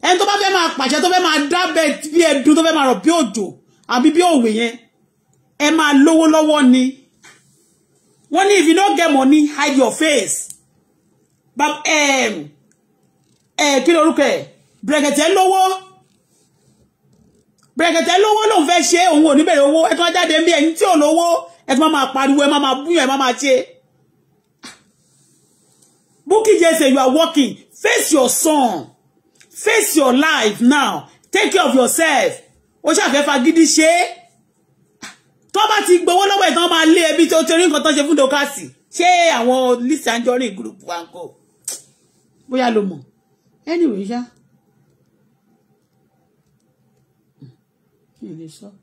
ẹni tó bá fẹ́ máa pàṣẹ tó fẹ́ máa dábẹ́ bí ẹdun tó fẹ́ máa rọ̀ bí òjò àbí bí òwe yẹn ẹ máa lówó lọ́wọ́ ni wọ́n ní if you no get money hide your face bab um, eh, kí lorúkọ ẹ̀ brẹ̀kẹ̀tẹ̀ lówó brẹ̀kẹ̀tẹ̀ lówó lòun fẹ́ ṣe òun ò ní bẹ̀rẹ̀ owó ẹ̀ tó máa jáde ń bí ẹ̀yìn tí ò lówó ẹ̀ tó máa pariwo ẹ̀ máa búyàn ẹ̀ máa ṣe. Bukky Jesse you are working face your son face your life now take care of yourself ó ṣàfẹ́ fagídí ṣe é tó bá ti gbowó lọ́wọ́ ẹ̀ tán máa lé ẹbí tó torí nǹkan tán ṣe fún dókàsì ṣé àwọn Lizzy Anjorin group wa ń kọ bóyá ló mọ̀ anyway ṣá hmm, hmm.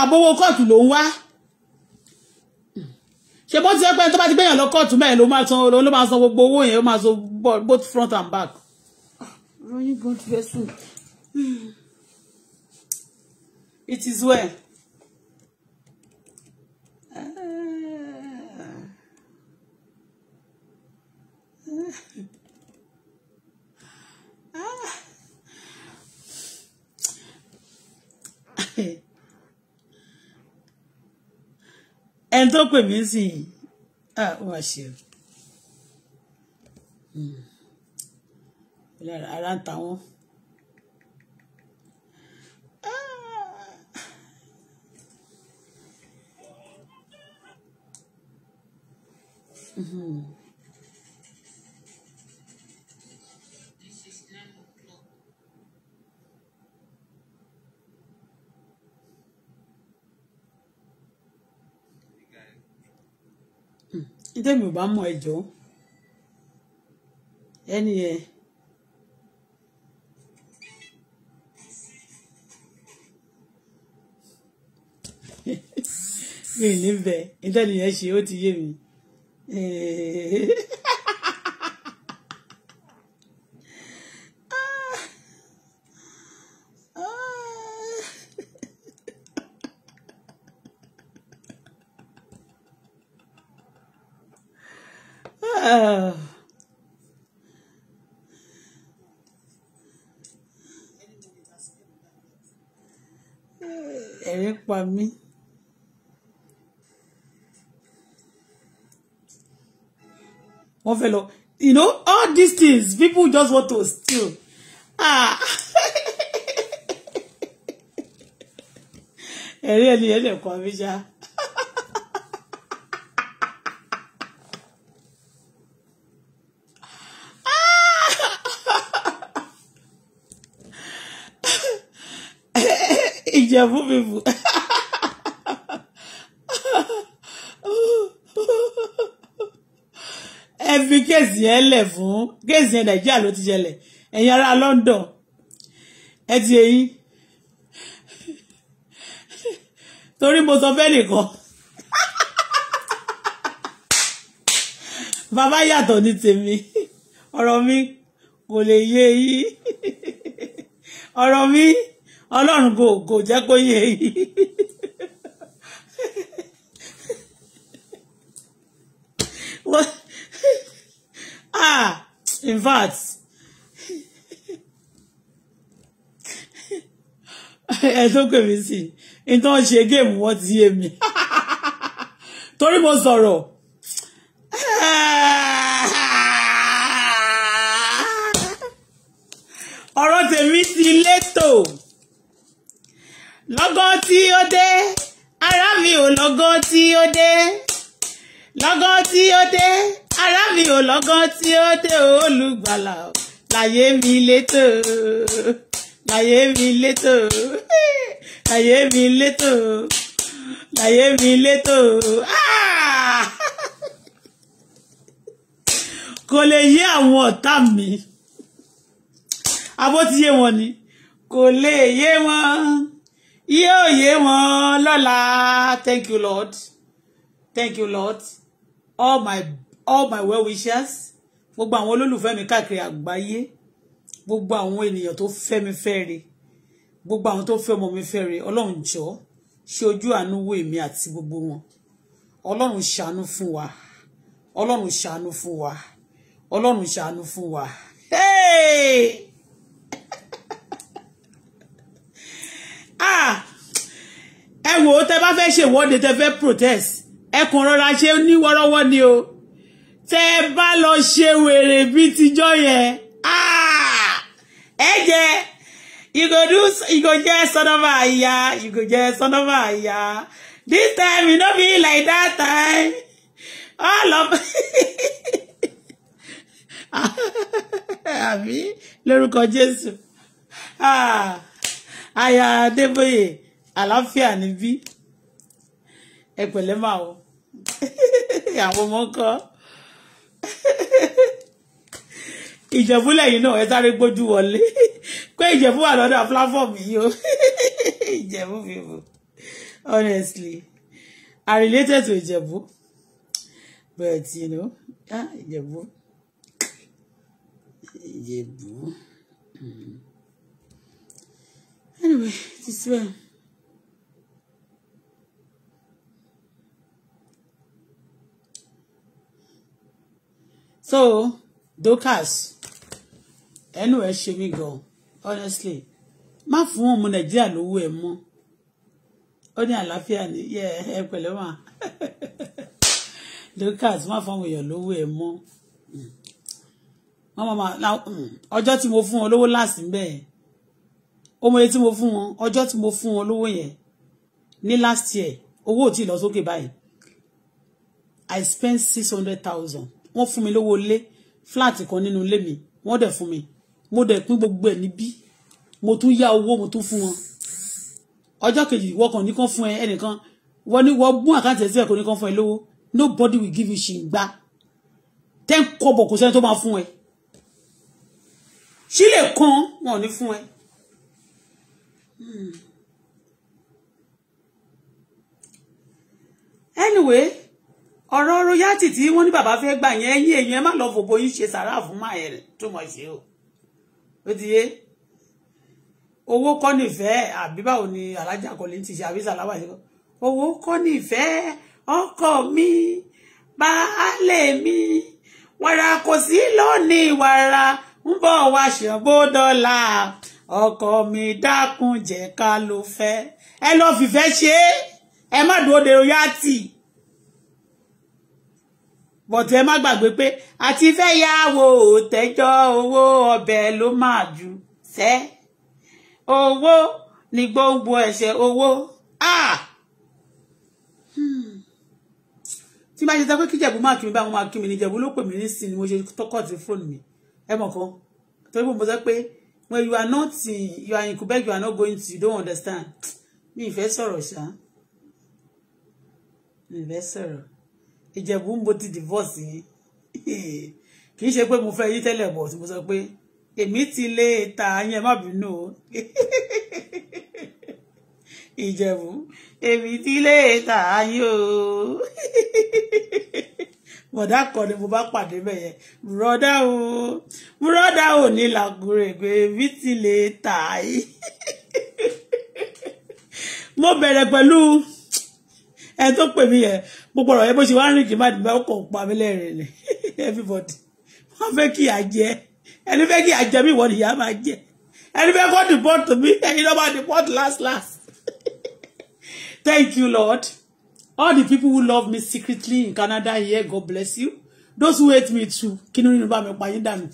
àbówó kóòtù ló ń wá ṣe bó ti ṣe pé tó bá ti gbẹ̀yàn lọ kóòtù mẹ́rin ló máa san ló máa san gbogbo owó yẹn ló máa san both front and back. ròyìn gan ti it is well. Ah. ẹni tó pè mí sí i à ah, ó mà ṣe o hmm. ara ń ta wọn. Mm-hmm. Ah. ìdẹ́mi ò bá mọ̀ ẹ̀jọ́ ẹni yẹn. mi níbẹ̀ ìdẹ́ni yẹn ṣe ó ti yé mi. ẹ̀rín pa mí. wọ́n fẹ́ lọ you know all these things people just want to steal ah ẹ̀rín ẹni ẹlẹ́kọ̀ọ́ mi ṣáá. Et vous vous qu'est-ce Ìjẹ̀bú people. ẹ fi kéèsì yẹn lẹ̀ déjà l'autre j'ai nàìjíríà Et il y a ará London ẹ ti eyín torí mo sọ fẹ́ nìkan bàbá yàtọ̀ ní tèmi ọ̀rọ̀ mi kò lè yé yín ọ̀rọ̀ mi ọlọ́run kò kò jẹ́ kó yé yìí. ah in fact ẹ tó pè mí sí i tó ń ṣe géèmù wọ́n ti yé mi torí mo sọ̀rọ̀ ọ̀rọ̀ tèmi ti létò lọ́gán tí ó dé ara mi ò lọ́gán tí ó dé lọ́gán tí ó dé ara mi ò lọ́gán tí ó dé olùgbàlà láyé mi létò láyé mi létò láyé mi létò láyé mi létò ah! kò lè yé àwọn ọ̀tá mi abó wọn ni kò lè yé wọn yóò yé wọn lọ́la thank you lord thank you lord all my all my well wishers gbogbo àwọn olólùfẹ́ mi káàkiri àgbáyé gbogbo àwọn ènìyàn tó fẹ́ mi fẹ́re gbogbo àwọn tó fẹ́ ọmọ mi fẹ́re ọlọ́run jọ ṣe ojú àánú wo èmi àti gbogbo wọn ọlọ́run ṣàánú fún wa ọlọ́run ṣàánú fún wa ọlọ́run ṣàánú fún wa. Hey! Ah! ẹ wò ó tẹ bá fẹ́ ṣèwọ́de tẹ fẹ́ protest ẹ kàn rọra ṣe ní wọ́rọ́wọ́ ni o tẹ bá lọ ṣe wèrè bíi tijọ́ yẹn ah! ẹ jẹ you go do you go jẹ sọdọmọ àyà you go jẹ sọdọmọ àyà this time you no be like that time all of àmì lórúkọ Jésù. Ah aya adébóyè àlàáfíà níbí ẹ pẹ̀lẹ́ máa wọ àwọn ọmọ kọ́ ìjẹ̀bú lẹ́yìn náà ẹ sáré gbójú wọlé pé ìjẹ̀bú wà lọ́dọ̀ pláfọ́ọ̀mù yìí o ìjẹ̀bú fífò honestly I related to ìjẹ̀bú but you know ah ìjẹ̀bú Mm-hmm anyway this one. so Dorkas ẹnu ẹ ṣe go? gan honestly má fún ọmọ Nàìjíríà lówó ẹ mọ́ ó ní àlàáfíà ní yẹ ẹ pẹ̀lẹ́ wà Dorkas má fún ọmọ èèyàn lówó ẹ mama mm. now. Mm, tí just move phone. lówó last in bed ọmọ yẹn tí mo fún wọn ọjọ́ tí mo fún wọn lówó yẹn ní last year owó tí lọ sókè báyìí I spent six hundred thousand wọ́n fún mi lówó ilé flat kan nínú ilé mi wọ́n dẹ̀ fún mi mo dẹ̀ pín gbogbo ẹ̀ níbí mo tún yá owó mo tún fún wọn ọjọ́ kejì wọ́n kàn nìkan fún ẹ ẹnìkan wọ́n ní wọ́n gún àkáǹtì ẹ̀ síbẹ̀ kò nìkan fún ẹ lówó nobody will give you ṣìǹgbà ten kọ́bọ̀ kò sẹ́ni tó máa fún ẹ sílẹ̀ kan wọn ò ní fún ẹ Hmm. anyway ọ̀rọ̀ royalty tí wọ́n ní bàbá fẹ́ gbà yẹn ẹ̀yin èèyàn ẹ má lọ fòbó yín ṣe sàrà fún máa ẹ̀ tó mọ̀ ṣe o ó ti yé owó kọ́ nífẹ̀ẹ́ àbí báwo ni alájà kọ́lé ti ṣe àbí sàlábà ṣe kọ́ owó kọ́ nífẹ̀ẹ́ ọkọ mi baálé mi wàrà kò sí lónìí wàrà ń bọ̀ wá ṣàgbọ́dọ̀la ọkọ mi dákun jẹ́ ká ló fẹ́ ẹ lọ fìfẹ́ ṣe é ẹ má dúró de royalty but ẹ má gbàgbé pé àti fẹ́ yàwó tẹ́jọ́ owó ọbẹ̀ ló máa jù sẹ́ owó ní gbogbo ẹ̀ṣẹ̀ owó ah! hmm. tí máa ṣe sọ pé kíjẹ̀bú máa kí mi báwọn máa kí mi níjẹ̀bú ló pè mí nísìnyí mo ṣe tọkọ̀ sí fóònù mi ẹ mọ̀ kan torí mo sọ pé when you are not in you are in Quebec you are not going to you don't understand mi ìfẹ́ sọ̀rọ̀ ṣá mi ìfẹ́ sọ̀rọ̀ ìjẹ̀bú mo ti divorce yín kì í ṣe pé mo fẹ́ yí tẹ́lẹ̀ bọ̀ mo sọ pé èmi ti lé ta yẹn má bínú o ìjẹ̀bú èmi ti lé ta yín o. bọ̀dá kan ni mo bá pàdé bẹ̀ yẹn bùrọ̀dá o bùrọ̀dá ò ní làgùrègbè vítìlẹ̀ tààyè mo bẹ̀rẹ̀ pẹ̀lú ẹ tó pè mí yẹn gbogbo ọ̀rọ̀ yẹn bó ṣe wá ń rìn jìmá jìmá ó kàn pa mí lẹ́rìn ni everybody wọ́n fẹ́ kí ìyà jẹ ẹni fẹ́ kí ìyà jẹ mí ìwọ nìyà máa jẹ ẹni fẹ́ kọ́ dìpọ́tù mi ẹni lọ́ bá dìpọ́tù last last thank you lord all the people who love me secretly in Canada here God bless you those who hate me too kínú ni bá me pa yín dànù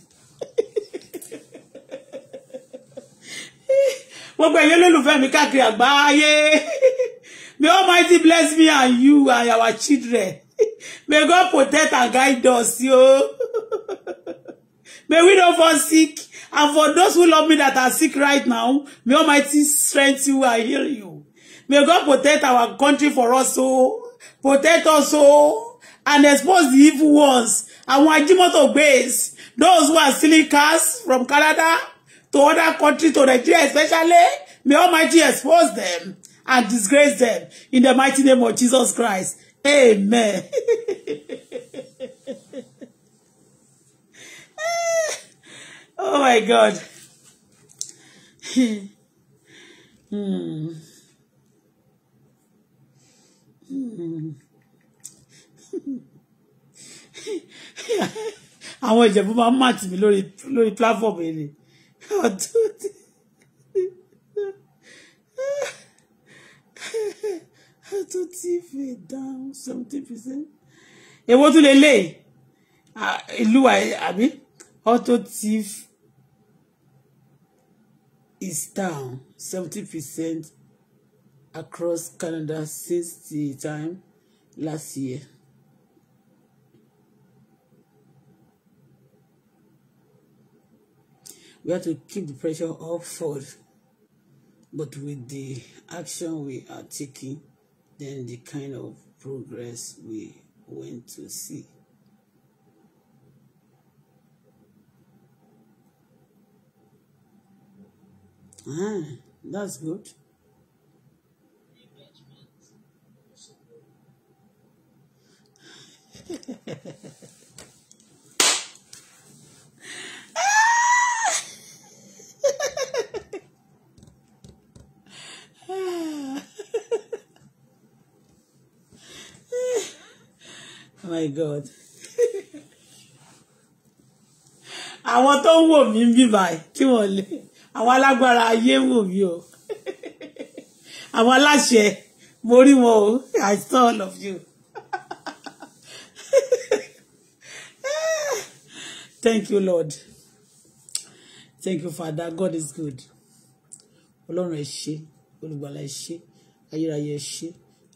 gbogbo ẹ̀yin olólùfẹ́ mi káàkiri àgbáyé may Almighty bless me and you and our children may God protect and guide us yo may we no fall sick and for those who love me that are sick right now may Almighty strengthen you and heal you. May God protect our country for us so, oh. protect us so, oh. and expose the evil ones. Àwọn ajimoto gbés, those who are stealing cars from Canada to other countries, to Nigeria especially, may Almighty expose them and disgrace them in the mighty name of Jesus Christ. Amen. oh my God. hmm àwọn ìjẹ̀bú máa ń màtì mí lórí lórí platform yìí ni ọdún tí. tó ti fi down seventy percent. èwo tún lè lè ìlú àbí auto thief is down seventy percent across Canada since the time last year. We have to keep the pressure up forward, but with the action we are taking, then the kind of progress we went to see. Ah, that's good. Ah. Oh my god àwọn tó ń wò mí bí báyìí tí wọn lè àwọn alágbára ayé wò mí o àwọn aláṣẹ mo rí wọn o i saw all of you. Thank you, Lord. Thank you, Father. God is good. Ọlọ́run ẹ ṣé, olùgbàlà ẹ ṣé, ayérayé ẹ ṣé,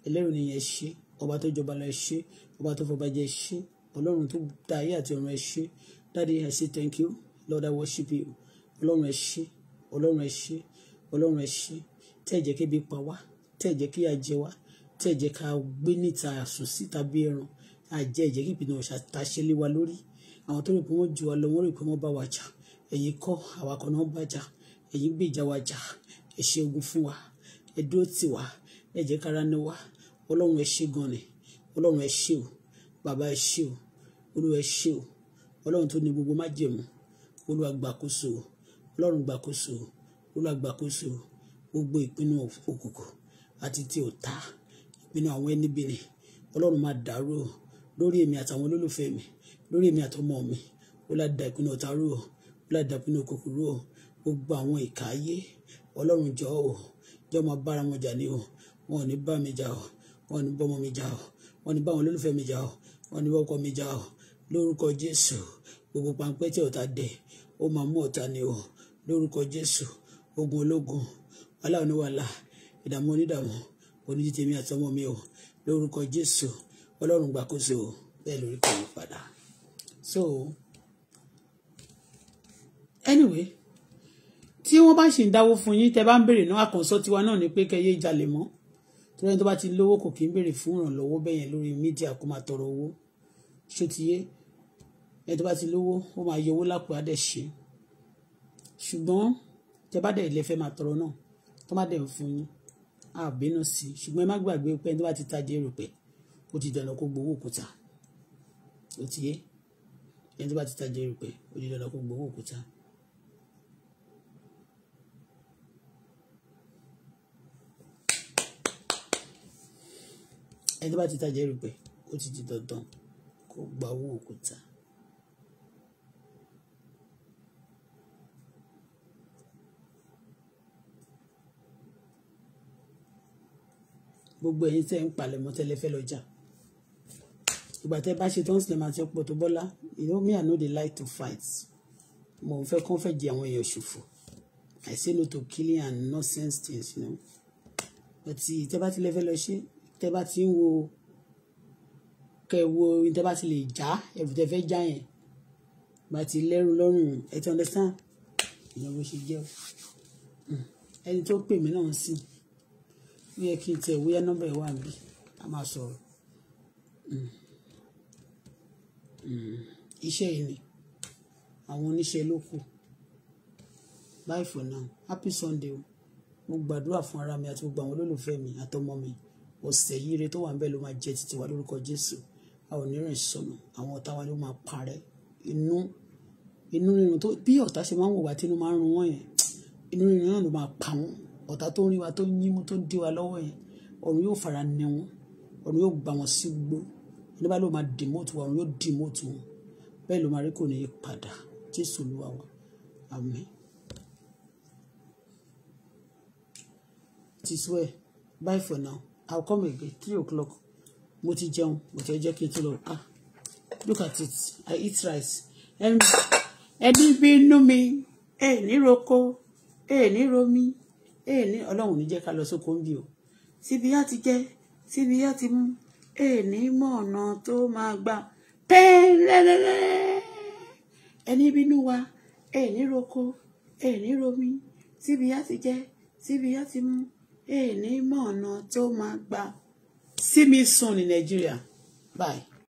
ẹlẹ́rìí nìyẹn ẹ ṣé, ọba tó jọba lọ ẹ ṣé, ọba tó fọba ẹ ṣé, ọlọ́run tó dá ayé àti ọ̀run ẹ ṣé. Daddy, I say thank you. Lord, I worship you. Ọlọ́run ẹ ṣé, ọlọ́run ẹ ṣé, ọlọ́run ẹ ṣé. Tẹ́ ẹ̀ jẹ́ kí ebi pa wá, tẹ́ ẹ̀ jẹ́ kí a jẹ wá, tẹ́ ẹ̀ ká gbé níta sùn síta bí ẹran, àjẹ́ ẹ̀jẹ̀ kí ìpinnu ọ̀ṣà ta ṣe lé wa lórí àwọn tó rò pé wọ́n ju wa lọ wọ́n rò pé wọ́n bá wa jà ẹ̀yin kọ́ àwa kan náà bá jà ẹ̀yin gbèjà wa jà ẹ ṣe ogun fún wa ẹ dúró tì wá ẹ jẹ́ kára ní wa ọlọ́run ẹ ṣe gan ni ọlọ́run ẹ ṣe o bàbá ẹ ṣe o olúwa ẹ ṣe o ọlọ́run tó ní gbogbo májẹ̀mú olúwa gbàkóso ọlọ́run gbàkóso olúwa gbàkóso gbogbo ìpinnu òkùnkùn àti ti ọ̀tá ìpinnu àwọn ẹni bìnrin ọlọ́run máa dàrú lórí èmi àtàwọn olólùfẹ́ mi lórí èmi àtọmọ mi ó ládàá ìpinnu ọ̀tá rú o ó ládàá ìpinnu kòkòrò o gbogbo àwọn ìka ayé ọlọ́run jọ o jọ máa bára wọn jà ní o wọn ò ní bá mi jà o wọn ò ní bọ́mọ mi jà o wọn ò ní bá àwọn olólùfẹ́ mi jà o wọn ò ní bọ́kọ mi jà o lórúkọ jésù gbogbo pańpẹ́ tí ọ̀tá dẹ ó máa mú ọ̀tá ni o lórúkọ jésù ogun ológun wàhálà oníwàhálà ìdààmú onídààmú oníjì tèmi àtọmọ mi o lórúkọ jésù ọlọ́run gbàkóso bẹ́ẹ̀ lórí kò ní padà so anyway tí wọ́n bá ṣì ń dáwó fún yín tẹ́ bá ń béèrè náà àkànṣọ́ tiwa náà ni pé kẹyẹ ìjalè mọ́ torí ẹni tó bá ti lówó kò kí ń béèrè fún ìrànlọ́wọ́ bẹ́yẹn lórí mídíà kó máa tọrọ owó ṣòtìyé ẹni tó bá ti lówó ó máa yọ owó lápò àdẹ̀ṣe ṣùgbọ́n tẹ́ bá dẹ̀ ilé fẹ́ máa tọrọ náà tó má dẹ̀ ń fún yín á bínú sí i ṣùgbọ́n ẹ má gbàgbé pé ẹni tó bá ti tajà èrò pẹ̀ ó ti dọ̀nà kó gbowó òkúta ṣòtìyé ẹni tó bá ti tajà erùpẹ̀ ó di dandan kó gbowó òkúta. ẹni tó bá ti tajà erùpẹ̀ ó ti di dandan kó gba owó òkúta. gbogbo ẹ̀yin tẹ́ ń palẹ̀mọ́ tẹ́lẹ̀ fẹ́ lọ́jà ìgbà tẹ́ bá ṣe tán sílẹ̀ máa ti ọ̀pọ̀ tó bọ́lá you know me i no dey like to fight mo fẹ́ kàn fẹ́ jẹ àwọn èèyàn ṣòfò i say no to killing and nonsense things you know but tẹ́ bá ti lè fẹ́ lọ ṣe tẹ́ bá ti ń wo kẹ́ wo tẹ́ bá ti lè já ẹrù tẹ́ fẹ́ já yẹn bá ti lẹ́rù lọ́rùn ẹ ti understand ìyẹn bó ṣe jẹ́ o hmm. ẹni tó pè mí náà sí ó yẹ kí n tẹ ìwé nọ́mbà ẹ wà níbí a máa sọ̀rọ̀. Mm. Mm iṣẹ́ yìí ni àwọn oníṣẹ́ ló kù bye for now happy sunday o mo gbàdúrà fún ara mi àti gbogbo àwọn olólùfẹ́ mi àtọmọ mi ọ̀sẹ̀ yìí ire tó wà ń bẹ ló máa jẹ́ títí wa lórúkọ jésù a ò ní rìn sọnù àwọn ọ̀tá wa ló máa parẹ́ inú inú rírun tó bí ọ̀tá ṣe máa ń wò wá tí máa ń run wọ́n yẹn inú rírun náà ló máa pa wọ́n ọ̀tá tó ń rí wa tó ń yímú tó ń dí wa lọ́wọ́ yẹn ọ̀run yóò fara nẹ wọn ọ̀run yóò gbà wọ́n sí gbó ẹni bá ló máa dìmọ́tò wọn ọ̀run yóò dìmọ́tò wọn bẹ́ẹ̀ ló máa rí kò ní í padà jésù olúwa wa àmín. ti swear bye for now i will come again three o'clock mo ti jẹun mo ti jẹ́ kí n tó lọ ah look at it i eat rice ẹni bínú mi ẹ ní roko ẹ ní romi ẹ ní ọlọ́run ní jẹ́ ká lọ sóko ń bì o síbi á ti jẹ síbi á ti mú ẹ ní mọ̀ọ́nà tó máa gbà pẹ́ẹ́rẹ́rẹ́rẹ́ ẹni bínú wa ẹ roko ẹ romi tíbi á ti jẹ tíbi á ti mú ẹ ní mọ̀ọ́nà tó máa gbà sí sùn ní nàìjíríà bye.